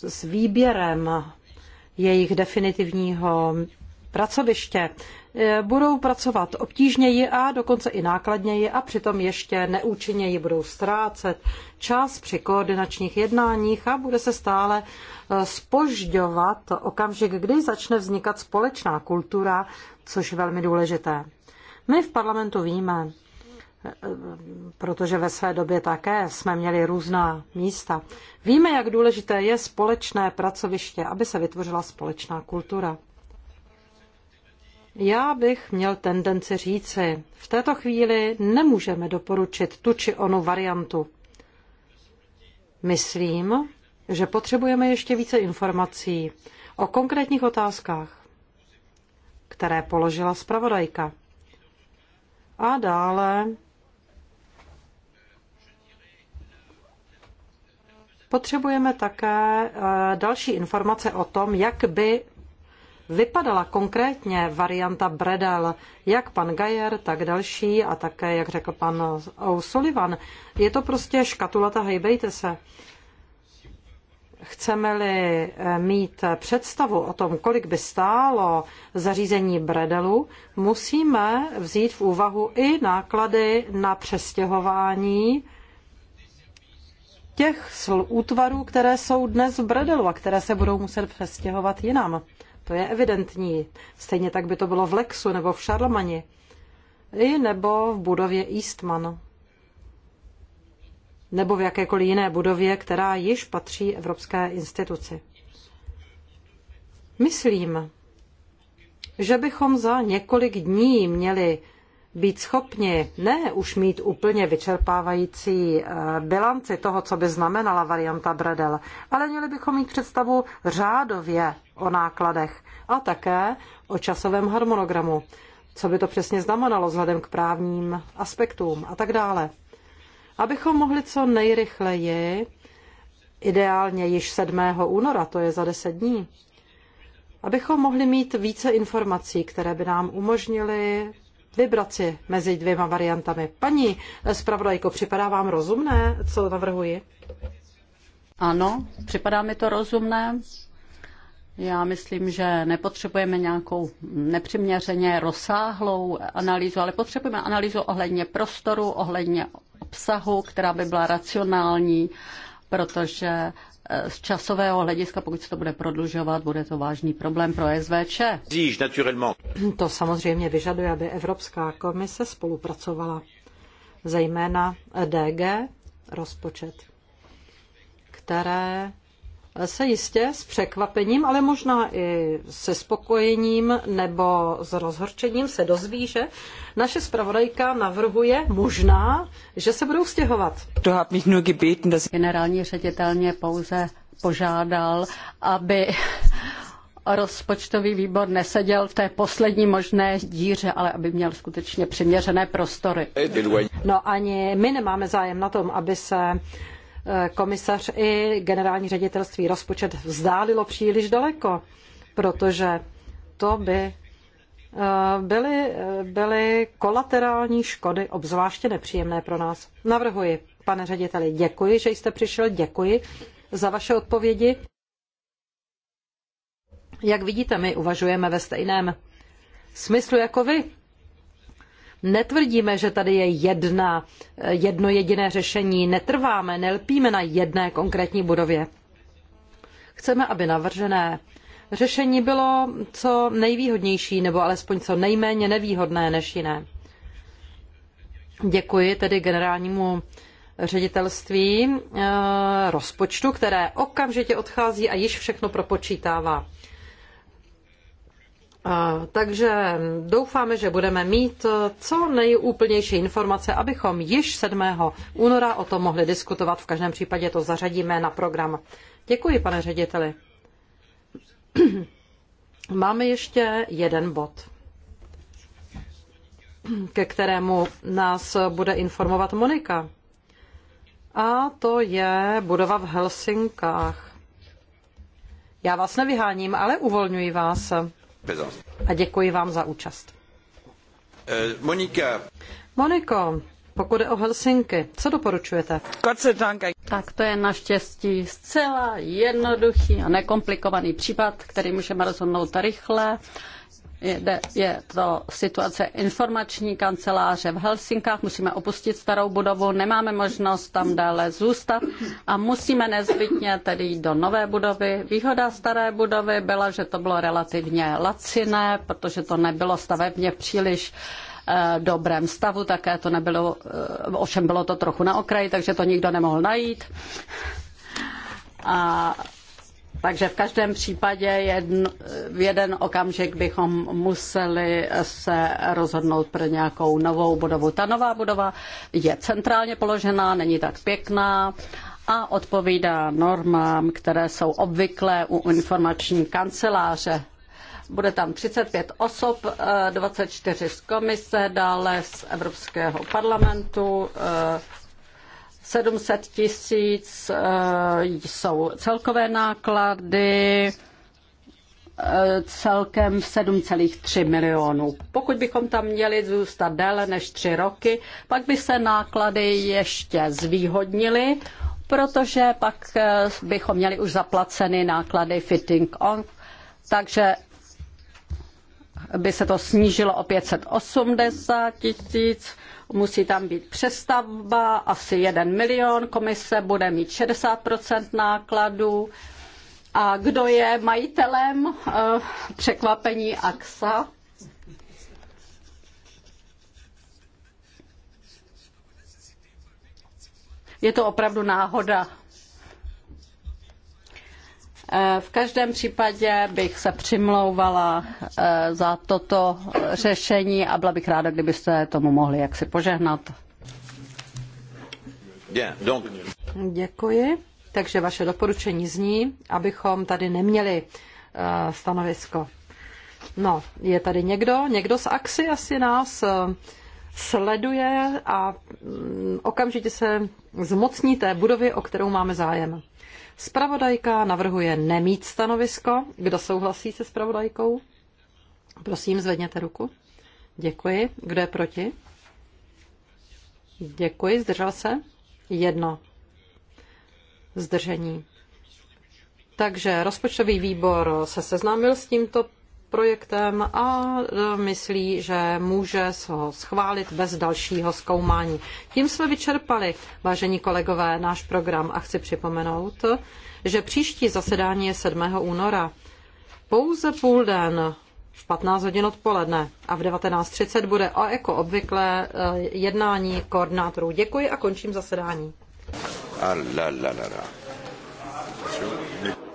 eh, s výběrem jejich definitivního pracoviště, eh, budou pracovat obtížněji a dokonce i nákladněji a přitom ještě neúčinněji budou ztrácet čas při koordinačních jednáních a bude se stále spožďovat eh, okamžik, kdy začne vznikat společná kultura, což je velmi důležité. My v parlamentu víme, protože ve své době také jsme měli různá místa. Víme, jak důležité je společné pracoviště, aby se vytvořila společná kultura. Já bych měl tendenci říci, v této chvíli nemůžeme doporučit tu či onu variantu. Myslím, že potřebujeme ještě více informací o konkrétních otázkách, které položila zpravodajka. A dále Potřebujeme také eh, další informace o tom, jak by vypadala konkrétně varianta Bredel, jak pan Gajer, tak další a také, jak řekl pan O'Sullivan. Je to prostě škatulata, hejbejte se. Chceme-li eh, mít představu o tom, kolik by stálo zařízení Bredelu, musíme vzít v úvahu i náklady na přestěhování těch útvarů, které jsou dnes v Bredelu a které se budou muset přestěhovat jinam. To je evidentní. Stejně tak by to bylo v Lexu nebo v Šarlmani. I nebo v budově Eastman. Nebo v jakékoliv jiné budově, která již patří Evropské instituci. Myslím, že bychom za několik dní měli být schopni ne už mít úplně vyčerpávající eh, bilanci toho, co by znamenala varianta Bredel, ale měli bychom mít představu řádově o nákladech a také o časovém harmonogramu, co by to přesně znamenalo vzhledem k právním aspektům a tak dále. Abychom mohli co nejrychleji, ideálně již 7. února, to je za 10 dní, abychom mohli mít více informací, které by nám umožnily si mezi dvěma variantami. Paní zpravodajko, připadá vám rozumné, co navrhuji? Ano, připadá mi to rozumné. Já myslím, že nepotřebujeme nějakou nepřiměřeně rozsáhlou analýzu, ale potřebujeme analýzu ohledně prostoru, ohledně obsahu, která by byla racionální, protože z časového hlediska, pokud se to bude prodlužovat, bude to vážný problém pro SVČ. To samozřejmě vyžaduje, aby Evropská komise spolupracovala, zejména DG rozpočet, které se jistě s překvapením, ale možná i se spokojením nebo s rozhorčením se dozví, že naše zpravodajka navrhuje možná, že se budou stěhovat. Generální ředitel mě pouze požádal, aby rozpočtový výbor neseděl v té poslední možné díře, ale aby měl skutečně přiměřené prostory. No ani my nemáme zájem na tom, aby se komisař i generální ředitelství rozpočet vzdálilo příliš daleko, protože to by eh, byly, eh, byly kolaterální škody obzvláště nepříjemné pro nás. Navrhuji, pane řediteli, děkuji, že jste přišel, děkuji za vaše odpovědi. Jak vidíte, my uvažujeme ve stejném smyslu jako vy. Netvrdíme, že tady je jedna, jedno jediné řešení, netrváme, nelpíme na jedné konkrétní budově. Chceme, aby navržené řešení bylo co nejvýhodnější nebo alespoň co nejméně nevýhodné než jiné. Děkuji tedy generálnímu ředitelství eh, rozpočtu, které okamžitě odchází a již všechno propočítává. Takže doufáme, že budeme mít eh, co nejúplnější informace, abychom již 7. února o tom mohli diskutovat. V každém případě to zařadíme na program. Děkuji, pane řediteli. Máme ještě jeden bod, ke kterému nás bude informovat Monika. A to je budova v Helsinkách. Já vás nevyháním, ale uvolňuji vás. A děkuji vám za účast. Eh, Monika. Moniko, pokud je o Helsinky, co doporučujete? Tak to je naštěstí zcela jednoduchý a nekomplikovaný případ, který můžeme rozhodnout rychle je to situace informační kanceláře v Helsinkách, musíme opustit starou budovu, nemáme možnost tam dále zůstat a musíme nezbytně tedy jít do nové budovy. Výhoda staré budovy byla, že to bylo relativně laciné, protože to nebylo stavebně příliš eh, dobrém stavu, také to nebylo, eh, ovšem bylo to trochu na okraji, takže to nikdo nemohl najít. A takže v každém případě jedn, v jeden okamžik bychom museli se rozhodnout pro nějakou novou budovu. Ta nová budova je centrálně položená, není tak pěkná a odpovídá normám, které jsou obvyklé u informační kanceláře. Bude tam 35 osob, 24 z komise, dále z Evropského parlamentu, eh, 700 tisíc eh, jsou celkové náklady, eh, celkem 7,3 milionů. Pokud bychom tam měli zůstat déle než 3 roky, pak by se náklady ještě zvýhodnily, protože pak eh, bychom měli už zaplaceny náklady fitting on, takže by se to snížilo o 580 tisíc musí tam být přestavba, asi 1 milion, komise bude mít 60 nákladů. A kdo je majitelem eh, překvapení AXA? Je to opravdu náhoda. V každém případě bych se přimlouvala eh, za toto řešení a byla bych ráda, kdybyste tomu mohli jaksi požehnat. Děkuji. Takže vaše doporučení zní, abychom tady neměli eh, stanovisko. No, je tady někdo, někdo z AXI asi nás eh, sleduje a mm, okamžitě se zmocní té budovy, o kterou máme zájem. Spravodajka navrhuje nemít stanovisko. Kdo souhlasí se spravodajkou? Prosím, zvedněte ruku. Děkuji. Kdo je proti? Děkuji. Zdržel se? Jedno. Zdržení. Takže rozpočtový výbor se seznámil s tímto projektem a e, myslí, že může ho schválit bez dalšího zkoumání. Tím jsme vyčerpali, vážení kolegové, náš program a chci připomenout, že příští zasedání je 7. února. Pouze půl den v 15 hodin odpoledne a v 19.30 bude a jako obvykle e, jednání koordinátorů. Děkuji a končím zasedání. A la, la, la, la.